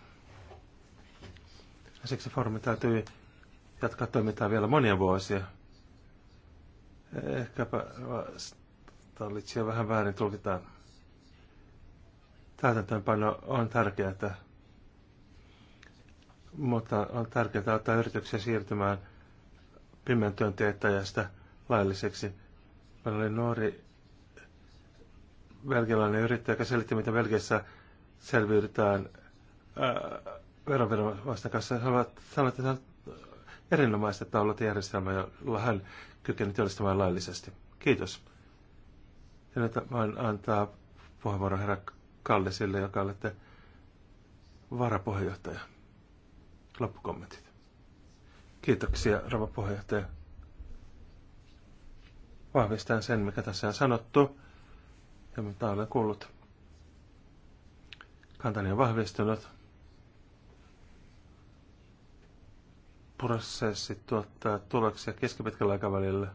Ja siksi foorumi täytyy jatkaa toimintaa vielä monia vuosia. Ehkäpä Stalitsia vähän väärin tulkitaan. Täytäntöönpano on tärkeää, mutta on tärkeää ottaa yrityksiä siirtymään – pimentyön teettäjästä lailliseksi. Meillä oli nuori belgialainen yrittäjä, joka selitti, miten Belgiassa selviydytään äh, veroviranomaisten kanssa. Hän sanoi, että se on erinomaista, että ollut järjestelmä, jolla hän kykeni työllistämään laillisesti. Kiitos. Ja nyt voin antaa puheenvuoron herra Kallisille, joka olette varapuheenjohtaja. Loppukommentit. Kiitoksia, rouva puheenjohtaja. Vahvistan sen, mikä tässä on sanottu ja mitä olen kuullut. Kantani on vahvistunut. Prosessi tuottaa tuloksia keskipitkällä aikavälillä.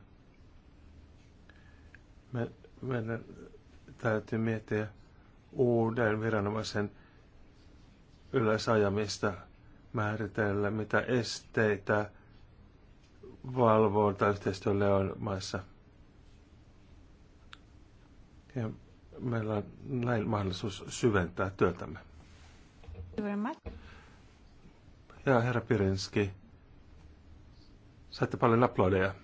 Me, meidän täytyy miettiä uuden viranomaisen yleisajamista, määritellä, mitä esteitä valvonta yhteistyölle Leon maissa. Ja meillä on näin mahdollisuus syventää työtämme. Ja herra Pirinski, saitte paljon aplodeja.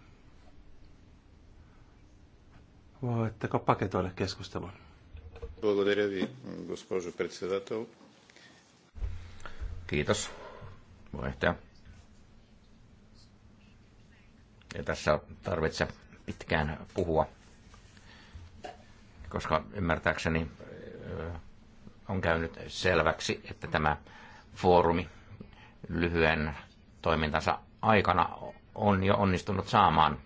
Voitteko paketoida keskustelun? Благодаря Kiitos, puheenjohtaja. Ei tässä tarvitse pitkään puhua, koska ymmärtääkseni on käynyt selväksi, että tämä foorumi lyhyen toimintansa aikana on jo onnistunut saamaan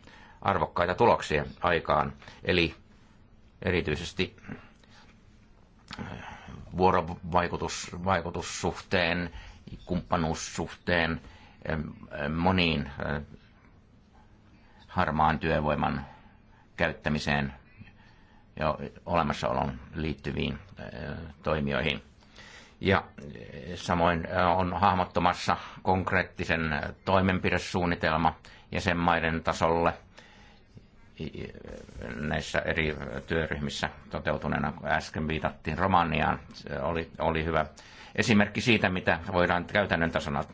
arvokkaita tuloksia aikaan. Eli erityisesti vuorovaikutussuhteen, kumppanuussuhteen moniin harmaan työvoiman käyttämiseen ja olemassaolon liittyviin eh, toimijoihin. Ja eh, samoin eh, on hahmottomassa konkreettisen toimenpidesuunnitelma jäsenmaiden tasolle näissä eri työryhmissä toteutuneena, kun äsken viitattiin Romaniaan, oli, oli hyvä esimerkki siitä, mitä voidaan käytännön tasona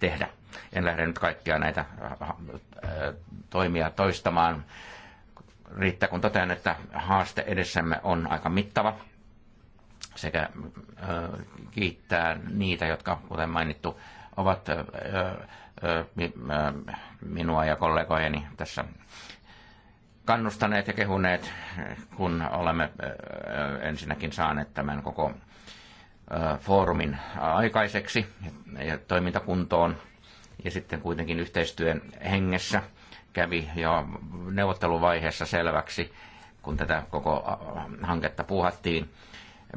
tehdä. En lähde nyt kaikkia näitä äh, äh, toimia toistamaan. Riittää kun totean, että haaste edessämme on aika mittava sekä äh, kiittää niitä, jotka, kuten mainittu, ovat minua ja kollegojeni tässä kannustaneet ja kehuneet, kun olemme ensinnäkin saaneet tämän koko foorumin aikaiseksi ja toimintakuntoon – ja sitten kuitenkin yhteistyön hengessä kävi jo neuvotteluvaiheessa selväksi, kun tätä koko äh, hanketta puhattiin,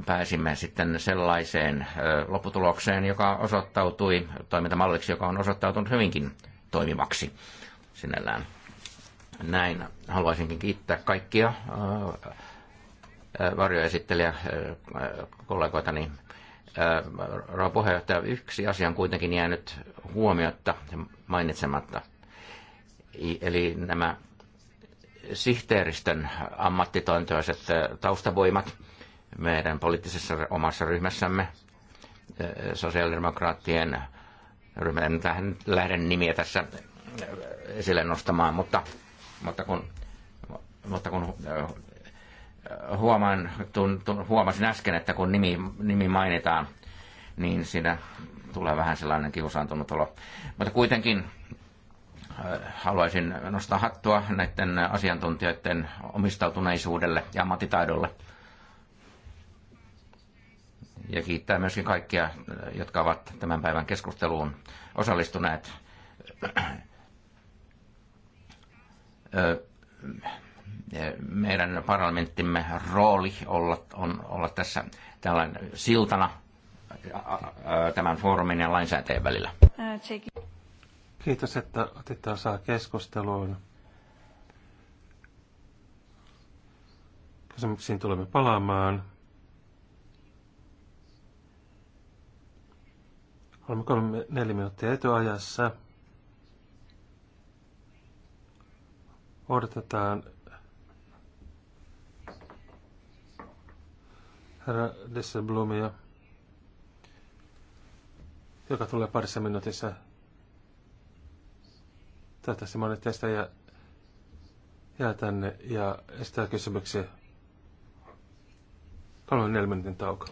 pääsimme sitten sellaiseen äh, lopputulokseen, joka osoittautui toimintamalliksi, joka on osoittautunut hyvinkin toimivaksi sinällään. Näin haluaisinkin kiittää kaikkia äh, varjoesittelijä kollegoitani rouva puheenjohtaja, yksi asia on kuitenkin jäänyt huomiotta ja mainitsematta. Eli nämä sihteeristön ammattitointoiset taustavoimat meidän poliittisessa omassa ryhmässämme, sosiaalidemokraattien ryhmän en lähden nimiä tässä esille nostamaan, mutta, mutta kun mutta kun huomaan, tun, tun, huomasin äsken, että kun nimi, nimi mainitaan, niin siinä tulee vähän sellainen kiusaantunut olo. Mutta kuitenkin äh, haluaisin nostaa hattua näiden asiantuntijoiden omistautuneisuudelle ja ammattitaidolle. Ja kiittää myöskin kaikkia, äh, jotka ovat tämän päivän keskusteluun osallistuneet. Äh, meidän parlamenttimme rooli olla, on olla tässä tällainen siltana tämän foorumin ja lainsäätäjän välillä. Kiitos, että otitte osaa keskusteluun. Kysymyksiin tulemme palaamaan. Olemme kolme, neljä minuuttia etuajassa. Odotetaan herra Desselblumia, joka tulee parissa minuutissa. Toivottavasti monet teistä jää, jää tänne ja estää kysymyksiä. Kolmen neljä minuutin tauko.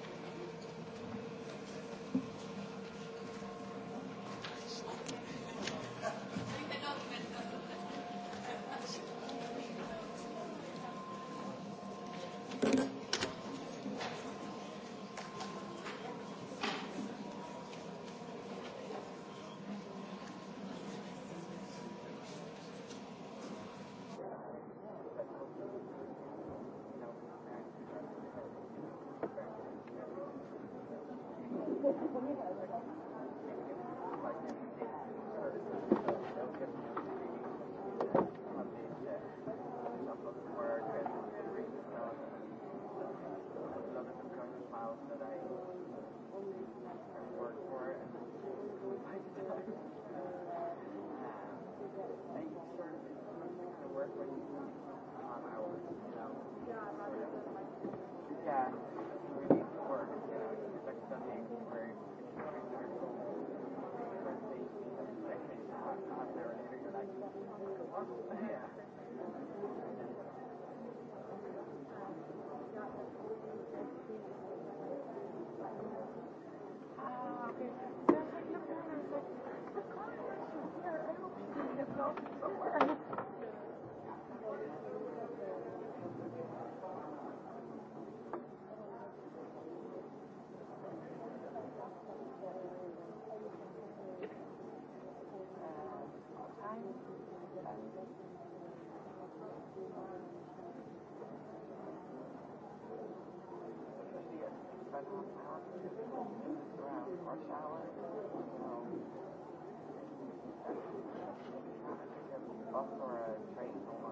rush hour. So have to take a bus or a train or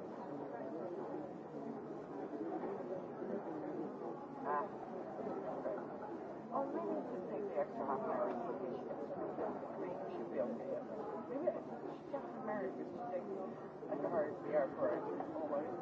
Ah. Oh, maybe just take the extra half hour. Maybe she'll be okay. Maybe she's just married, but she takes like a hard PR for it always.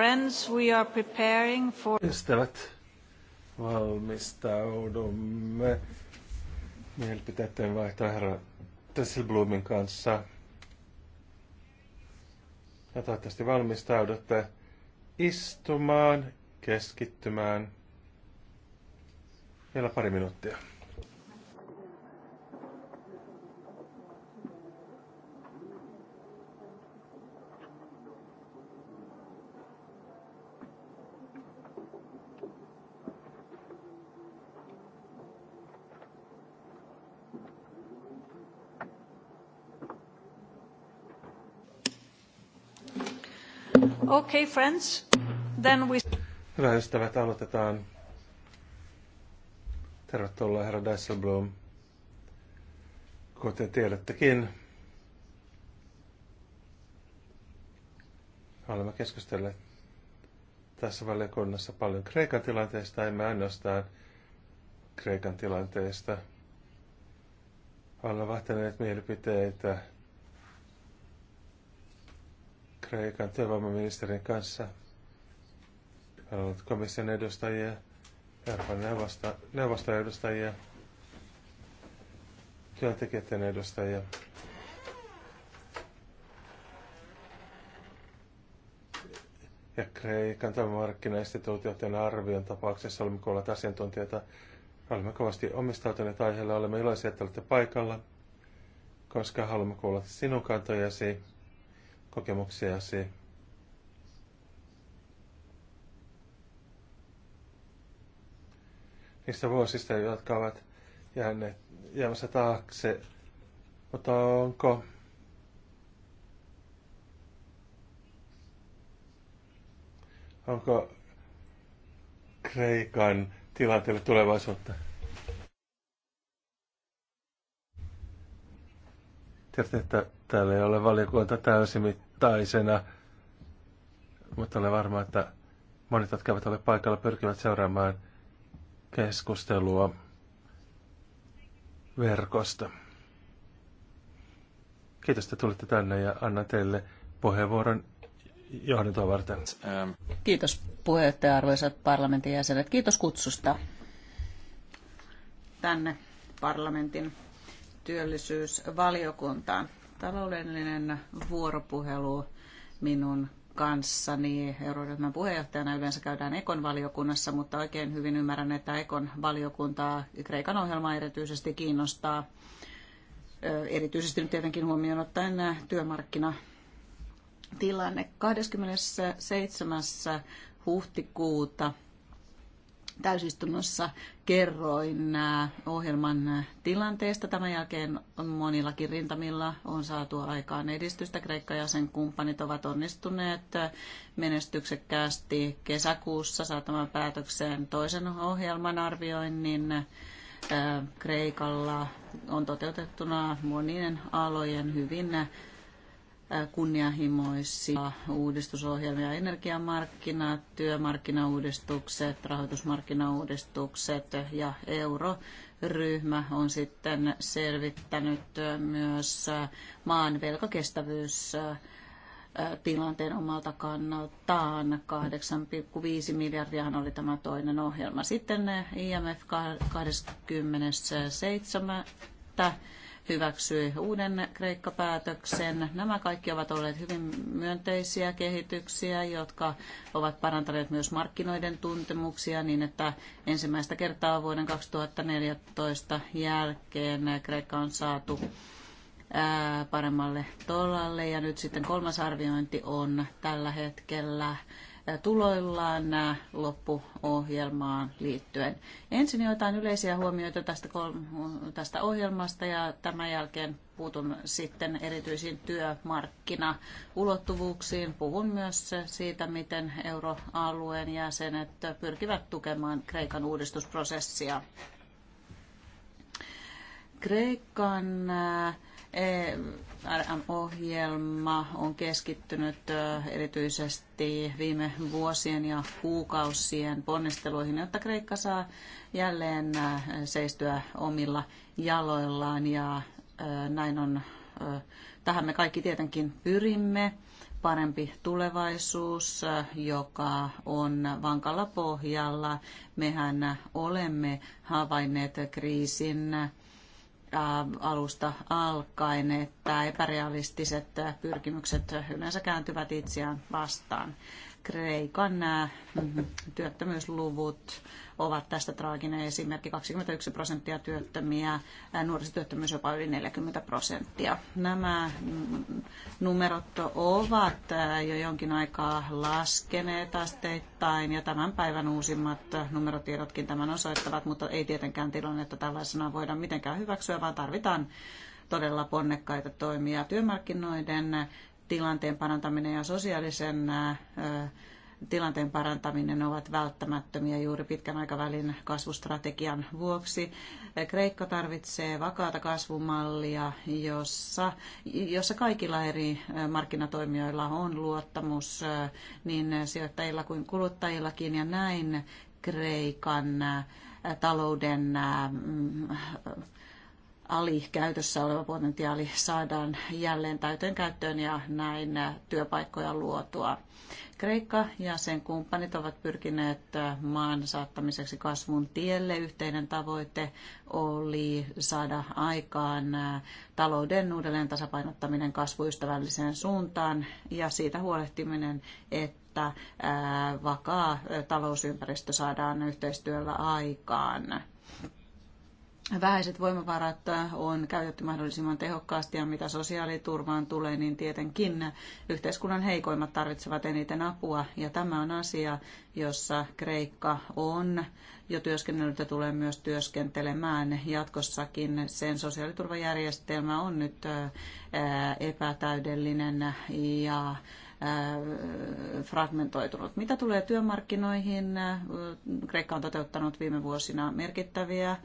friends, we are preparing for... Ystävät, valmistaudumme mielipiteiden vaihtoa herra Tesselblumin kanssa. Ja toivottavasti valmistaudutte istumaan, keskittymään. Vielä pari minuuttia. Okay, friends. Then we... Hyvät ystävät, aloitetaan. Tervetuloa, herra Dijsselbloom. Kuten tiedättekin, olemme keskustelleet tässä valiokunnassa paljon Kreikan tilanteesta, emme ainoastaan Kreikan tilanteesta. Olemme vaihtaneet mielipiteitä Kreikan työvoimaministerin kanssa. Meillä on ollut komission edustajia, Euroopan neuvosta, neuvoston edustajia, työntekijöiden edustajia. Ja Kreikan työmarkkinainstituutioiden arvion tapauksessa olemme kuulleet asiantuntijoita. Olemme kovasti omistautuneet aiheelle, olemme iloisia, että olette paikalla, koska haluamme kuulla sinun kantojasi kokemuksiasi. Niistä vuosista, jotka ovat jääneet, jäämässä taakse. Mutta onko onko Kreikan tilanteelle tulevaisuutta? Tiedätte, että Täällä ei ole valiokunta täysimittaisena, mutta olen varma, että monet, jotka eivät ole paikalla, pyrkivät seuraamaan keskustelua verkosta. Kiitos, että tulitte tänne ja annan teille puheenvuoron johdantoa varten. Kiitos puheenjohtaja, arvoisat parlamentin jäsenet. Kiitos kutsusta tänne parlamentin työllisyysvaliokuntaan taloudellinen vuoropuhelu minun kanssani. Euroryhmän puheenjohtajana yleensä käydään Ekon valiokunnassa, mutta oikein hyvin ymmärrän, että Ekon valiokuntaa Kreikan ohjelma erityisesti kiinnostaa. Erityisesti nyt tietenkin huomioon ottaen nämä työmarkkina tilanne 27. huhtikuuta täysistunnossa kerroin äh, ohjelman äh, tilanteesta. Tämän jälkeen monillakin rintamilla on saatu aikaan edistystä. Kreikka ja sen kumppanit ovat onnistuneet äh, menestyksekkäästi kesäkuussa saatamaan päätökseen toisen ohjelman arvioinnin. Kreikalla on toteutettuna monien alojen hyvin Äh, kunnianhimoisia uudistusohjelmia, energiamarkkinat, työmarkkinauudistukset, rahoitusmarkkinauudistukset ja euroryhmä on sitten selvittänyt myös maan velkakestävyys tilanteen omalta kannaltaan. 8,5 miljardia oli tämä toinen ohjelma. Sitten IMF 27 hyväksyi uuden Kreikka-päätöksen. Nämä kaikki ovat olleet hyvin myönteisiä kehityksiä, jotka ovat parantaneet myös markkinoiden tuntemuksia niin, että ensimmäistä kertaa vuoden 2014 jälkeen Kreikka on saatu paremmalle tolalle. Ja nyt sitten kolmas arviointi on tällä hetkellä tuloillaan loppuohjelmaan liittyen. Ensin jotain yleisiä huomioita tästä, tästä ohjelmasta ja tämän jälkeen puutun sitten erityisiin työmarkkinaulottuvuuksiin. Puhun myös siitä, miten euroalueen jäsenet pyrkivät tukemaan Kreikan uudistusprosessia. Kreikan e- RM-ohjelma on keskittynyt erityisesti viime vuosien ja kuukausien ponnisteluihin, jotta Kreikka saa jälleen seistyä omilla jaloillaan ja näin on, tähän me kaikki tietenkin pyrimme parempi tulevaisuus, joka on vankalla pohjalla. Mehän olemme havainneet kriisin Äh, alusta alkaen, että epärealistiset pyrkimykset yleensä kääntyvät itseään vastaan. Kreikan äh, mm, mm, työttömyysluvut ovat tästä traaginen esimerkki. 21 prosenttia työttömiä, nuorisotyöttömyys jopa yli 40 prosenttia. Nämä numerot ovat jo jonkin aikaa laskeneet asteittain ja tämän päivän uusimmat numerotiedotkin tämän osoittavat, mutta ei tietenkään tilannetta tällaisena voida mitenkään hyväksyä, vaan tarvitaan todella ponnekkaita toimia työmarkkinoiden tilanteen parantaminen ja sosiaalisen tilanteen parantaminen ovat välttämättömiä juuri pitkän aikavälin kasvustrategian vuoksi. Kreikka tarvitsee vakaata kasvumallia, jossa, jossa kaikilla eri markkinatoimijoilla on luottamus niin sijoittajilla kuin kuluttajillakin ja näin Kreikan talouden alikäytössä oleva potentiaali saadaan jälleen täyteen käyttöön ja näin työpaikkoja luotua. Kreikka ja sen kumppanit ovat pyrkineet maan saattamiseksi kasvun tielle. Yhteinen tavoite oli saada aikaan talouden uudelleen tasapainottaminen kasvuystävälliseen suuntaan ja siitä huolehtiminen, että vakaa talousympäristö saadaan yhteistyöllä aikaan vähäiset voimavarat on käytetty mahdollisimman tehokkaasti ja mitä sosiaaliturvaan tulee, niin tietenkin yhteiskunnan heikoimmat tarvitsevat eniten apua ja tämä on asia, jossa Kreikka on jo työskennellyt ja tulee myös työskentelemään jatkossakin. Sen sosiaaliturvajärjestelmä on nyt epätäydellinen ja Äh, fragmentoitunut. Mitä tulee työmarkkinoihin, äh, Kreikka on toteuttanut viime vuosina merkittäviä äh,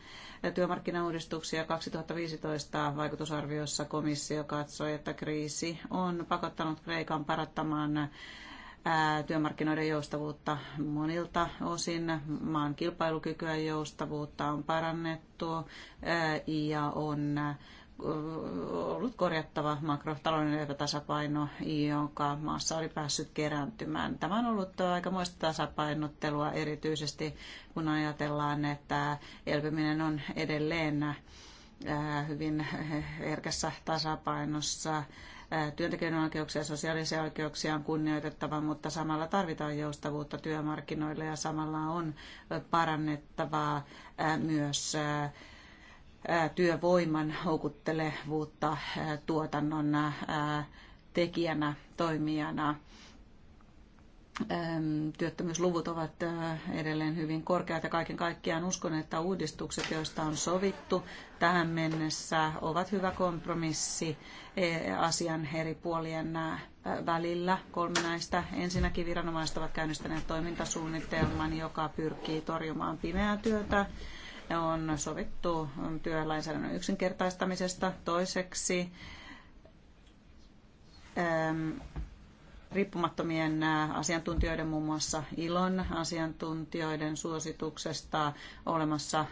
työmarkkinauudistuksia. 2015 vaikutusarviossa komissio katsoi, että kriisi on pakottanut Kreikan parattamaan työmarkkinoiden joustavuutta monilta osin. Maan kilpailukykyä ja joustavuutta on parannettu ja on ollut korjattava makrotalouden epätasapaino, jonka maassa oli päässyt kerääntymään. Tämä on ollut aikamoista tasapainottelua, erityisesti kun ajatellaan, että elpyminen on edelleen hyvin herkässä tasapainossa. Työntekijöiden oikeuksia ja sosiaalisia oikeuksia on kunnioitettava, mutta samalla tarvitaan joustavuutta työmarkkinoille ja samalla on parannettavaa myös työvoiman houkuttelevuutta tuotannon tekijänä, toimijana. Työttömyysluvut ovat edelleen hyvin korkeat ja kaiken kaikkiaan uskon, että uudistukset, joista on sovittu tähän mennessä, ovat hyvä kompromissi asian eri puolien välillä. Kolme näistä. Ensinnäkin viranomaiset ovat käynnistäneet toimintasuunnitelman, joka pyrkii torjumaan pimeää työtä on sovittu työlainsäädännön yksinkertaistamisesta. Toiseksi ähm, riippumattomien äh, asiantuntijoiden, muun muassa ILON asiantuntijoiden suosituksesta olemassa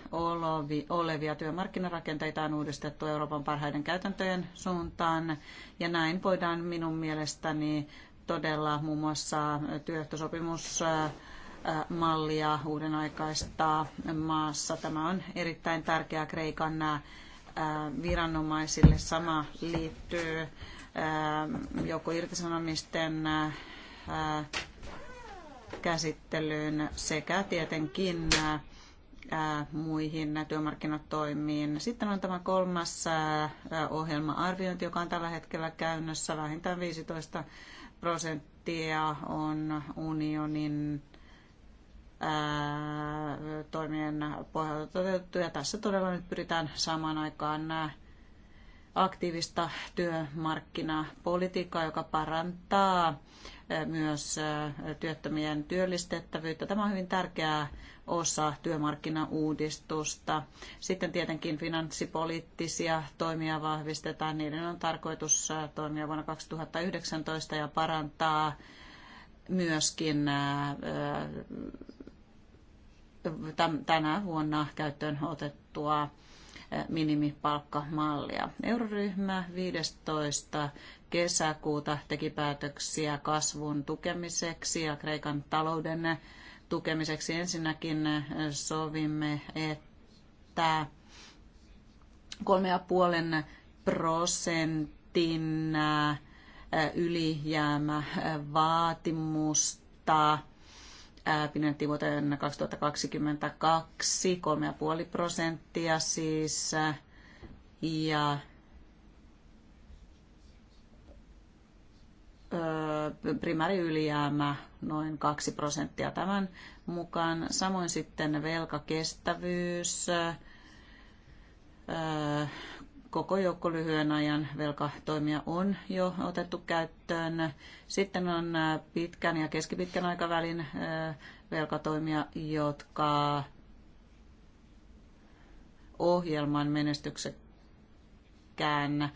olevia työmarkkinarakenteita on uudistettu Euroopan parhaiden käytäntöjen suuntaan. Ja näin voidaan minun mielestäni todella muun muassa työehtosopimus äh, mallia uuden aikaistaa maassa. Tämä on erittäin tärkeää Kreikan viranomaisille. Sama liittyy joko irtisanomisten käsittelyyn sekä tietenkin muihin työmarkkinatoimiin. Sitten on tämä kolmas ohjelma-arviointi, joka on tällä hetkellä käynnössä. Vähintään 15 prosenttia on unionin toimien pohjalta toteutettu. Ja tässä todella nyt pyritään saamaan aikaan nämä aktiivista työmarkkinapolitiikkaa, joka parantaa myös työttömien työllistettävyyttä. Tämä on hyvin tärkeää osa työmarkkinauudistusta. Sitten tietenkin finanssipoliittisia toimia vahvistetaan. Niiden on tarkoitus toimia vuonna 2019 ja parantaa myöskin tänä vuonna käyttöön otettua minimipalkkamallia. Euroryhmä 15. kesäkuuta teki päätöksiä kasvun tukemiseksi ja Kreikan talouden tukemiseksi. Ensinnäkin sovimme, että 3,5 prosentin ylijäämä vaatimusta pidennettiin vuoteen 2022 3,5 prosenttia siis. Ja primääri ylijäämä noin 2 prosenttia tämän mukaan. Samoin sitten velkakestävyys koko joukko lyhyen ajan velkatoimia on jo otettu käyttöön. Sitten on äh, pitkän ja keskipitkän aikavälin äh, velkatoimia, jotka ohjelman menestyksekään äh,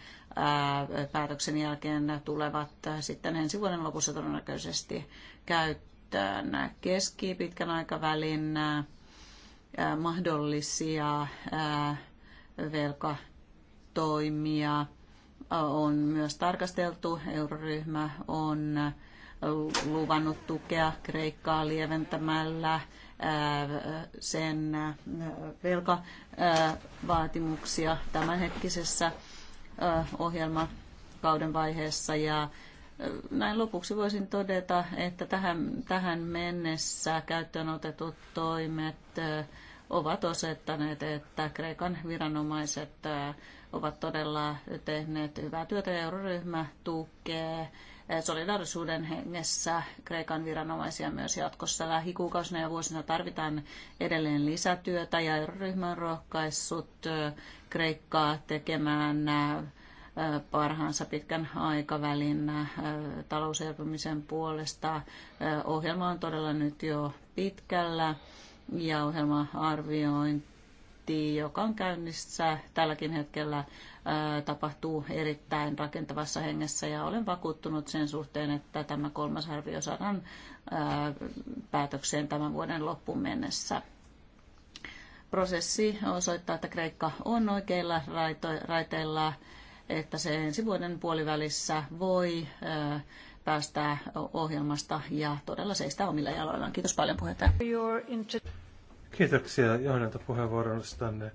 päätöksen jälkeen tulevat sitten ensi vuoden lopussa todennäköisesti käyttöön. Keskipitkän aikavälin mahdollisia velkatoimia toimia on myös tarkasteltu. Euroryhmä on luvannut tukea Kreikkaa lieventämällä sen velkavaatimuksia tämänhetkisessä ohjelmakauden vaiheessa. Ja näin lopuksi voisin todeta, että tähän, tähän mennessä käyttöön otetut toimet ovat osettaneet, että Kreikan viranomaiset ovat todella tehneet hyvää työtä ja euroryhmä tukee eh, solidaarisuuden hengessä Kreikan viranomaisia myös jatkossa. Lähikuukausina ja vuosina tarvitaan edelleen lisätyötä ja euroryhmä on rohkaissut eh, Kreikkaa tekemään eh, parhaansa pitkän aikavälin talouselpymisen puolesta. Ohjelma on todella nyt jo pitkällä ja ohjelma-arviointi projekti, joka on käynnissä tälläkin hetkellä, tapahtuu erittäin rakentavassa hengessä ja olen vakuuttunut sen suhteen, että tämä kolmas arvio saadaan päätökseen tämän vuoden loppuun mennessä. Prosessi osoittaa, että Kreikka on oikeilla raiteilla, että se ensi vuoden puolivälissä voi päästää ohjelmasta ja todella seistä omilla jaloillaan. Kiitos paljon puheenjohtaja. Kiitoksia puheenvuorostanne.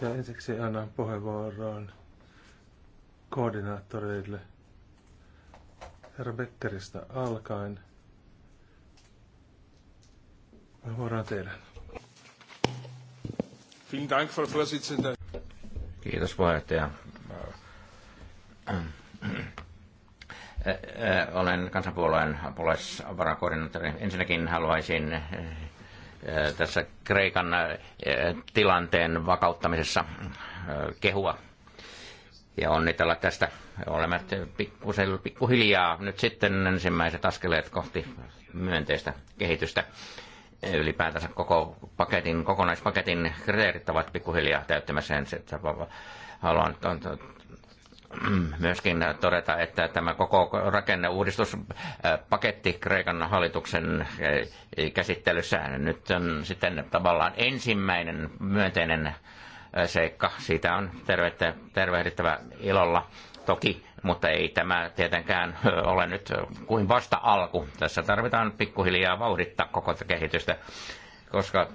Ja ensiksi annan puheenvuoron koordinaattoreille. Herra Beckeristä alkaen. Puheenvuoro teille. Dank, Frau Kiitos puheenjohtaja. Olen kansanpuolueen puolesvarakoordinaattori. Ensinnäkin haluaisin tässä Kreikan tilanteen vakauttamisessa kehua ja onnitella tästä. Olemme pikkuhiljaa nyt sitten ensimmäiset askeleet kohti myönteistä kehitystä. Ylipäätänsä koko paketin, kokonaispaketin kriteerit ovat pikkuhiljaa täyttämässä. Haluan myöskin todeta, että tämä koko rakenneuudistuspaketti Kreikan hallituksen eh, käsittelyssä nyt on sitten tavallaan ensimmäinen myönteinen eh, seikka. Siitä on tervehtä, tervehdittävä ilolla toki, mutta ei tämä tietenkään eh, ole nyt kuin vasta alku. Tässä tarvitaan pikkuhiljaa vauhdittaa koko kehitystä, koska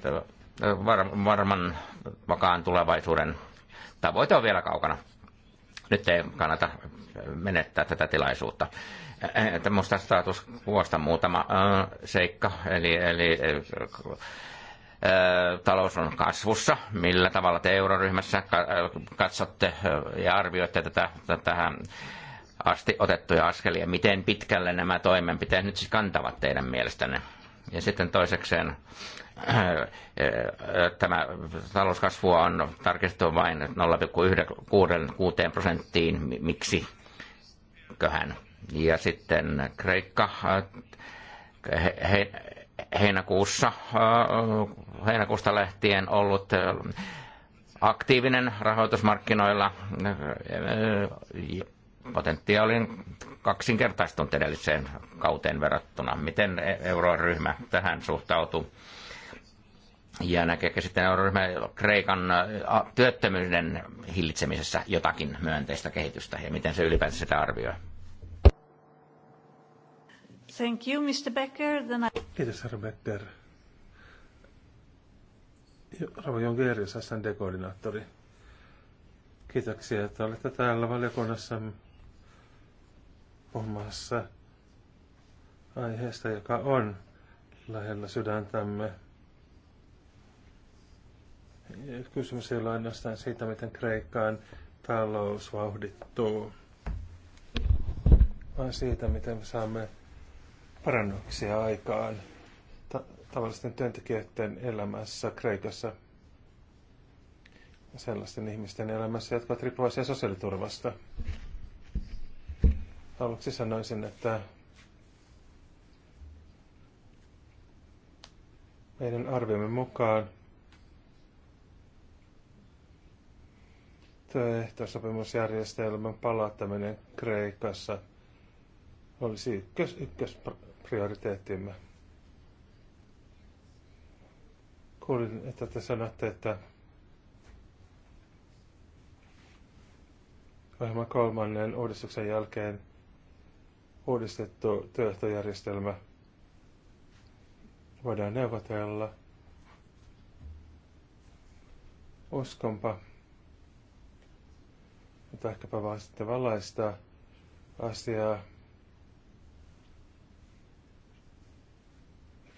varman vakaan tulevaisuuden tavoite on vielä kaukana nyt ei kannata menettää tätä tilaisuutta. Tämmöistä status vuosta muutama seikka, eli, eli talous on kasvussa. Millä tavalla te euroryhmässä katsotte ja arvioitte tätä, tähän asti otettuja askelia? Miten pitkälle nämä toimenpiteet nyt siis kantavat teidän mielestänne? Ja sitten toisekseen Äh, äh, tämä talouskasvua on tarkistettu vain 0,6 prosenttiin. Miksi? Köhän. Ja sitten Kreikka äh, he, he, heinäkuussa, heinäkuusta lähtien ollut aktiivinen rahoitusmarkkinoilla potentiaalin kaksinkertaistunut edelliseen kauteen verrattuna. Miten e-, euroryhmä tähän suhtautuu? ja näkeekö sitten euroryhmä Kreikan työttömyyden hillitsemisessä jotakin myönteistä kehitystä ja miten se ylipäätään sitä arvioi? Thank you, Mr. Becker. Then I... Kiitos, herra Becker. Rauha Jongerius, SND-koordinaattori. Kiitoksia, että olette täällä valiokunnassa puhumassa aiheesta, joka on lähellä sydäntämme. Kysymys ei ole ainoastaan siitä, miten Kreikkaan talous vauhdittuu, vaan siitä, miten me saamme parannuksia aikaan ta- tavallisten työntekijöiden elämässä Kreikassa sellaisten ihmisten elämässä, jotka ovat riippuvaisia sosiaaliturvasta. Aluksi sanoisin, että meidän arviomme mukaan – työehtosopimusjärjestelmän palauttaminen Kreikassa olisi ykkös, ykkösprioriteettimme. Kuulin, että te sanotte, että ohjelman kolmannen uudistuksen jälkeen uudistettu työehtojärjestelmä voidaan neuvotella. Uskonpa. Mutta ehkäpä vaan sitten valaista asiaa.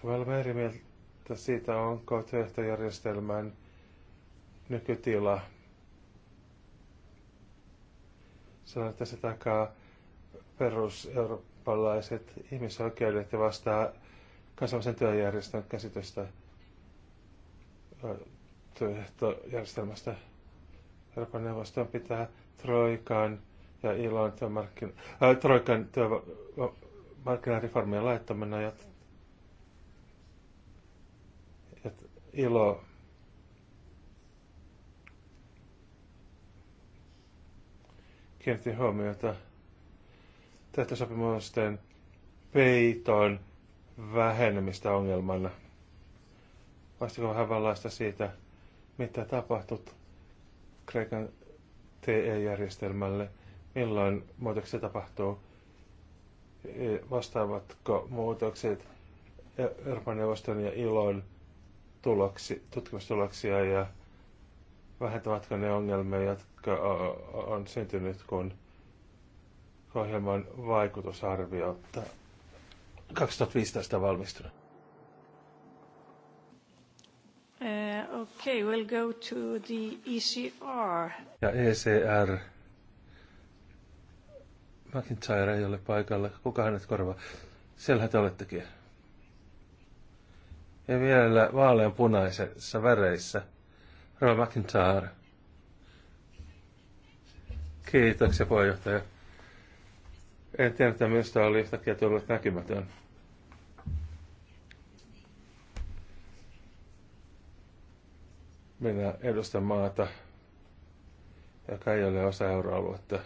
Voi olla eri mieltä siitä, onko työehtojärjestelmän nykytila. Sanon, että se takaa peruseurooppalaiset ihmisoikeudet ja vastaa kansallisen työjärjestön käsitystä työehtojärjestelmästä. Euroopan neuvoston pitää Troikan ja ilon työmarkkin, äh, Troikan työmarkkinareformien laittaminen ja, ja ilo kiinnitti huomiota sopimusten peiton vähenemistä ongelmana. Voisitko vähän valaista siitä, mitä tapahtui Kreikan TE-järjestelmälle, milloin muutoksia tapahtuu, e, vastaavatko muutokset e, Euroopan neuvoston ja ILOn tuloksi, tutkimustuloksia ja vähentävätkö ne ongelmia, jotka on syntynyt, kun ohjelman vaikutusarviota 2015 valmistunut. Uh, okay, we'll go to the ECR. Ja ECR. McIntyre ei ole paikalla. Kuka hänet korvaa? Siellähän te olettekin. Ja vielä vaaleanpunaisessa väreissä. Rova McIntyre. Kiitoksia puheenjohtaja. En tiedä, että minusta oli yhtäkkiä tullut näkymätön. Minä edustan maata, joka ei ole osa euroaluetta.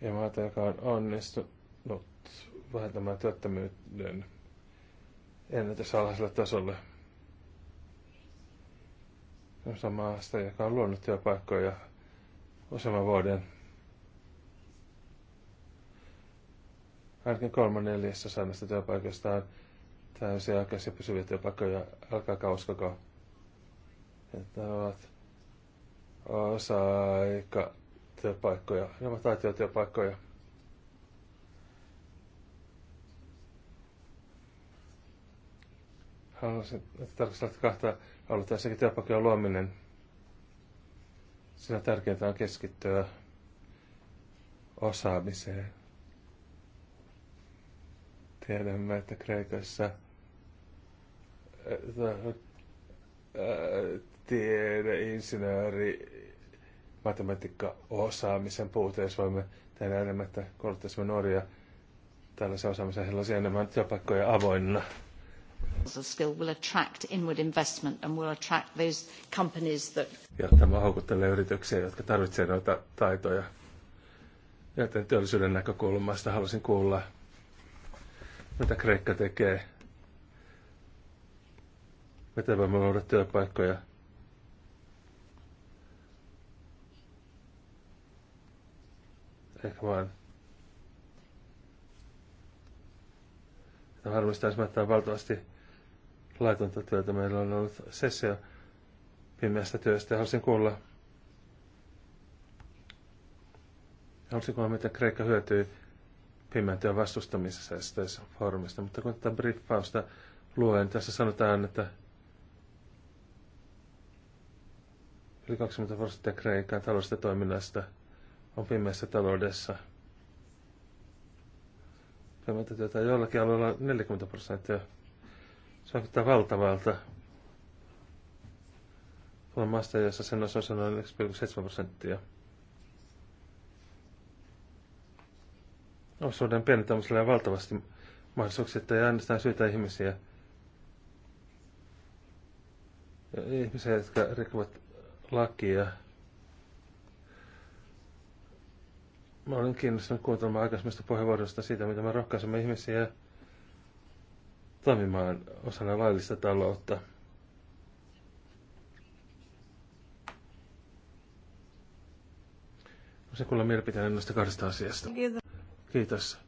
Ja maata, joka on onnistunut vähentämään työttömyyden ennätysalaiselle tasolle. Osa maasta, joka on luonut työpaikkoja useamman vuoden. Ainakin kolme neljässä saamista työpaikoista on täysiaikaisia pysyviä työpaikkoja, älkääkä uskoko, että ne ovat osa-aika työpaikkoja, ne ovat taitiotyöpaikkoja. Haluaisin tarkastella kahta aluetta, sekin työpaikkojen luominen. Siinä tärkeintä on keskittyä osaamiseen. Tiedämme, että Kreikassa – tiede, insinööri, matematiikka, osaamisen puutteessa voimme tehdä enemmän, että kouluttaisimme nuoria tällaisen osaamisen, sellaisia enemmän työpaikkoja avoinna. Skill will attract inward investment and will attract those companies that... Ja tämä houkuttelee yrityksiä, jotka tarvitsevat noita taitoja. Ja työllisyyden näkökulmasta halusin kuulla, mitä Kreikka tekee Miten voimme luoda työpaikkoja? Ehkä vaan harmistaisi mä että valtavasti laitonta työtä. Meillä on ollut sessio pimeästä työstä ja halusin kuulla, halusin kuulla, miten Kreikka hyötyy pimeän työn vastustamisessa tässä foorumista. Mutta kun tätä briefausta luen, tässä sanotaan, että Yli 20 prosenttia Kreikan taloudesta toiminnasta on pimeässä taloudessa. Pimeätä työtä jollakin alueella 40 prosenttia. Se vaikuttaa valtavalta. Tuolla maasta, jossa sen osa on noin 1,7 prosenttia. osuuden pienentämisellä on valtavasti mahdollisuuksia, että ei ainoastaan syytä ihmisiä. Ihmisiä, jotka rikkovat lakia. Mä olin kiinnostunut kuuntelemaan aikaisemmista puheenvuorosta siitä, mitä me rohkaisemme ihmisiä toimimaan osana laillista taloutta. Se kuulla mielipiteen näistä kahdesta asiasta. Kiitos. Kiitos.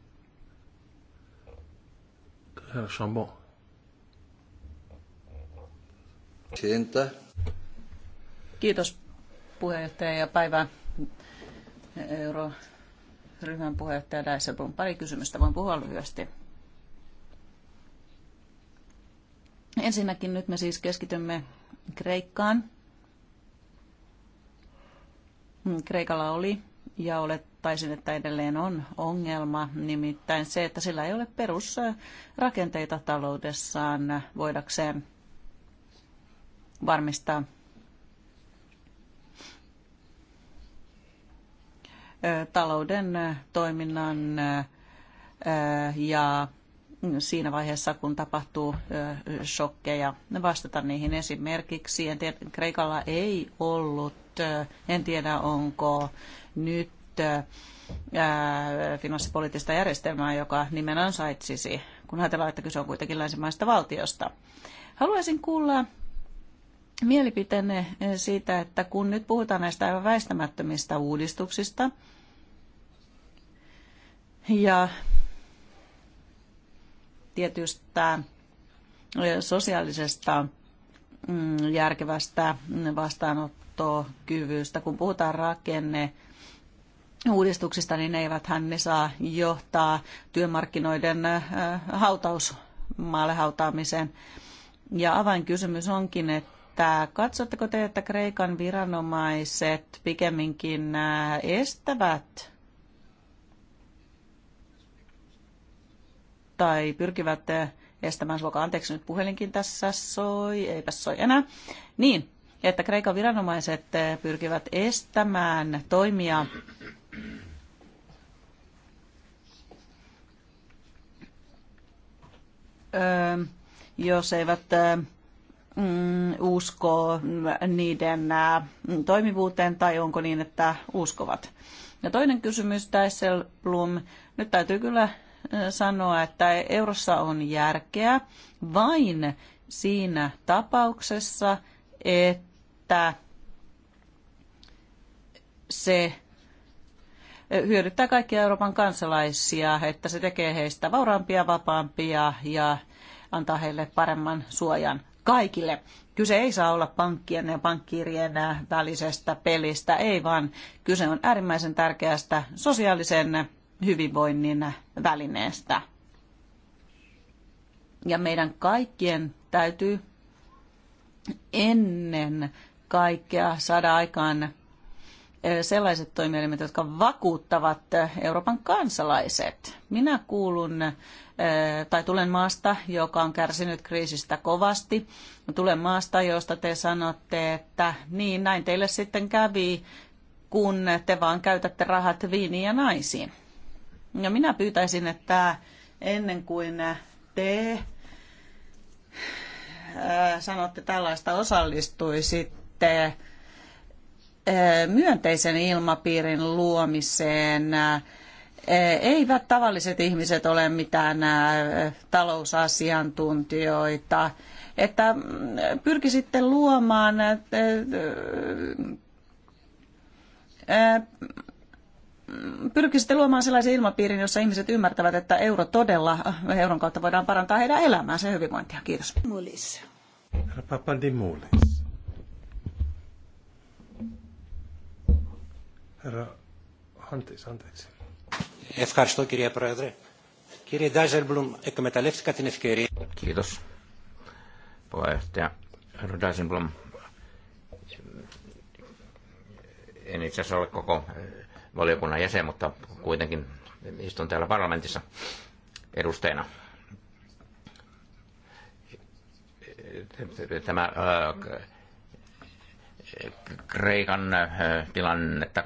Herra Chambon. Kiitos puheenjohtaja ja päivää eh, euroryhmän puheenjohtaja Dijsselbloem. Pari kysymystä, voin puhua lyhyesti. Ensinnäkin nyt me siis keskitymme Kreikkaan. Hmm, Kreikalla oli ja olettaisin, että edelleen on ongelma, nimittäin se, että sillä ei ole perusrakenteita taloudessaan voidakseen varmistaa talouden toiminnan ja siinä vaiheessa, kun tapahtuu shokkeja, vastata niihin esimerkiksi. En tiedä, Kreikalla ei ollut, en tiedä onko nyt finanssipoliittista järjestelmää, joka nimen ansaitsisi, kun ajatellaan, että kyse on kuitenkin länsimaista valtiosta. Haluaisin kuulla mielipiteenne siitä, että kun nyt puhutaan näistä aivan väistämättömistä uudistuksista, ja tietystä sosiaalisesta mm, järkevästä vastaanottokyvystä. Kun puhutaan rakenne uudistuksista, niin eiväthän ne saa johtaa työmarkkinoiden hautausmaalle hautaamiseen. Ja avainkysymys onkin, että katsotteko te, että Kreikan viranomaiset pikemminkin estävät tai pyrkivät eh, estämään suokaa. Anteeksi, nyt puhelinkin tässä soi, eipä soi enää. Niin, että Kreikan viranomaiset eh, pyrkivät estämään toimia eh, jos eivät mm, usko niiden toimivuuteen tai onko niin, että uskovat. Ja toinen kysymys, Dijsselblom. Nyt täytyy kyllä sanoa, että eurossa on järkeä vain siinä tapauksessa, että se hyödyttää kaikkia Euroopan kansalaisia, että se tekee heistä vauraampia, vapaampia ja antaa heille paremman suojan kaikille. Kyse ei saa olla pankkien ja pankkiirien välisestä pelistä, ei vaan kyse on äärimmäisen tärkeästä sosiaalisen hyvinvoinnin välineestä. Ja meidän kaikkien täytyy ennen kaikkea saada aikaan sellaiset toimielimet, jotka vakuuttavat Euroopan kansalaiset. Minä kuulun tai tulen maasta, joka on kärsinyt kriisistä kovasti. Tulen maasta, josta te sanotte, että niin näin teille sitten kävi, kun te vaan käytätte rahat viiniin ja naisiin. Ja minä pyytäisin, että ennen kuin te äh, sanotte tällaista osallistuisitte äh, myönteisen ilmapiirin luomiseen, äh, eivät tavalliset ihmiset ole mitään talousasiantuntijoita, että mm, pyrkisitte luomaan pyrkisitte luomaan sellaisen ilmapiirin, jossa ihmiset ymmärtävät, että euro todella, eh, euron kautta voidaan parantaa heidän elämäänsä ja hyvinvointia. Kiitos. Mulis. Herra Papadimoulis. Herra Antis, anteeksi. Ευχαριστώ κύριε Πρόεδρε. Κύριε Ντάζερμπλουμ, εκμεταλλεύτηκα την ευκαιρία. Κύριος puheenjohtaja Herra Dijsselbloem, en itse asiassa ole koko valiokunnan jäsen, mutta kuitenkin istun täällä parlamentissa edustajana. Tämä Kreikan tilannetta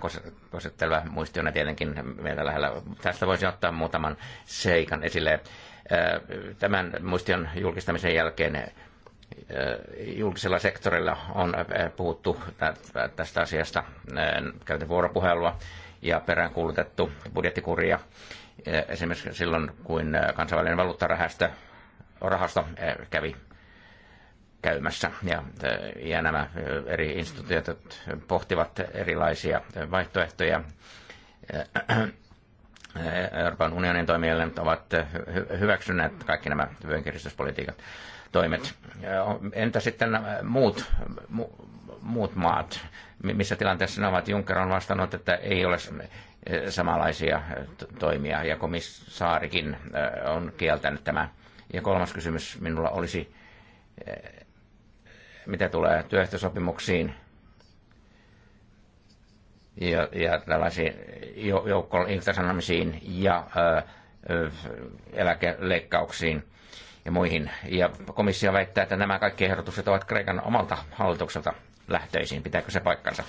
kosketteleva muisti on tietenkin meillä lähellä. Tästä voisi ottaa muutaman seikan esille. Tämän muistion julkistamisen jälkeen julkisella sektorilla on puhuttu tästä asiasta, käyty vuoropuhelua ja peräänkuulutettu budjettikuria eh, esimerkiksi silloin, kun eh, kansainvälinen valuuttarahasto rahasto eh, kävi käymässä ja, ja nämä eri instituutiot pohtivat erilaisia vaihtoehtoja. Euroopan unionin toimijoille ovat hyväksyneet kaikki nämä vyönkiristyspolitiikan toimet. Entä sitten muut, mu, muut maat? missä tilanteessa ne ovat. Juncker on vastannut, että ei ole samanlaisia toimia, ja komissaarikin on kieltänyt tämä. Ja kolmas kysymys minulla olisi, mitä tulee työehtosopimuksiin ja, ja tällaisiin joukkoon irtisanomisiin ja ö, eläkeleikkauksiin ja muihin. Ja komissio väittää, että nämä kaikki ehdotukset ovat Kreikan omalta hallitukselta lähtöisiin. Pitääkö se paikkansa?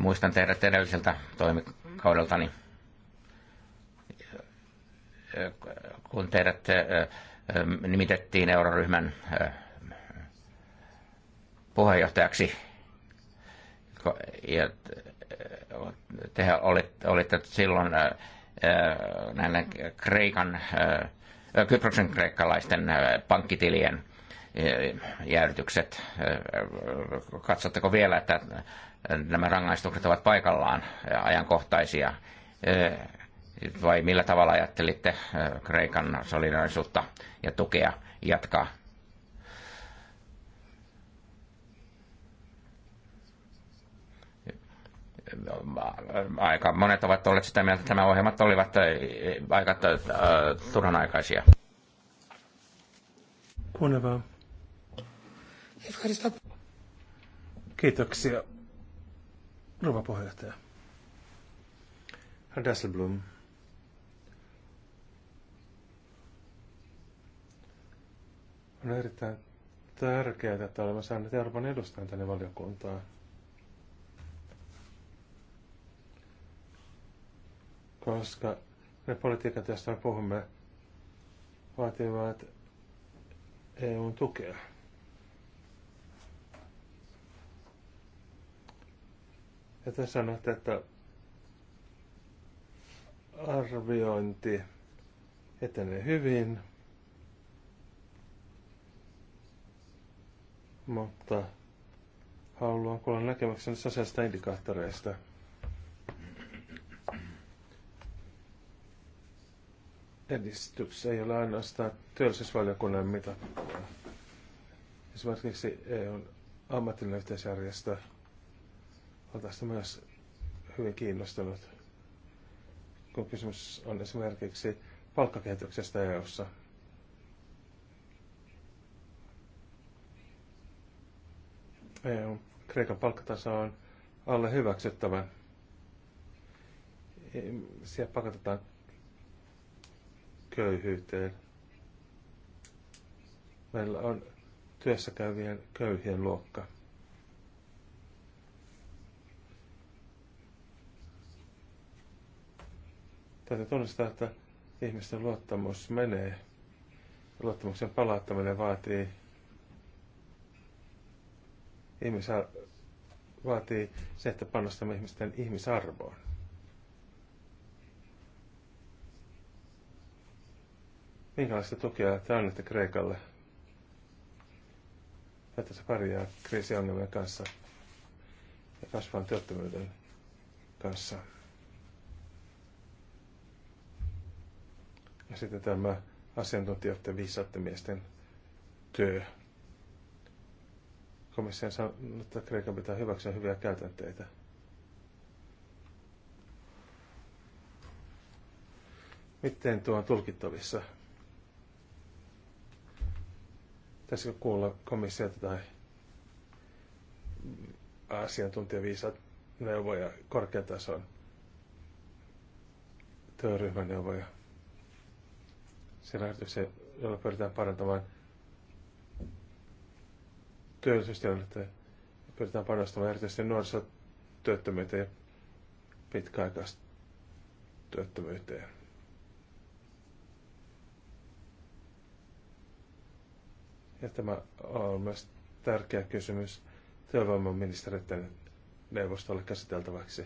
Muistan teidät edelliseltä toimikaudeltani, kun teidät nimitettiin euroryhmän puheenjohtajaksi. Ja te olitte, olitte silloin näiden Kreikan, Kyproksen kreikkalaisten pankkitilien jäädytykset. Katsotteko vielä, että nämä rangaistukset ovat paikallaan ja ajankohtaisia? Vai millä tavalla ajattelitte Kreikan solidaarisuutta ja tukea jatkaa? aika monet ovat olleet sitä mieltä, että nämä ohjelmat olivat aika äh, äh, turhanaikaisia. vaan. Ευχαριστώ. Kiitoksia, rouva Herr On erittäin tärkeää, että olemme saaneet Euroopan edustajan tänne valiokuntaan. Koska ne politiikat, joista me puhumme, vaativat EUn tukea. Ja te sanotte, että arviointi etenee hyvin, mutta haluan kuulla näkemyksen sosiaalista indikaattoreista. Edistys ei ole ainoastaan työllisyysvaliokunnan mitattavaa. Esimerkiksi EUn ammatillinen yhteisjärjestö on tästä myös hyvin kiinnostunut, kun kysymys on esimerkiksi palkkakehityksestä EU-ssa. EU, Kreikan palkkataso on alle hyväksyttävä. E siellä pakotetaan köyhyyteen. Meillä on työssä käyvien köyhien luokka. Täytyy tunnistaa, että ihmisten luottamus menee. Luottamuksen palauttaminen vaatii ihmisä vaatii se, että panostamme ihmisten ihmisarvoon. Minkälaista tukea te annatte Kreikalle, että se pärjää kriisiongelmien kanssa ja kasvavan työttömyyden kanssa? Ja sitten tämä asiantuntijoiden viisaattomiesten työ. Komissio sanoi, että Kreikan pitää hyväksyä hyviä käytänteitä. Miten tuo on tulkittavissa? Pitäisikö kuulla komissiota tai asiantuntijaviisaat neuvoja korkeatason työryhmän neuvoja? sen yrityksen, jolla pyritään parantamaan työllisyystilannetta ja pyritään panostamaan erityisesti nuorisotyöttömyyteen ja pitkäaikaistyöttömyyteen. Ja tämä on myös tärkeä kysymys työvoimaministeriöiden neuvostolle käsiteltäväksi.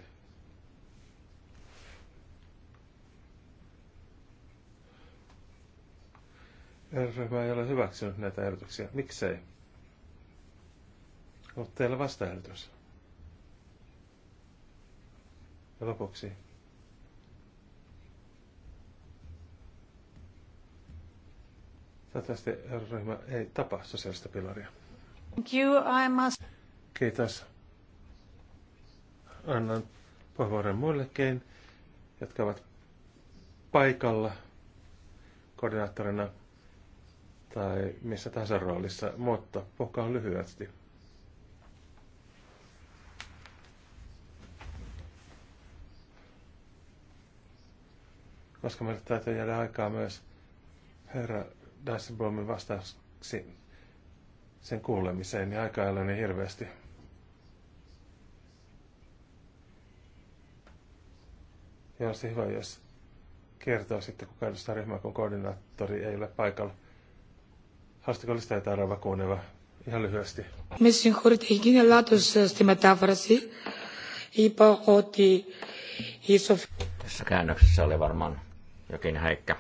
ryhmä ei ole hyväksynyt näitä ehdotuksia. Miksei? Onko teillä vastaehdotus? Ja lopuksi. Toivottavasti ryhmä ei tapa sosiaalista pilaria. Thank you, I must... Kiitos. Annan puheenvuoron muillekin, jotka ovat paikalla koordinaattorina tai missä tahansa roolissa, mutta puhukaa lyhyesti. Koska meillä täytyy jäädä aikaa myös herra Dasselbloomin vastaaksi sen kuulemiseen, niin aikaa ei ole niin hirveästi. Ja olisi hyvä, jos kertoo sitten, kun kahdesta ryhmää, kun koordinaattori ei ole paikalla. Haluaisitko ei jotain Rava Ihan lyhyesti. Με συγχωρείτε, έγινε λάθος στη μετάφραση. Είπα ότι η Σοφία... Tässä käännöksessä oli varmaan jokin häikkä.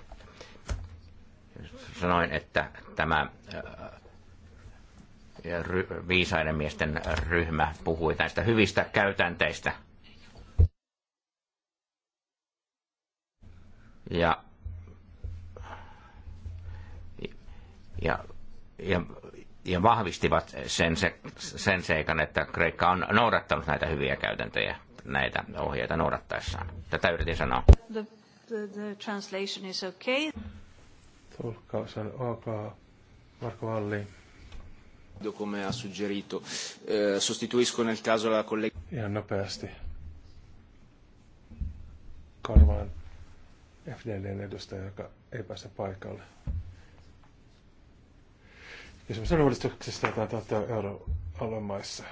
Sanoin, että tämä äh, ry, viisaiden miesten ryhmä puhui näistä hyvistä käytänteistä. Ja, ja ja, ja vahvistivat sen, se, sen seikan, että Kreikka on noudattanut näitä hyviä käytäntöjä näitä ohjeita noudattaessaan. Tätä yritin sanoa. The, the, the translation is okay. Tulkkaus on ok. Marko Valli. Come ha suggerito. Eh, sostituisco nel caso la collega... Ihan nopeasti. Karvaan FDLn edustaja, joka ei pääse paikalle. Kysymys on uudistuksesta, jota on euroalueen maissa.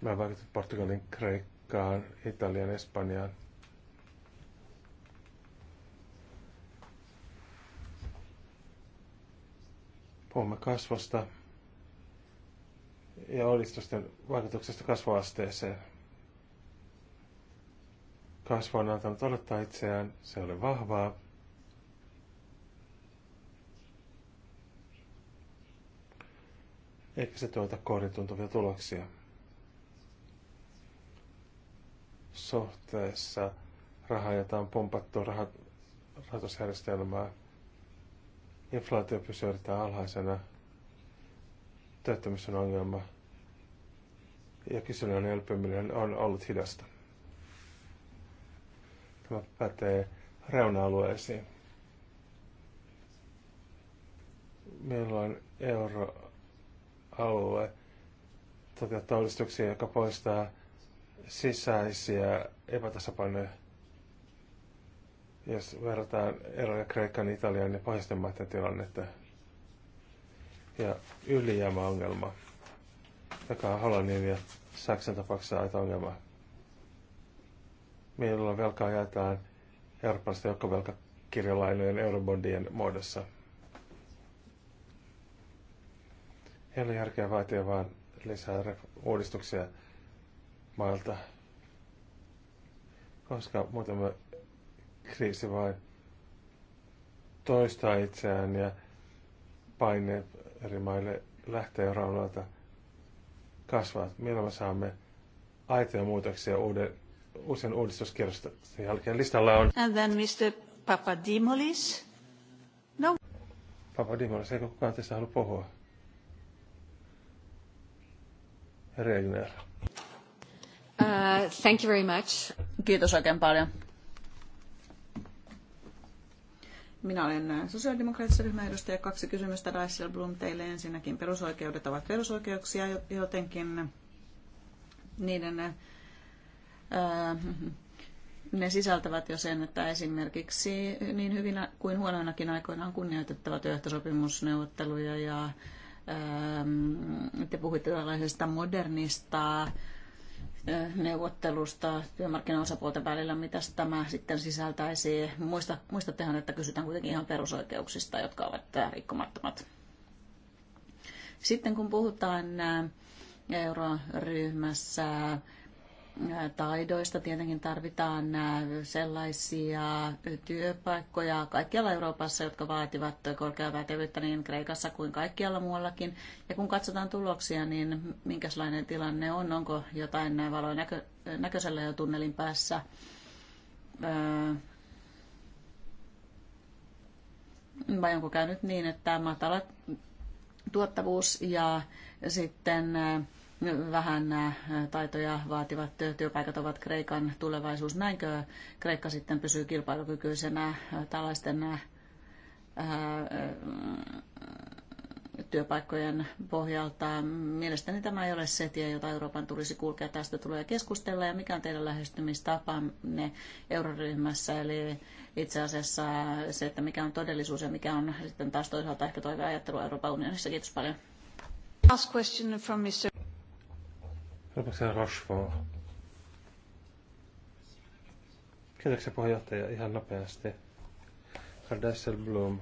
Mä vaikutin Portugalin, Kreikkaan, Italian, Espanjaan. Puhumme kasvosta ja uudistusten vaikutuksesta kasvoasteeseen. Kasvo on antanut odottaa itseään, se oli vahvaa, eikä se tuota koorin tuntuvia tuloksia. Suhteessa rahaa, jota on pompattu rahat, rahoitusjärjestelmää, inflaatio pysyy erittäin alhaisena, työttömyys on ongelma ja kysynnän elpyminen on ollut hidasta. Tämä pätee reuna-alueisiin. Meillä on euro alue toteuttaa uudistuksia, joka poistaa sisäisiä epätasapainoja. Jos verrataan eroja Kreikan, Italian ja pohjoisten maiden tilannetta ja ylijäämäongelma, joka on Hollannin ja Saksan tapauksessa aito ongelma. Meillä on velkaa jaetaan eurooppalaisten joukkovelkakirjalainojen eurobondien muodossa. Ei ole järkeä vaatia vaan lisää uudistuksia mailta, koska me kriisi vain toistaa itseään ja paine eri maille lähtee raulalta kasvaa. Milloin me saamme aitoja muutoksia uuden, uusien sen jälkeen? Listalla on... And then Mr. Papadimolis. No. Papadimolis, eikö kukaan tästä halua puhua? Regner. Uh, thank you very much. Kiitos oikein paljon. Minä olen äh, sosiaalidemokraattisen ryhmän edustaja. Kaksi kysymystä Dijsselblom teille. Ensinnäkin perusoikeudet ovat perusoikeuksia jotenkin niiden äh, äh, ne sisältävät jo sen, että esimerkiksi niin hyvin kuin huonoinakin aikoina on kunnioitettava työehtosopimusneuvotteluja ja Ähm, te puhuitte tällaisesta modernista äh, neuvottelusta työmarkkinaosapuolten välillä, mitä tämä sitten sisältäisi. Muista, muistattehan, että kysytään kuitenkin ihan perusoikeuksista, jotka ovat äh, rikkomattomat. Sitten kun puhutaan äh, euroryhmässä taidoista. Tietenkin tarvitaan äh, sellaisia työpaikkoja kaikkialla Euroopassa, jotka vaativat korkeaa pätevyyttä niin Kreikassa kuin kaikkialla muuallakin. Ja kun katsotaan tuloksia, niin minkälainen tilanne on? Onko jotain valoa näkö, näköisellä jo tunnelin päässä? Öö, vai onko käynyt niin, että matala tuottavuus ja sitten vähän nämä äh, taitoja vaativat työpaikat ovat Kreikan tulevaisuus. Näinkö Kreikka sitten pysyy kilpailukykyisenä äh, tällaisten äh, työpaikkojen pohjalta. Mielestäni tämä ei ole se tie, jota Euroopan tulisi kulkea. Tästä tulee keskustella ja mikä on teidän lähestymistapanne euroryhmässä, eli itse asiassa se, että mikä on todellisuus ja mikä on sitten taas toisaalta ehkä toiveajattelu Euroopan unionissa. Kiitos paljon. Last question from Mr. Lopuksi Rochefort. Kiitoksia puheenjohtaja ihan nopeasti. Kardessel Bloom.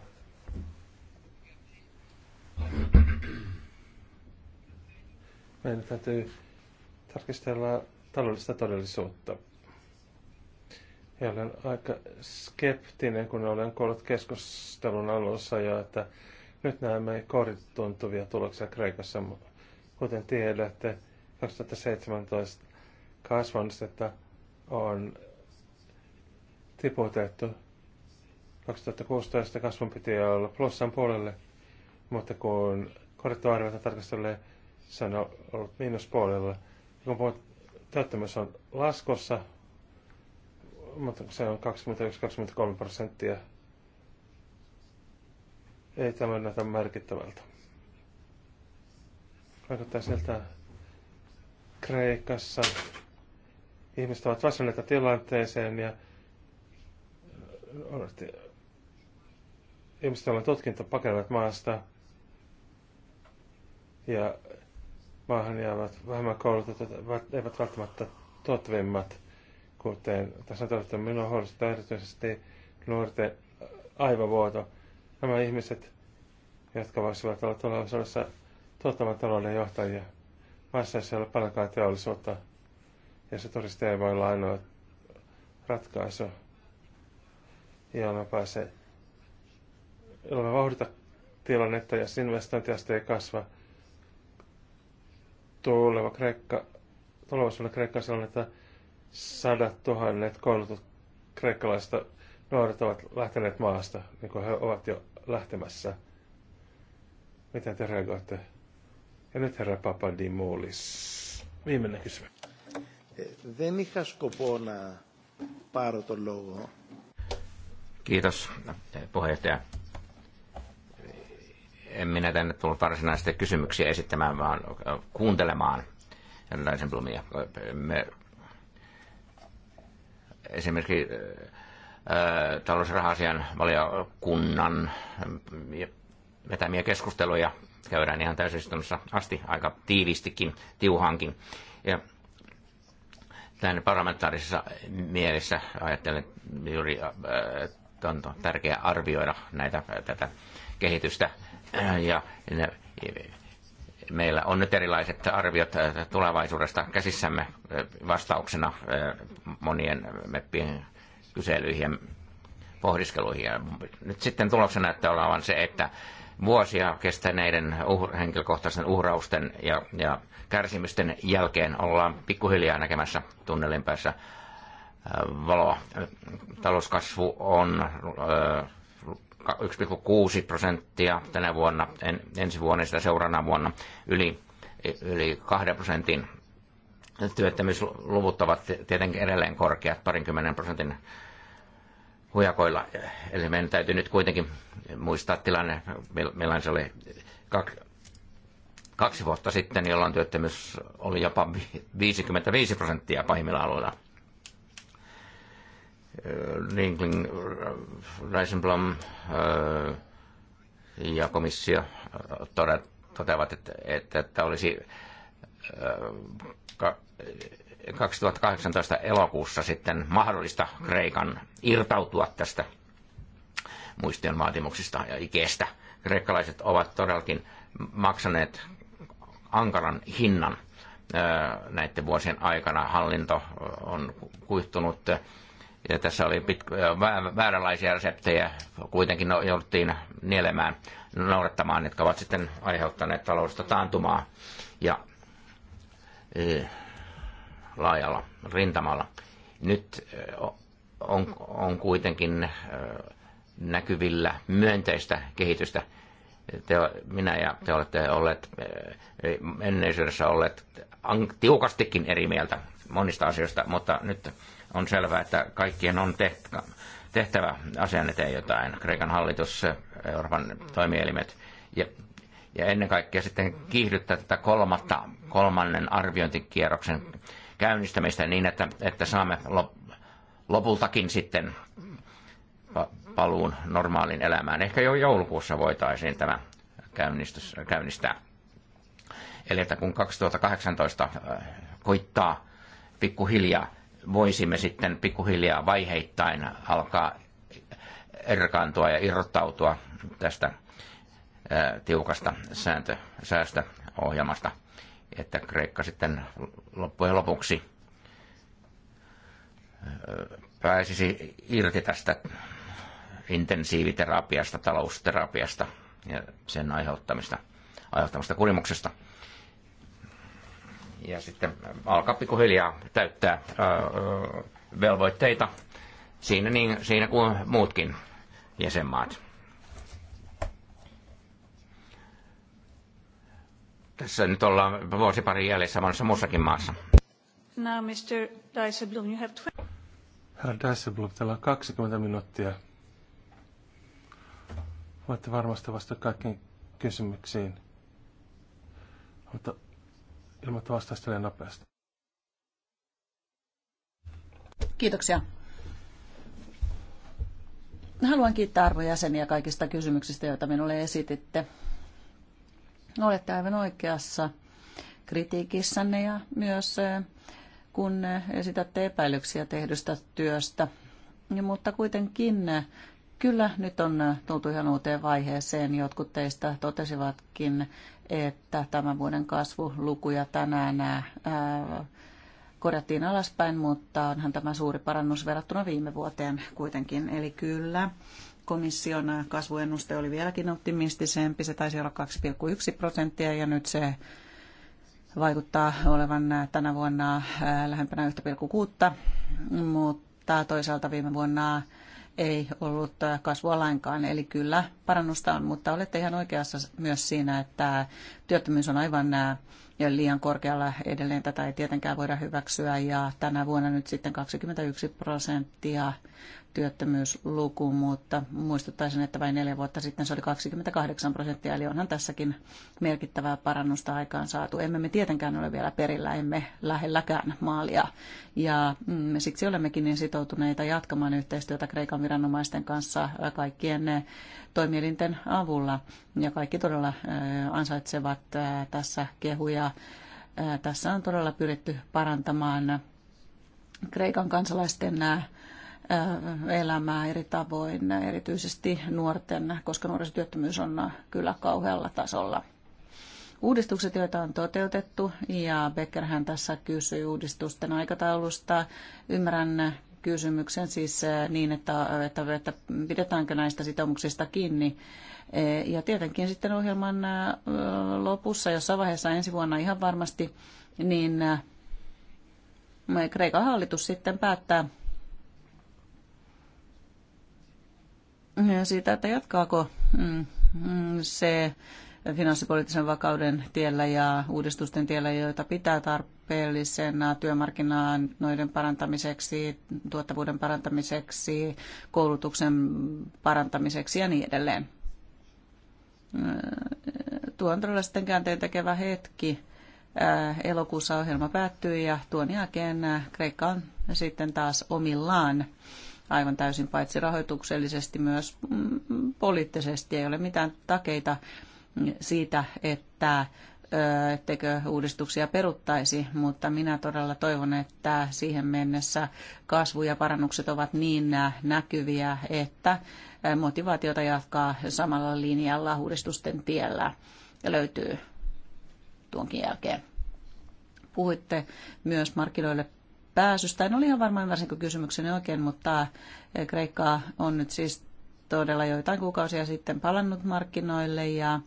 Meidän täytyy tarkistella taloudellista todellisuutta. Ja olen aika skeptinen, kun olen kuullut keskustelun alussa jo, että nyt näemme kohdituntuvia tuloksia Kreikassa, kuten tiedätte, 2017 että on tiputettu. 2016 kasvun piti olla plussan puolelle, mutta kun korjattuarviota tarkastelee, se on ollut miinuspuolella. Ja työttömyys on laskossa, mutta se on 21-23 prosenttia, ei tämä näytä merkittävältä. Vaikuttaa siltä, Kreikassa. Ihmiset ovat vastanneet tilanteeseen ja äh, ihmiset ovat tutkinta pakenevat maasta ja maahan jäävät vähemmän koulutetut, eivät välttämättä tuottavimmat, kuten tässä on todettu, minua huolestuttaa erityisesti nuorten aivovuoto. Nämä ihmiset, jotka voisivat olla tulevaisuudessa tuottavan talouden johtajia. Massassa ei ole paljonkaan teollisuutta, ja se turisti ei voi olla ainoa ratkaisu, jolla pääsee, jolla vauhdita tilannetta, jos investointiaste ei kasva. Tuleva Kreikka, tulevaisuuden Kreikka on sellainen, että sadat tuhannet koulutut kreikkalaista nuoret ovat lähteneet maasta, niin kuin he ovat jo lähtemässä. Miten te reagoitte? Ja nyt herra Papadimoulis. Viimeinen kysymys. Δεν είχα σκοπό να πάρω τον λόγο. Kiitos, puheenjohtaja. En minä tänne tullut varsinaisesti kysymyksiä esittämään, vaan kuuntelemaan erilaisen blumia. Me esimerkiksi talous- ja valiokunnan vetämiä keskusteluja käydään ihan täysistunnossa asti aika tiivistikin, tiuhankin. Ja tämän parlamentaarisessa mielessä ajattelen juuri, äh, että on tärkeää arvioida näitä, äh, tätä kehitystä. Äh, ja ne, meillä on nyt erilaiset arviot tulevaisuudesta käsissämme vastauksena monien meppien kyselyihin ja pohdiskeluihin. nyt sitten tuloksena näyttää olevan se, että vuosia kestäneiden uhr, henkilökohtaisten uhrausten ja, ja kärsimysten jälkeen ollaan pikkuhiljaa näkemässä tunnelin päässä äh, valoa. Talouskasvu on 1,6 äh, prosenttia tänä vuonna, en, ensi vuonna sitä seuraavana vuonna yli, yli 2 prosentin. Työttömyysluvut ovat tietenkin edelleen korkeat, parinkymmenen prosentin hujakoilla. Eli meidän täytyy nyt kuitenkin muistaa tilanne, millainen se oli kaksi vuotta sitten, jolloin työttömyys oli jopa 55 prosenttia pahimmilla alueilla. Linkling, Reisenblom äh, ja komissio toteavat, että, että, että olisi äh, 2018 elokuussa sitten mahdollista Kreikan irtautua tästä muistion vaatimuksista ja ikeestä. Kreikkalaiset ovat todellakin maksaneet ankaran hinnan näiden vuosien aikana. Hallinto on kuihtunut ja tässä oli pit- vääränlaisia reseptejä, kuitenkin jouduttiin nielemään, noudattamaan, jotka ovat sitten aiheuttaneet taloudesta taantumaa. Ja laajalla rintamalla. Nyt on, on kuitenkin näkyvillä myönteistä kehitystä. Te, minä ja te olette olleet menneisyydessä olleet tiukastikin eri mieltä monista asioista, mutta nyt on selvää, että kaikkien on tehtävä, tehtävä asian eteen jotain. Kreikan hallitus, Euroopan toimielimet ja, ja ennen kaikkea sitten kiihdyttää tätä kolmatta, kolmannen arviointikierroksen käynnistämistä niin, että, että saamme lopultakin sitten paluun normaaliin elämään. Ehkä jo joulukuussa voitaisiin tämä käynnistää. Eli että kun 2018 äh, koittaa pikkuhiljaa, voisimme sitten pikkuhiljaa vaiheittain alkaa erkaantua ja irrottautua tästä äh, tiukasta sääntö, säästöohjelmasta että Kreikka sitten loppujen lopuksi pääsisi irti tästä intensiiviterapiasta, talousterapiasta ja sen aiheuttamista, aiheuttamasta kurimuksesta. Ja sitten alkaa pikkuhiljaa täyttää velvoitteita siinä, niin, siinä kuin muutkin jäsenmaat. Tässä nyt ollaan vuosi pari jäljessä monessa muussakin maassa. Now, Mr. Dijsselbloem, you have 20... Herra Dijsselbloem, teillä on 20 minuuttia. Voitte varmasti vastata kaikkiin kysymyksiin, mutta ilmoittaa vastausta nopeasti. Kiitoksia. Haluan kiittää arvojäseniä kaikista kysymyksistä, joita minulle esititte. Olette aivan oikeassa kritiikissänne ja myös eh, kun esitätte epäilyksiä tehdystä työstä. Mutta kuitenkin eh, kyllä nyt on eh, tultu ihan uuteen vaiheeseen. Jotkut teistä totesivatkin, että tämän vuoden kasvulukuja tänään ää, korjattiin alaspäin, mutta onhan tämä suuri parannus verrattuna viime vuoteen kuitenkin. Eli kyllä komission kasvuennuste oli vieläkin optimistisempi. Se taisi olla 2,1 prosenttia ja nyt se vaikuttaa olevan tänä vuonna lähempänä 1,6, mutta toisaalta viime vuonna ei ollut kasvua lainkaan. Eli kyllä parannusta on, mutta olette ihan oikeassa myös siinä, että työttömyys on aivan liian korkealla edelleen. Tätä ei tietenkään voida hyväksyä ja tänä vuonna nyt sitten 21 prosenttia työttömyysluku, mutta muistuttaisin, että vain neljä vuotta sitten se oli 28 prosenttia, eli onhan tässäkin merkittävää parannusta aikaan saatu. Emme me tietenkään ole vielä perillä, emme lähelläkään maalia, ja mm, siksi olemmekin niin sitoutuneita jatkamaan yhteistyötä Kreikan viranomaisten kanssa kaikkien eh, toimielinten avulla, ja kaikki todella eh, ansaitsevat eh, tässä kehuja. Tässä on todella pyritty parantamaan Kreikan kansalaisten nämä elämää eri tavoin, erityisesti nuorten, koska nuorisotyöttömyys on kyllä kauhealla tasolla. Uudistukset, joita on toteutettu, ja Beckerhän tässä kysyi uudistusten aikataulusta. Ymmärrän kysymyksen siis niin, että, että, että pidetäänkö näistä sitoumuksista kiinni. E, ja tietenkin sitten ohjelman lopussa, jossain vaiheessa ensi vuonna ihan varmasti, niin Kreikan hallitus sitten päättää, siitä, että jatkaako mm, mm, se finanssipoliittisen vakauden tiellä ja uudistusten tiellä, joita pitää tarpeellisena työmarkkinaan noiden parantamiseksi, tuottavuuden parantamiseksi, koulutuksen parantamiseksi ja niin edelleen. Äh, tuo on todella sitten käänteen tekevä hetki. Äh, elokuussa ohjelma päättyy ja tuon jälkeen äh, Kreikka on sitten taas omillaan aivan täysin paitsi rahoituksellisesti myös mm, poliittisesti. Ei ole mitään takeita siitä, että etteikö uudistuksia peruttaisi, mutta minä todella toivon, että siihen mennessä kasvu ja parannukset ovat niin näkyviä, että motivaatiota jatkaa samalla linjalla uudistusten tiellä ja löytyy tuonkin jälkeen. Puhuitte myös markkinoille pääsystä. En ole ihan varmaan ymmärsinkö kysymyksen oikein, mutta eh, Kreikka on nyt siis todella joitain kuukausia sitten palannut markkinoille ja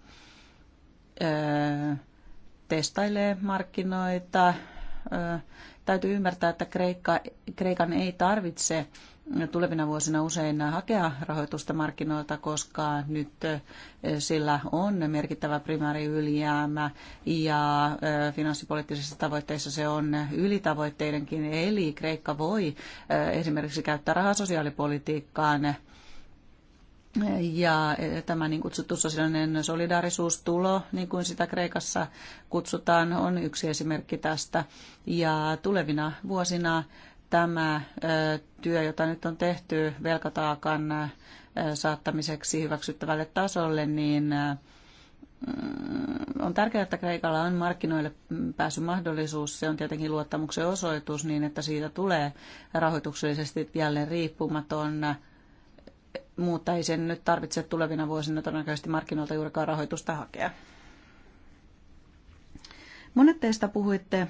ö, eh, testailee markkinoita. Ö, eh, täytyy ymmärtää, että Kreikka, Kreikan ei tarvitse tulevina vuosina usein hakea rahoitusta markkinoilta, koska nyt eh, sillä on merkittävä primääri ylijäämä ja eh, finanssipoliittisissa tavoitteissa se on ylitavoitteidenkin. Eli Kreikka voi eh, esimerkiksi käyttää rahaa sosiaalipolitiikkaan ja tämä niin kutsuttu sosiaalinen solidaarisuustulo, niin kuin sitä Kreikassa kutsutaan, on yksi esimerkki tästä. Ja tulevina vuosina tämä työ, jota nyt on tehty velkataakan saattamiseksi hyväksyttävälle tasolle, niin mm, on tärkeää, että Kreikalla on markkinoille mahdollisuus, Se on tietenkin luottamuksen osoitus niin, että siitä tulee rahoituksellisesti jälleen riippumaton, mutta ei sen nyt tarvitse tulevina vuosina todennäköisesti markkinoilta juurikaan rahoitusta hakea. Monet teistä puhuitte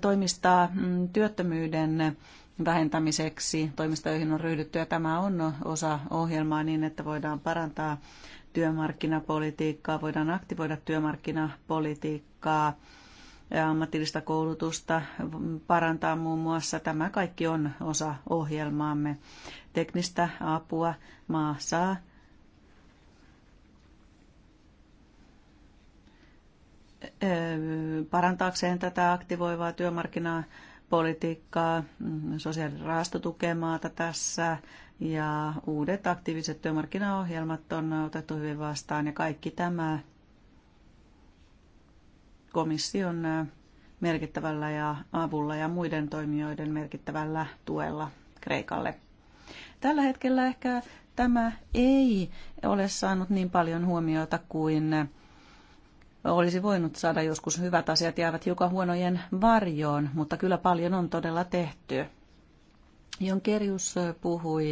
toimista mm, työttömyyden vähentämiseksi, toimista, on ryhdytty, ja tämä on osa ohjelmaa niin, että voidaan parantaa työmarkkinapolitiikkaa, voidaan aktivoida työmarkkinapolitiikkaa, ja ammatillista koulutusta mm, parantaa muun muassa. Tämä kaikki on osa ohjelmaamme. Teknistä apua maa saa parantaakseen tätä aktivoivaa työmarkkinapolitiikkaa, politiikkaa, mm, tässä ja uudet aktiiviset työmarkkinaohjelmat on otettu hyvin vastaan ja kaikki tämä komission merkittävällä ja avulla ja muiden toimijoiden merkittävällä tuella Kreikalle. Tällä hetkellä ehkä tämä ei ole saanut niin paljon huomiota kuin olisi voinut saada joskus hyvät asiat jäävät hiukan huonojen varjoon, mutta kyllä paljon on todella tehty. Jon Kerjus puhui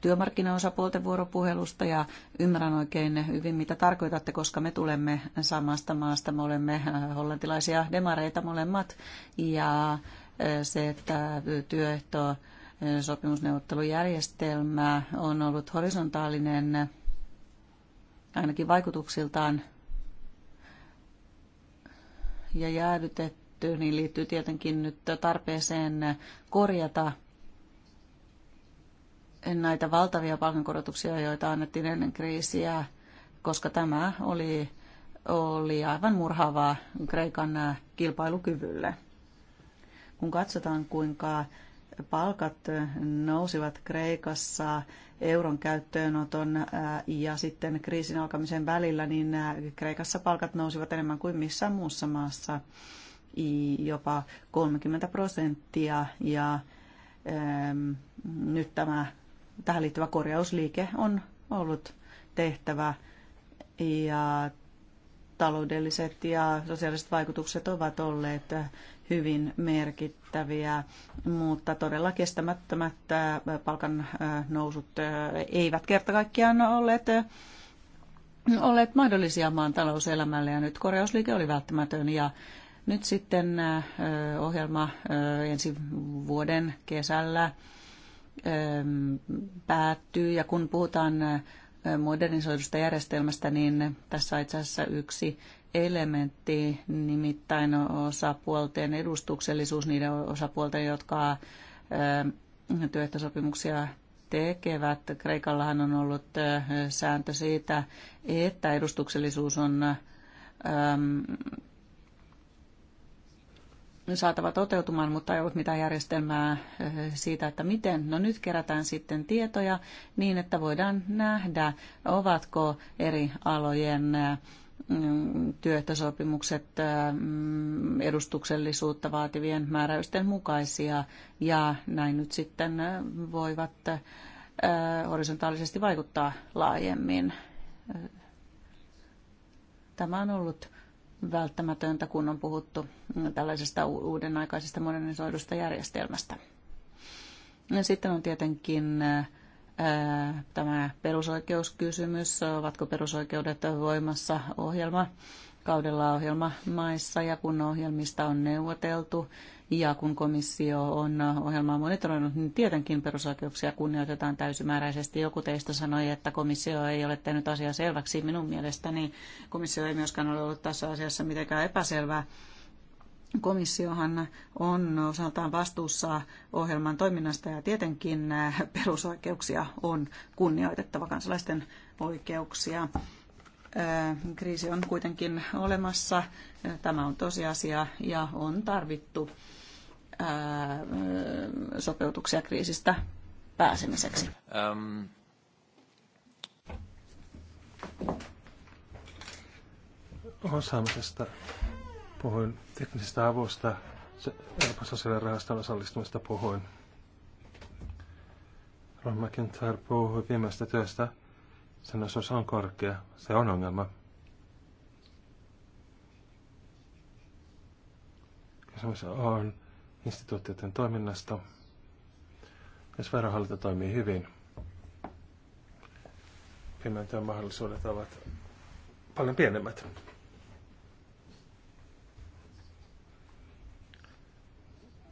työmarkkinaosapuolten vuoropuhelusta ja ymmärrän oikein hyvin, mitä tarkoitatte, koska me tulemme samasta maasta. Me olemme äh, hollantilaisia demareita molemmat ja äh, se, että työehto äh, sopimusneuvottelujärjestelmä on ollut horisontaalinen ainakin vaikutuksiltaan ja jäädytetty, niin liittyy tietenkin nyt tarpeeseen korjata näitä valtavia palkankorotuksia, joita annettiin ennen kriisiä, koska tämä oli, oli aivan murhaavaa Kreikan kilpailukyvylle. Kun katsotaan, kuinka palkat nousivat Kreikassa euron käyttöönoton ja sitten kriisin alkamisen välillä, niin Kreikassa palkat nousivat enemmän kuin missään muussa maassa jopa 30 prosenttia ja nyt tämä tähän liittyvä korjausliike on ollut tehtävä ja taloudelliset ja sosiaaliset vaikutukset ovat olleet hyvin merkittäviä, mutta todella kestämättömät äh, palkan äh, nousut äh, eivät kerta kaikkiaan olleet olleet mahdollisia maan talouselämälle ja nyt korjausliike oli välttämätön ja nyt sitten ohjelma ensi vuoden kesällä ähm, päättyy ja kun puhutaan modernisoidusta järjestelmästä, niin tässä on itse asiassa yksi elementti, nimittäin osapuolten edustuksellisuus, niiden osapuolten, jotka työehtosopimuksia tekevät. Kreikallahan on ollut sääntö siitä, että edustuksellisuus on saatava toteutumaan, mutta ei ollut mitään järjestelmää siitä, että miten. No nyt kerätään sitten tietoja niin, että voidaan nähdä, ovatko eri alojen työehtosopimukset mm, edustuksellisuutta vaativien määräysten mukaisia ja näin nyt sitten voivat horisontaalisesti vaikuttaa laajemmin. Tämä on ollut välttämätöntä, kun on puhuttu mm, tällaisesta uuden aikaisesta modernisoidusta järjestelmästä. Sitten on tietenkin tämä perusoikeuskysymys, ovatko perusoikeudet voimassa ohjelma kaudella ohjelmamaissa ja kun ohjelmista on neuvoteltu ja kun komissio on ohjelmaa monitoroinut, niin tietenkin perusoikeuksia kunnioitetaan täysimääräisesti. Joku teistä sanoi, että komissio ei ole tehnyt asiaa selväksi. Minun mielestäni komissio ei myöskään ole ollut tässä asiassa mitenkään epäselvää. Komissiohan on osaltaan vastuussa ohjelman toiminnasta ja tietenkin äh, perusoikeuksia on kunnioitettava kansalaisten oikeuksia. Äh, kriisi on kuitenkin olemassa, äh, tämä on tosiasia ja on tarvittu sopeutuksia kriisistä pääsemiseksi. Um. Osaamisesta pohoin teknisestä avusta, Euroopan rahaston osallistumista pohoin. Ron McIntyre puhui viimeistä työstä. Sen osuus on korkea. Se on ongelma. Kysymys on instituutioiden toiminnasta. Jos verohallinto toimii hyvin, pimentyön mahdollisuudet ovat paljon pienemmät.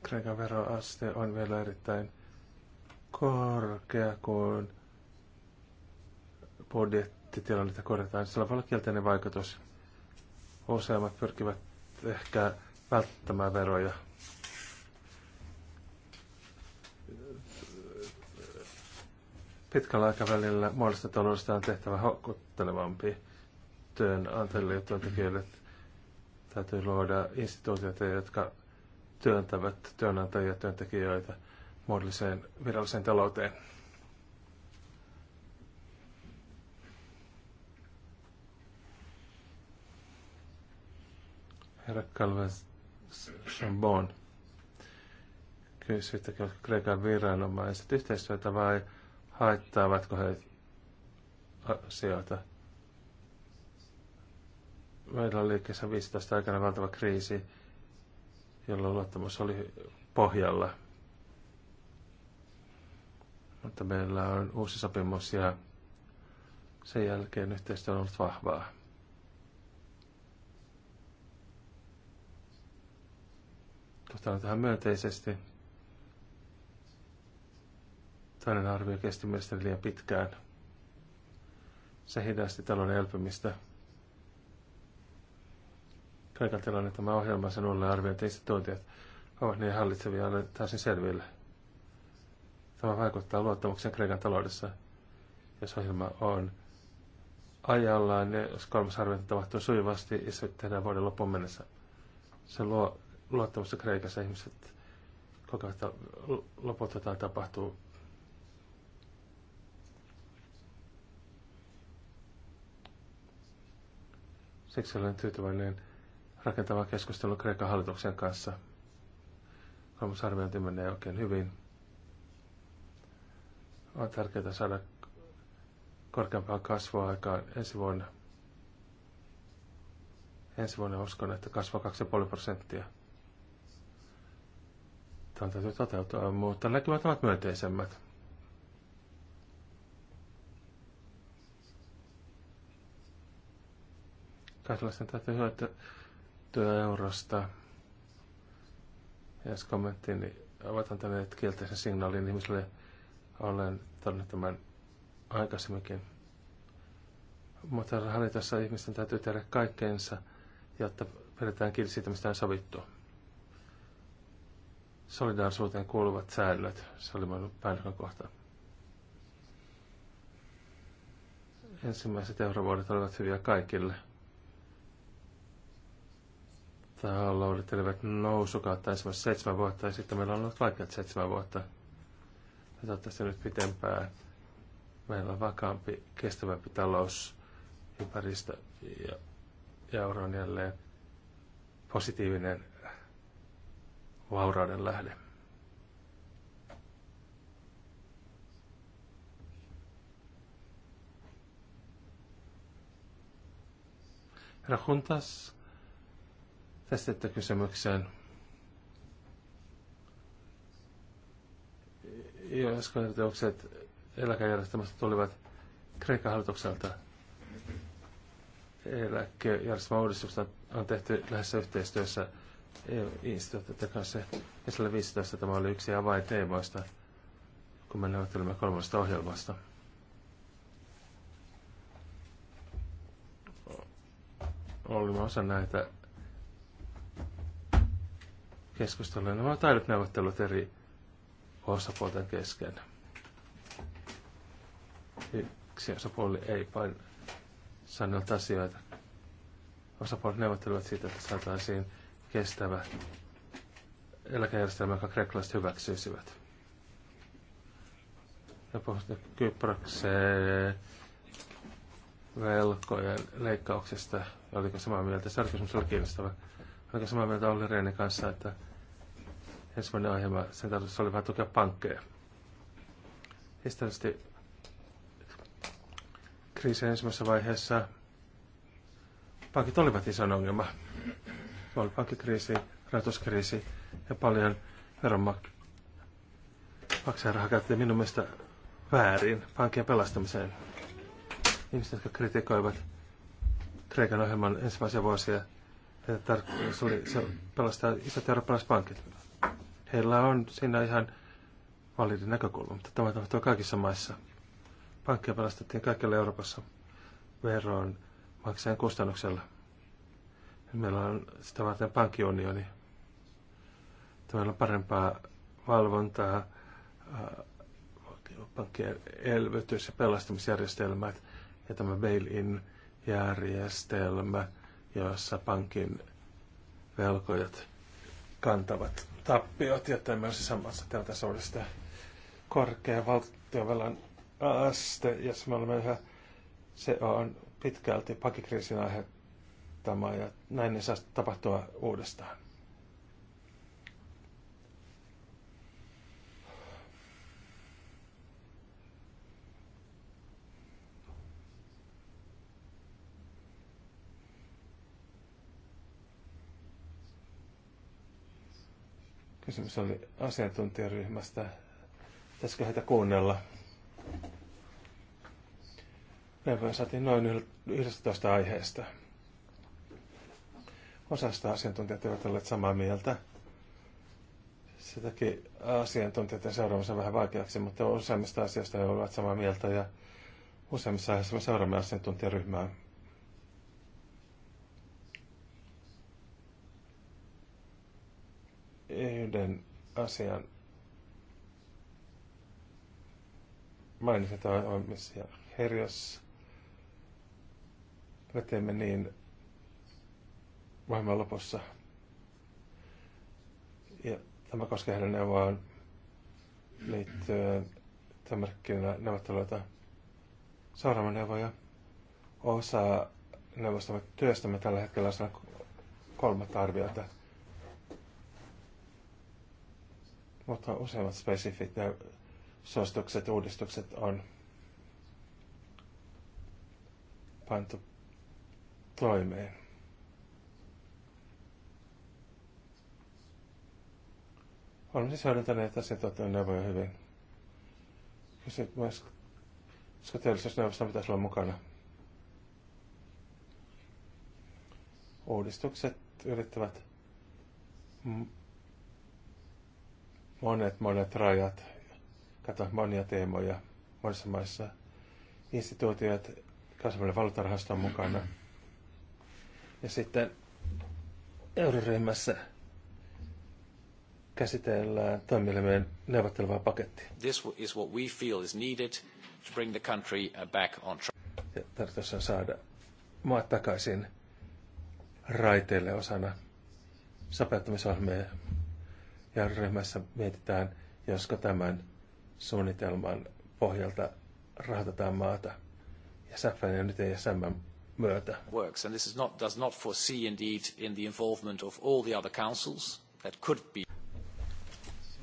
Kreikan veroaste on vielä erittäin korkea, kun budjettitilannetta korjataan. Sillä voi olla kielteinen vaikutus. Useimmat pyrkivät ehkä välttämään veroja. Pitkällä aikavälillä muodosta taloudesta on tehtävä houkuttelevampi työnantajille ja työntekijöille. Täytyy luoda instituutioita, jotka työntävät työnantajia ja työntekijöitä muodolliseen viralliseen talouteen. Herra Calves Chambon kysyi, tekevätkö Kreikan viranomaiset yhteistyötä vai haittaavatko he asioita. Meillä on liikkeessä 15 aikana valtava kriisi jolloin luottamus oli pohjalla. Mutta meillä on uusi sopimus ja sen jälkeen yhteistyö on ollut vahvaa. Suhtaudun tähän myönteisesti. Toinen arvio kesti mielestäni liian pitkään. Se hidasti talouden elpymistä. Kreikan tilanne tämä ohjelma sen uudelleen arviointi instituutiot ovat niin hallitsevia ja täysin selville. Tämä vaikuttaa luottamukseen Kreikan taloudessa, jos ohjelma on ajallaan ja niin jos kolmas arviointi tapahtuu sujuvasti ja se tehdään vuoden loppuun mennessä. Se luo luottamusta Kreikassa. Ihmiset kokevat, että loput jotain tapahtuu siksi olen tyytyväinen Rakentava keskustelu Kreikan hallituksen kanssa. Kolmosarviointi menee oikein hyvin. On tärkeää saada korkeampaa kasvua aikaan ensi vuonna. Ensi vuonna uskon, että kasvaa 2,5 prosenttia. Tämä täytyy toteutua, mutta näkymät ovat myönteisemmät. Kansalaisten täytyy hyötyä työeurosta. Ja jos niin avataan tänne kielteisen signaalin ihmisille, olen todennut tämän aikaisemminkin. Mutta hallitassa ihmisten täytyy tehdä kaikkeensa, jotta pidetään kiinni siitä, mistä on sovittu. Solidaarisuuteen kuuluvat säännöt, se oli minun päällikön kohta. Ensimmäiset eurovuodet olivat hyviä kaikille – taholla odottelevat nousukautta ensimmäistä seitsemän vuotta ja sitten meillä on ollut vaikeat seitsemän vuotta. Ja toivottavasti nyt pitempään meillä on vakaampi, kestävämpi talous, ympäristö ja, ja euro on jälleen positiivinen vaurauden lähde. Herra Juntas Tästä kysymykseen. Jos konsertioukset eläkejärjestelmästä tulivat Kreikan hallitukselta, eläkejärjestelmän uudistuksesta on tehty lähes yhteistyössä EU-instituutioiden kanssa. Ja sillä 15 tämä oli yksi avainteemoista, kun me neuvottelimme kolmesta ohjelmasta. Olimme osa näitä keskusteluja. Nämä ovat aidot neuvottelut eri osapuolten kesken. Yksi osapuoli ei vain sanonut asioita. Osapuolet neuvottelevat siitä, että saataisiin kestävä eläkejärjestelmä, joka kreikkalaiset hyväksyisivät. Ja Kyprokseen velkojen leikkauksesta. Oliko samaa mieltä? Sarkismus oli kiinnostava. Oliko samaa mieltä Olli Reinin kanssa, että ensimmäinen ohjelma, sen tarkoitus oli vähän tukea pankkeja. Historiallisesti kriisin ensimmäisessä vaiheessa pankit olivat iso ongelma. Oli pankkikriisi, rahoituskriisi ja paljon veronmaksajan rahaa käytettiin minun mielestä väärin pankkien pelastamiseen. Ihmiset, jotka kritikoivat Kreikan ohjelman ensimmäisiä vuosia, että tarkoitus oli se pelastaa isot eurooppalaiset pankit Heillä on siinä ihan validi näkökulma, mutta tämä tapahtuu kaikissa maissa. Pankkia pelastettiin kaikille Euroopassa veroon maksajan kustannuksella. Meillä on sitä varten pankkiunioni. Meillä on parempaa valvontaa, äh, pankkien elvytys- ja pelastamisjärjestelmät ja tämä bail-in järjestelmä, jossa pankin velkojat kantavat tappiot ja tämmöisessä samassa täytäisuudesta korkea valtionvelan aste, jos me olemme yhä, se on pitkälti pakikriisin aiheuttama ja näin ei saa tapahtua uudestaan. Kysymys oli asiantuntijaryhmästä. Pitäisikö heitä kuunnella? Neuvoja saatiin noin 11 aiheesta. Osasta asiantuntijat eivät olleet samaa mieltä. Se teki asiantuntijoiden seuraamisen vähän vaikeaksi, mutta useimmista asioista he olivat samaa mieltä ja useimmissa aiheissa me seuraamme asiantuntijaryhmää yhden asian mainitsin ja Herjas, me teemme niin maailman lopussa. Ja tämä koskee hänen neuvoaan liittyen neuvotteluita. seuraavan neuvoja. Osa neuvostamme työstämme tällä hetkellä on kolmatta arviota. Mutta useimmat spesifit suositukset, uudistukset on pantu toimeen. Olemme siis hyödyntäneet neuvoja hyvin. Kysyt myös, koska teollisuusneuvosta pitäisi olla mukana. Uudistukset yrittävät monet monet rajat, kato monia teemoja monissa maissa. Instituutiot, kansainvälinen valtarahasto on mukana. Ja sitten euroryhmässä käsitellään toimielimien neuvottelevaa pakettia. This is what we feel is needed to bring the country uh, back on track. Ja tarkoitus on saada maat takaisin raiteille osana sopeuttamisohjelmia ja ryhmässä mietitään, josko tämän suunnitelman pohjalta rahoitetaan maata. Ja SFN ja nyt ESM myötä. Works, and this is not, does not foresee indeed in the involvement of all the other councils that could be.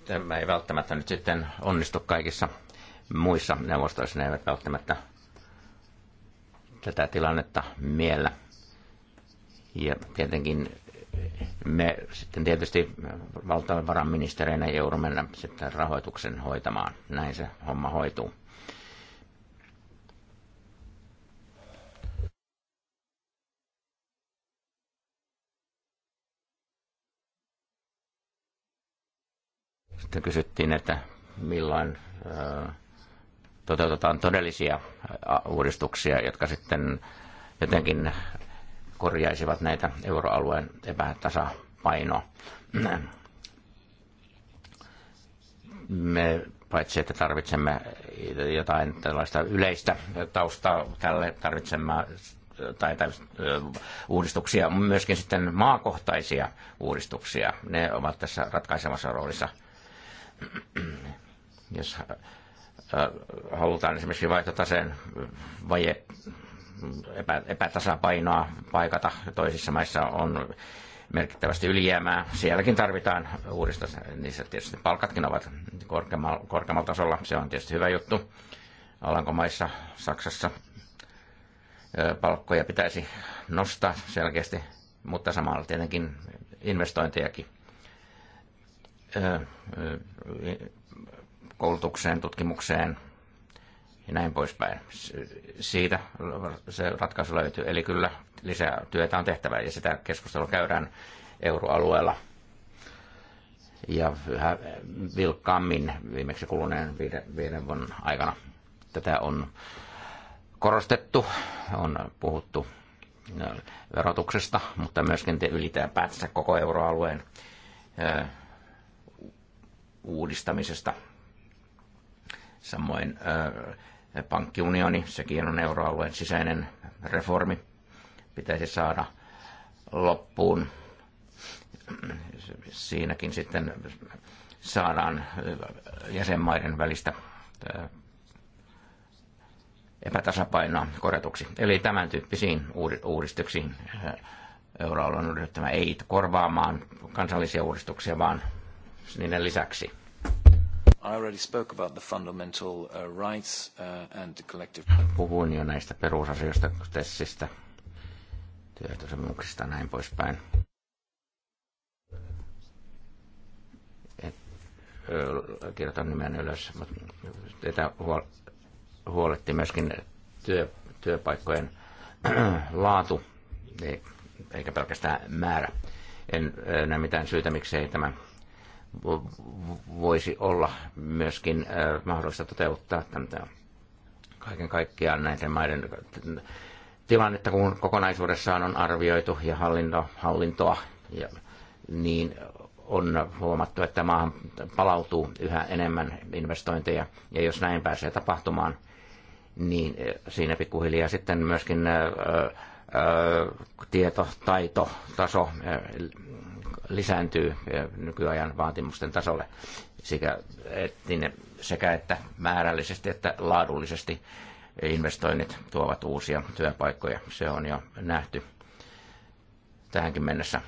Tämä ei välttämättä nyt sitten onnistu kaikissa muissa neuvostoissa, ne eivät välttämättä tätä tilannetta miellä. Ja tietenkin me sitten tietysti valtiovarainministereinä mennä sitten rahoituksen hoitamaan. Näin se homma hoituu. Sitten kysyttiin, että milloin toteutetaan todellisia uudistuksia, jotka sitten jotenkin korjaisivat näitä euroalueen epätasapainoa. Me paitsi että tarvitsemme jotain tällaista yleistä taustaa tälle, tarvitsemme tai, tai uudistuksia, myöskin sitten maakohtaisia uudistuksia. Ne ovat tässä ratkaisemassa roolissa. Jos halutaan esimerkiksi vaihtotaseen vaje epä, epätasapainoa paikata. Toisissa maissa on merkittävästi ylijäämää. Sielläkin tarvitaan uudista, niissä tietysti palkatkin ovat korkeammalla, korkeammalla tasolla. Se on tietysti hyvä juttu. Alankomaissa, Saksassa palkkoja pitäisi nostaa selkeästi, mutta samalla tietenkin investointejakin koulutukseen, tutkimukseen, ja näin poispäin. Siitä se ratkaisu löytyy. Eli kyllä lisää työtä on tehtävä ja sitä keskustelua käydään euroalueella ja yhä vilkkaammin viimeksi kuluneen viiden, viiden vuoden aikana. Tätä on korostettu, on puhuttu verotuksesta, mutta myöskin te ylipäätänsä koko euroalueen uudistamisesta. Samoin pankkiunioni, sekin on euroalueen sisäinen reformi, pitäisi saada loppuun. Siinäkin sitten saadaan jäsenmaiden välistä äh, epätasapainoa korjatuksi. Eli tämän tyyppisiin uudistuksiin äh, euroalueen on ei korvaamaan kansallisia uudistuksia, vaan niiden lisäksi. I already spoke about the fundamental uh, rights uh, and the collective... Puhuin jo näistä perusasioista, tessistä, työehtosopimuksista ja näin poispäin. kirjoitan nimen ylös, mutta tätä huoletti myöskin työ, työpaikkojen (clears throat) laatu, niin eikä pelkästään määrä. En näe mitään syytä, miksei tämä voisi olla myöskin äh, mahdollista toteuttaa kaiken kaikkiaan näiden maiden tilannetta, kun kokonaisuudessaan on arvioitu ja hallinto, hallintoa, ja, niin on huomattu, että maahan palautuu yhä enemmän investointeja, ja jos näin pääsee tapahtumaan, niin äh, siinä pikkuhiljaa sitten myöskin äh, tieto, taito, taso lisääntyy eh, nykyajan vaatimusten tasolle sekä, et, niin, sekä että määrällisesti että laadullisesti investoinnit tuovat uusia työpaikkoja. Se on jo nähty tähänkin mennessä.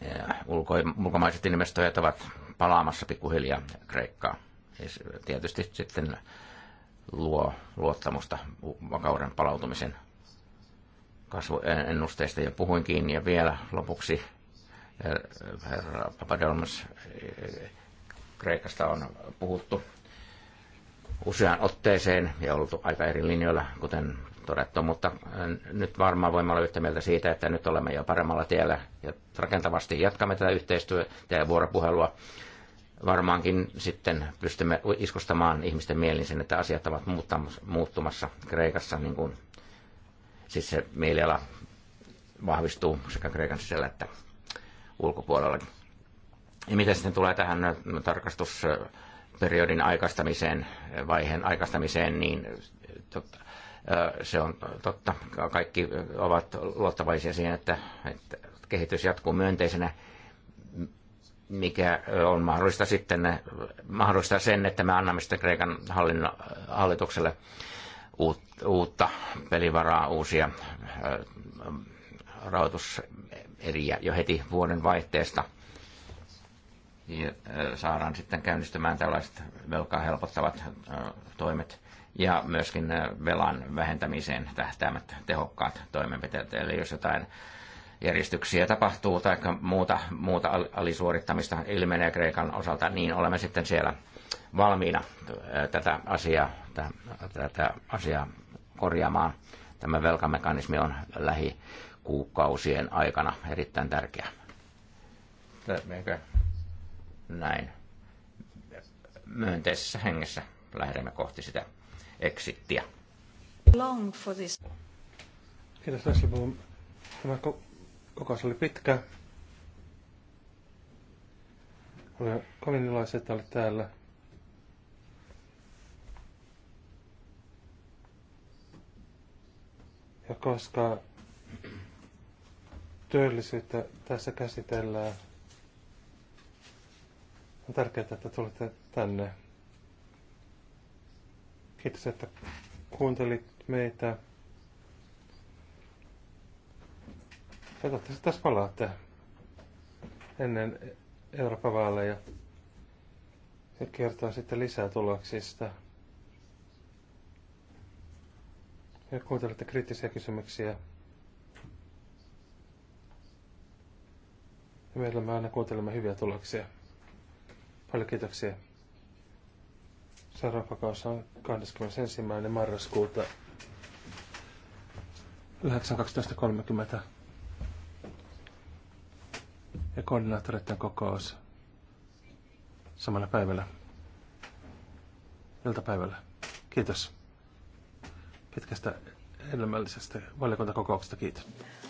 Eh, ulko, ulkomaiset investoijat ovat palaamassa pikkuhiljaa Kreikkaa. tietysti sitten luo luottamusta vakauden palautumisen kasvuennusteista jo puhuinkin. Ja vielä lopuksi herra Papadolmas Kreikasta on puhuttu useaan otteeseen ja ollut aika eri linjoilla, kuten todettu, mutta äh, nyt varmaan voimme olla yhtä mieltä siitä, että nyt olemme jo paremmalla tiellä ja rakentavasti jatkamme tätä yhteistyötä ja vuoropuhelua. Varmaankin sitten pystymme iskostamaan ihmisten mieliin sen, että asiat ovat muuttumassa Kreikassa, niin kuin siis se mieliala vahvistuu sekä Kreikan sisällä että ulkopuolella. Ja mitä sitten tulee tähän äh, tarkastusperiodin äh, aikaistamiseen, äh, vaiheen aikaistamiseen, niin totta, se on totta. Kaikki ovat luottavaisia siihen, että, että kehitys jatkuu myönteisenä, mikä on mahdollista sitten mahdollista sen, että me annamme sitten Kreikan hallinno, hallitukselle uutta pelivaraa, uusia rahoitus eriä jo heti vuoden vaihteesta. Ja saadaan sitten käynnistymään tällaiset velkaa helpottavat toimet ja myöskin velan vähentämiseen tähtäämät tehokkaat toimenpiteet. Eli jos jotain järjestyksiä tapahtuu tai muuta, muuta alisuorittamista ilmenee Kreikan osalta, niin olemme sitten siellä valmiina tätä asiaa, tätä asiaa korjaamaan. Tämä velkamekanismi on lähi kuukausien aikana erittäin tärkeä. Meikö? Näin. Myönteisessä hengessä lähdemme kohti sitä exittiä. Long for this. Kiitos Tämä kokous oli pitkä. Olen kovin iloisia, että olet täällä. Ja koska työllisyyttä tässä käsitellään. On tärkeää, että tulitte tänne. Kiitos, että kuuntelit meitä. Ja toivottavasti tässä palaatte ennen Euroopan vaaleja ja kertoo sitten lisää tuloksista. Ja kuuntelette kriittisiä kysymyksiä. Ja meillä me aina kuuntelemme hyviä tuloksia. Paljon kiitoksia. Seuraava kausi on 21. marraskuuta 9.12.30. Ja koordinaattoreiden kokous samana päivällä. Iltapäivällä. Kiitos. Pitkästä elämällisestä valiokuntakokouksesta. Kiitos.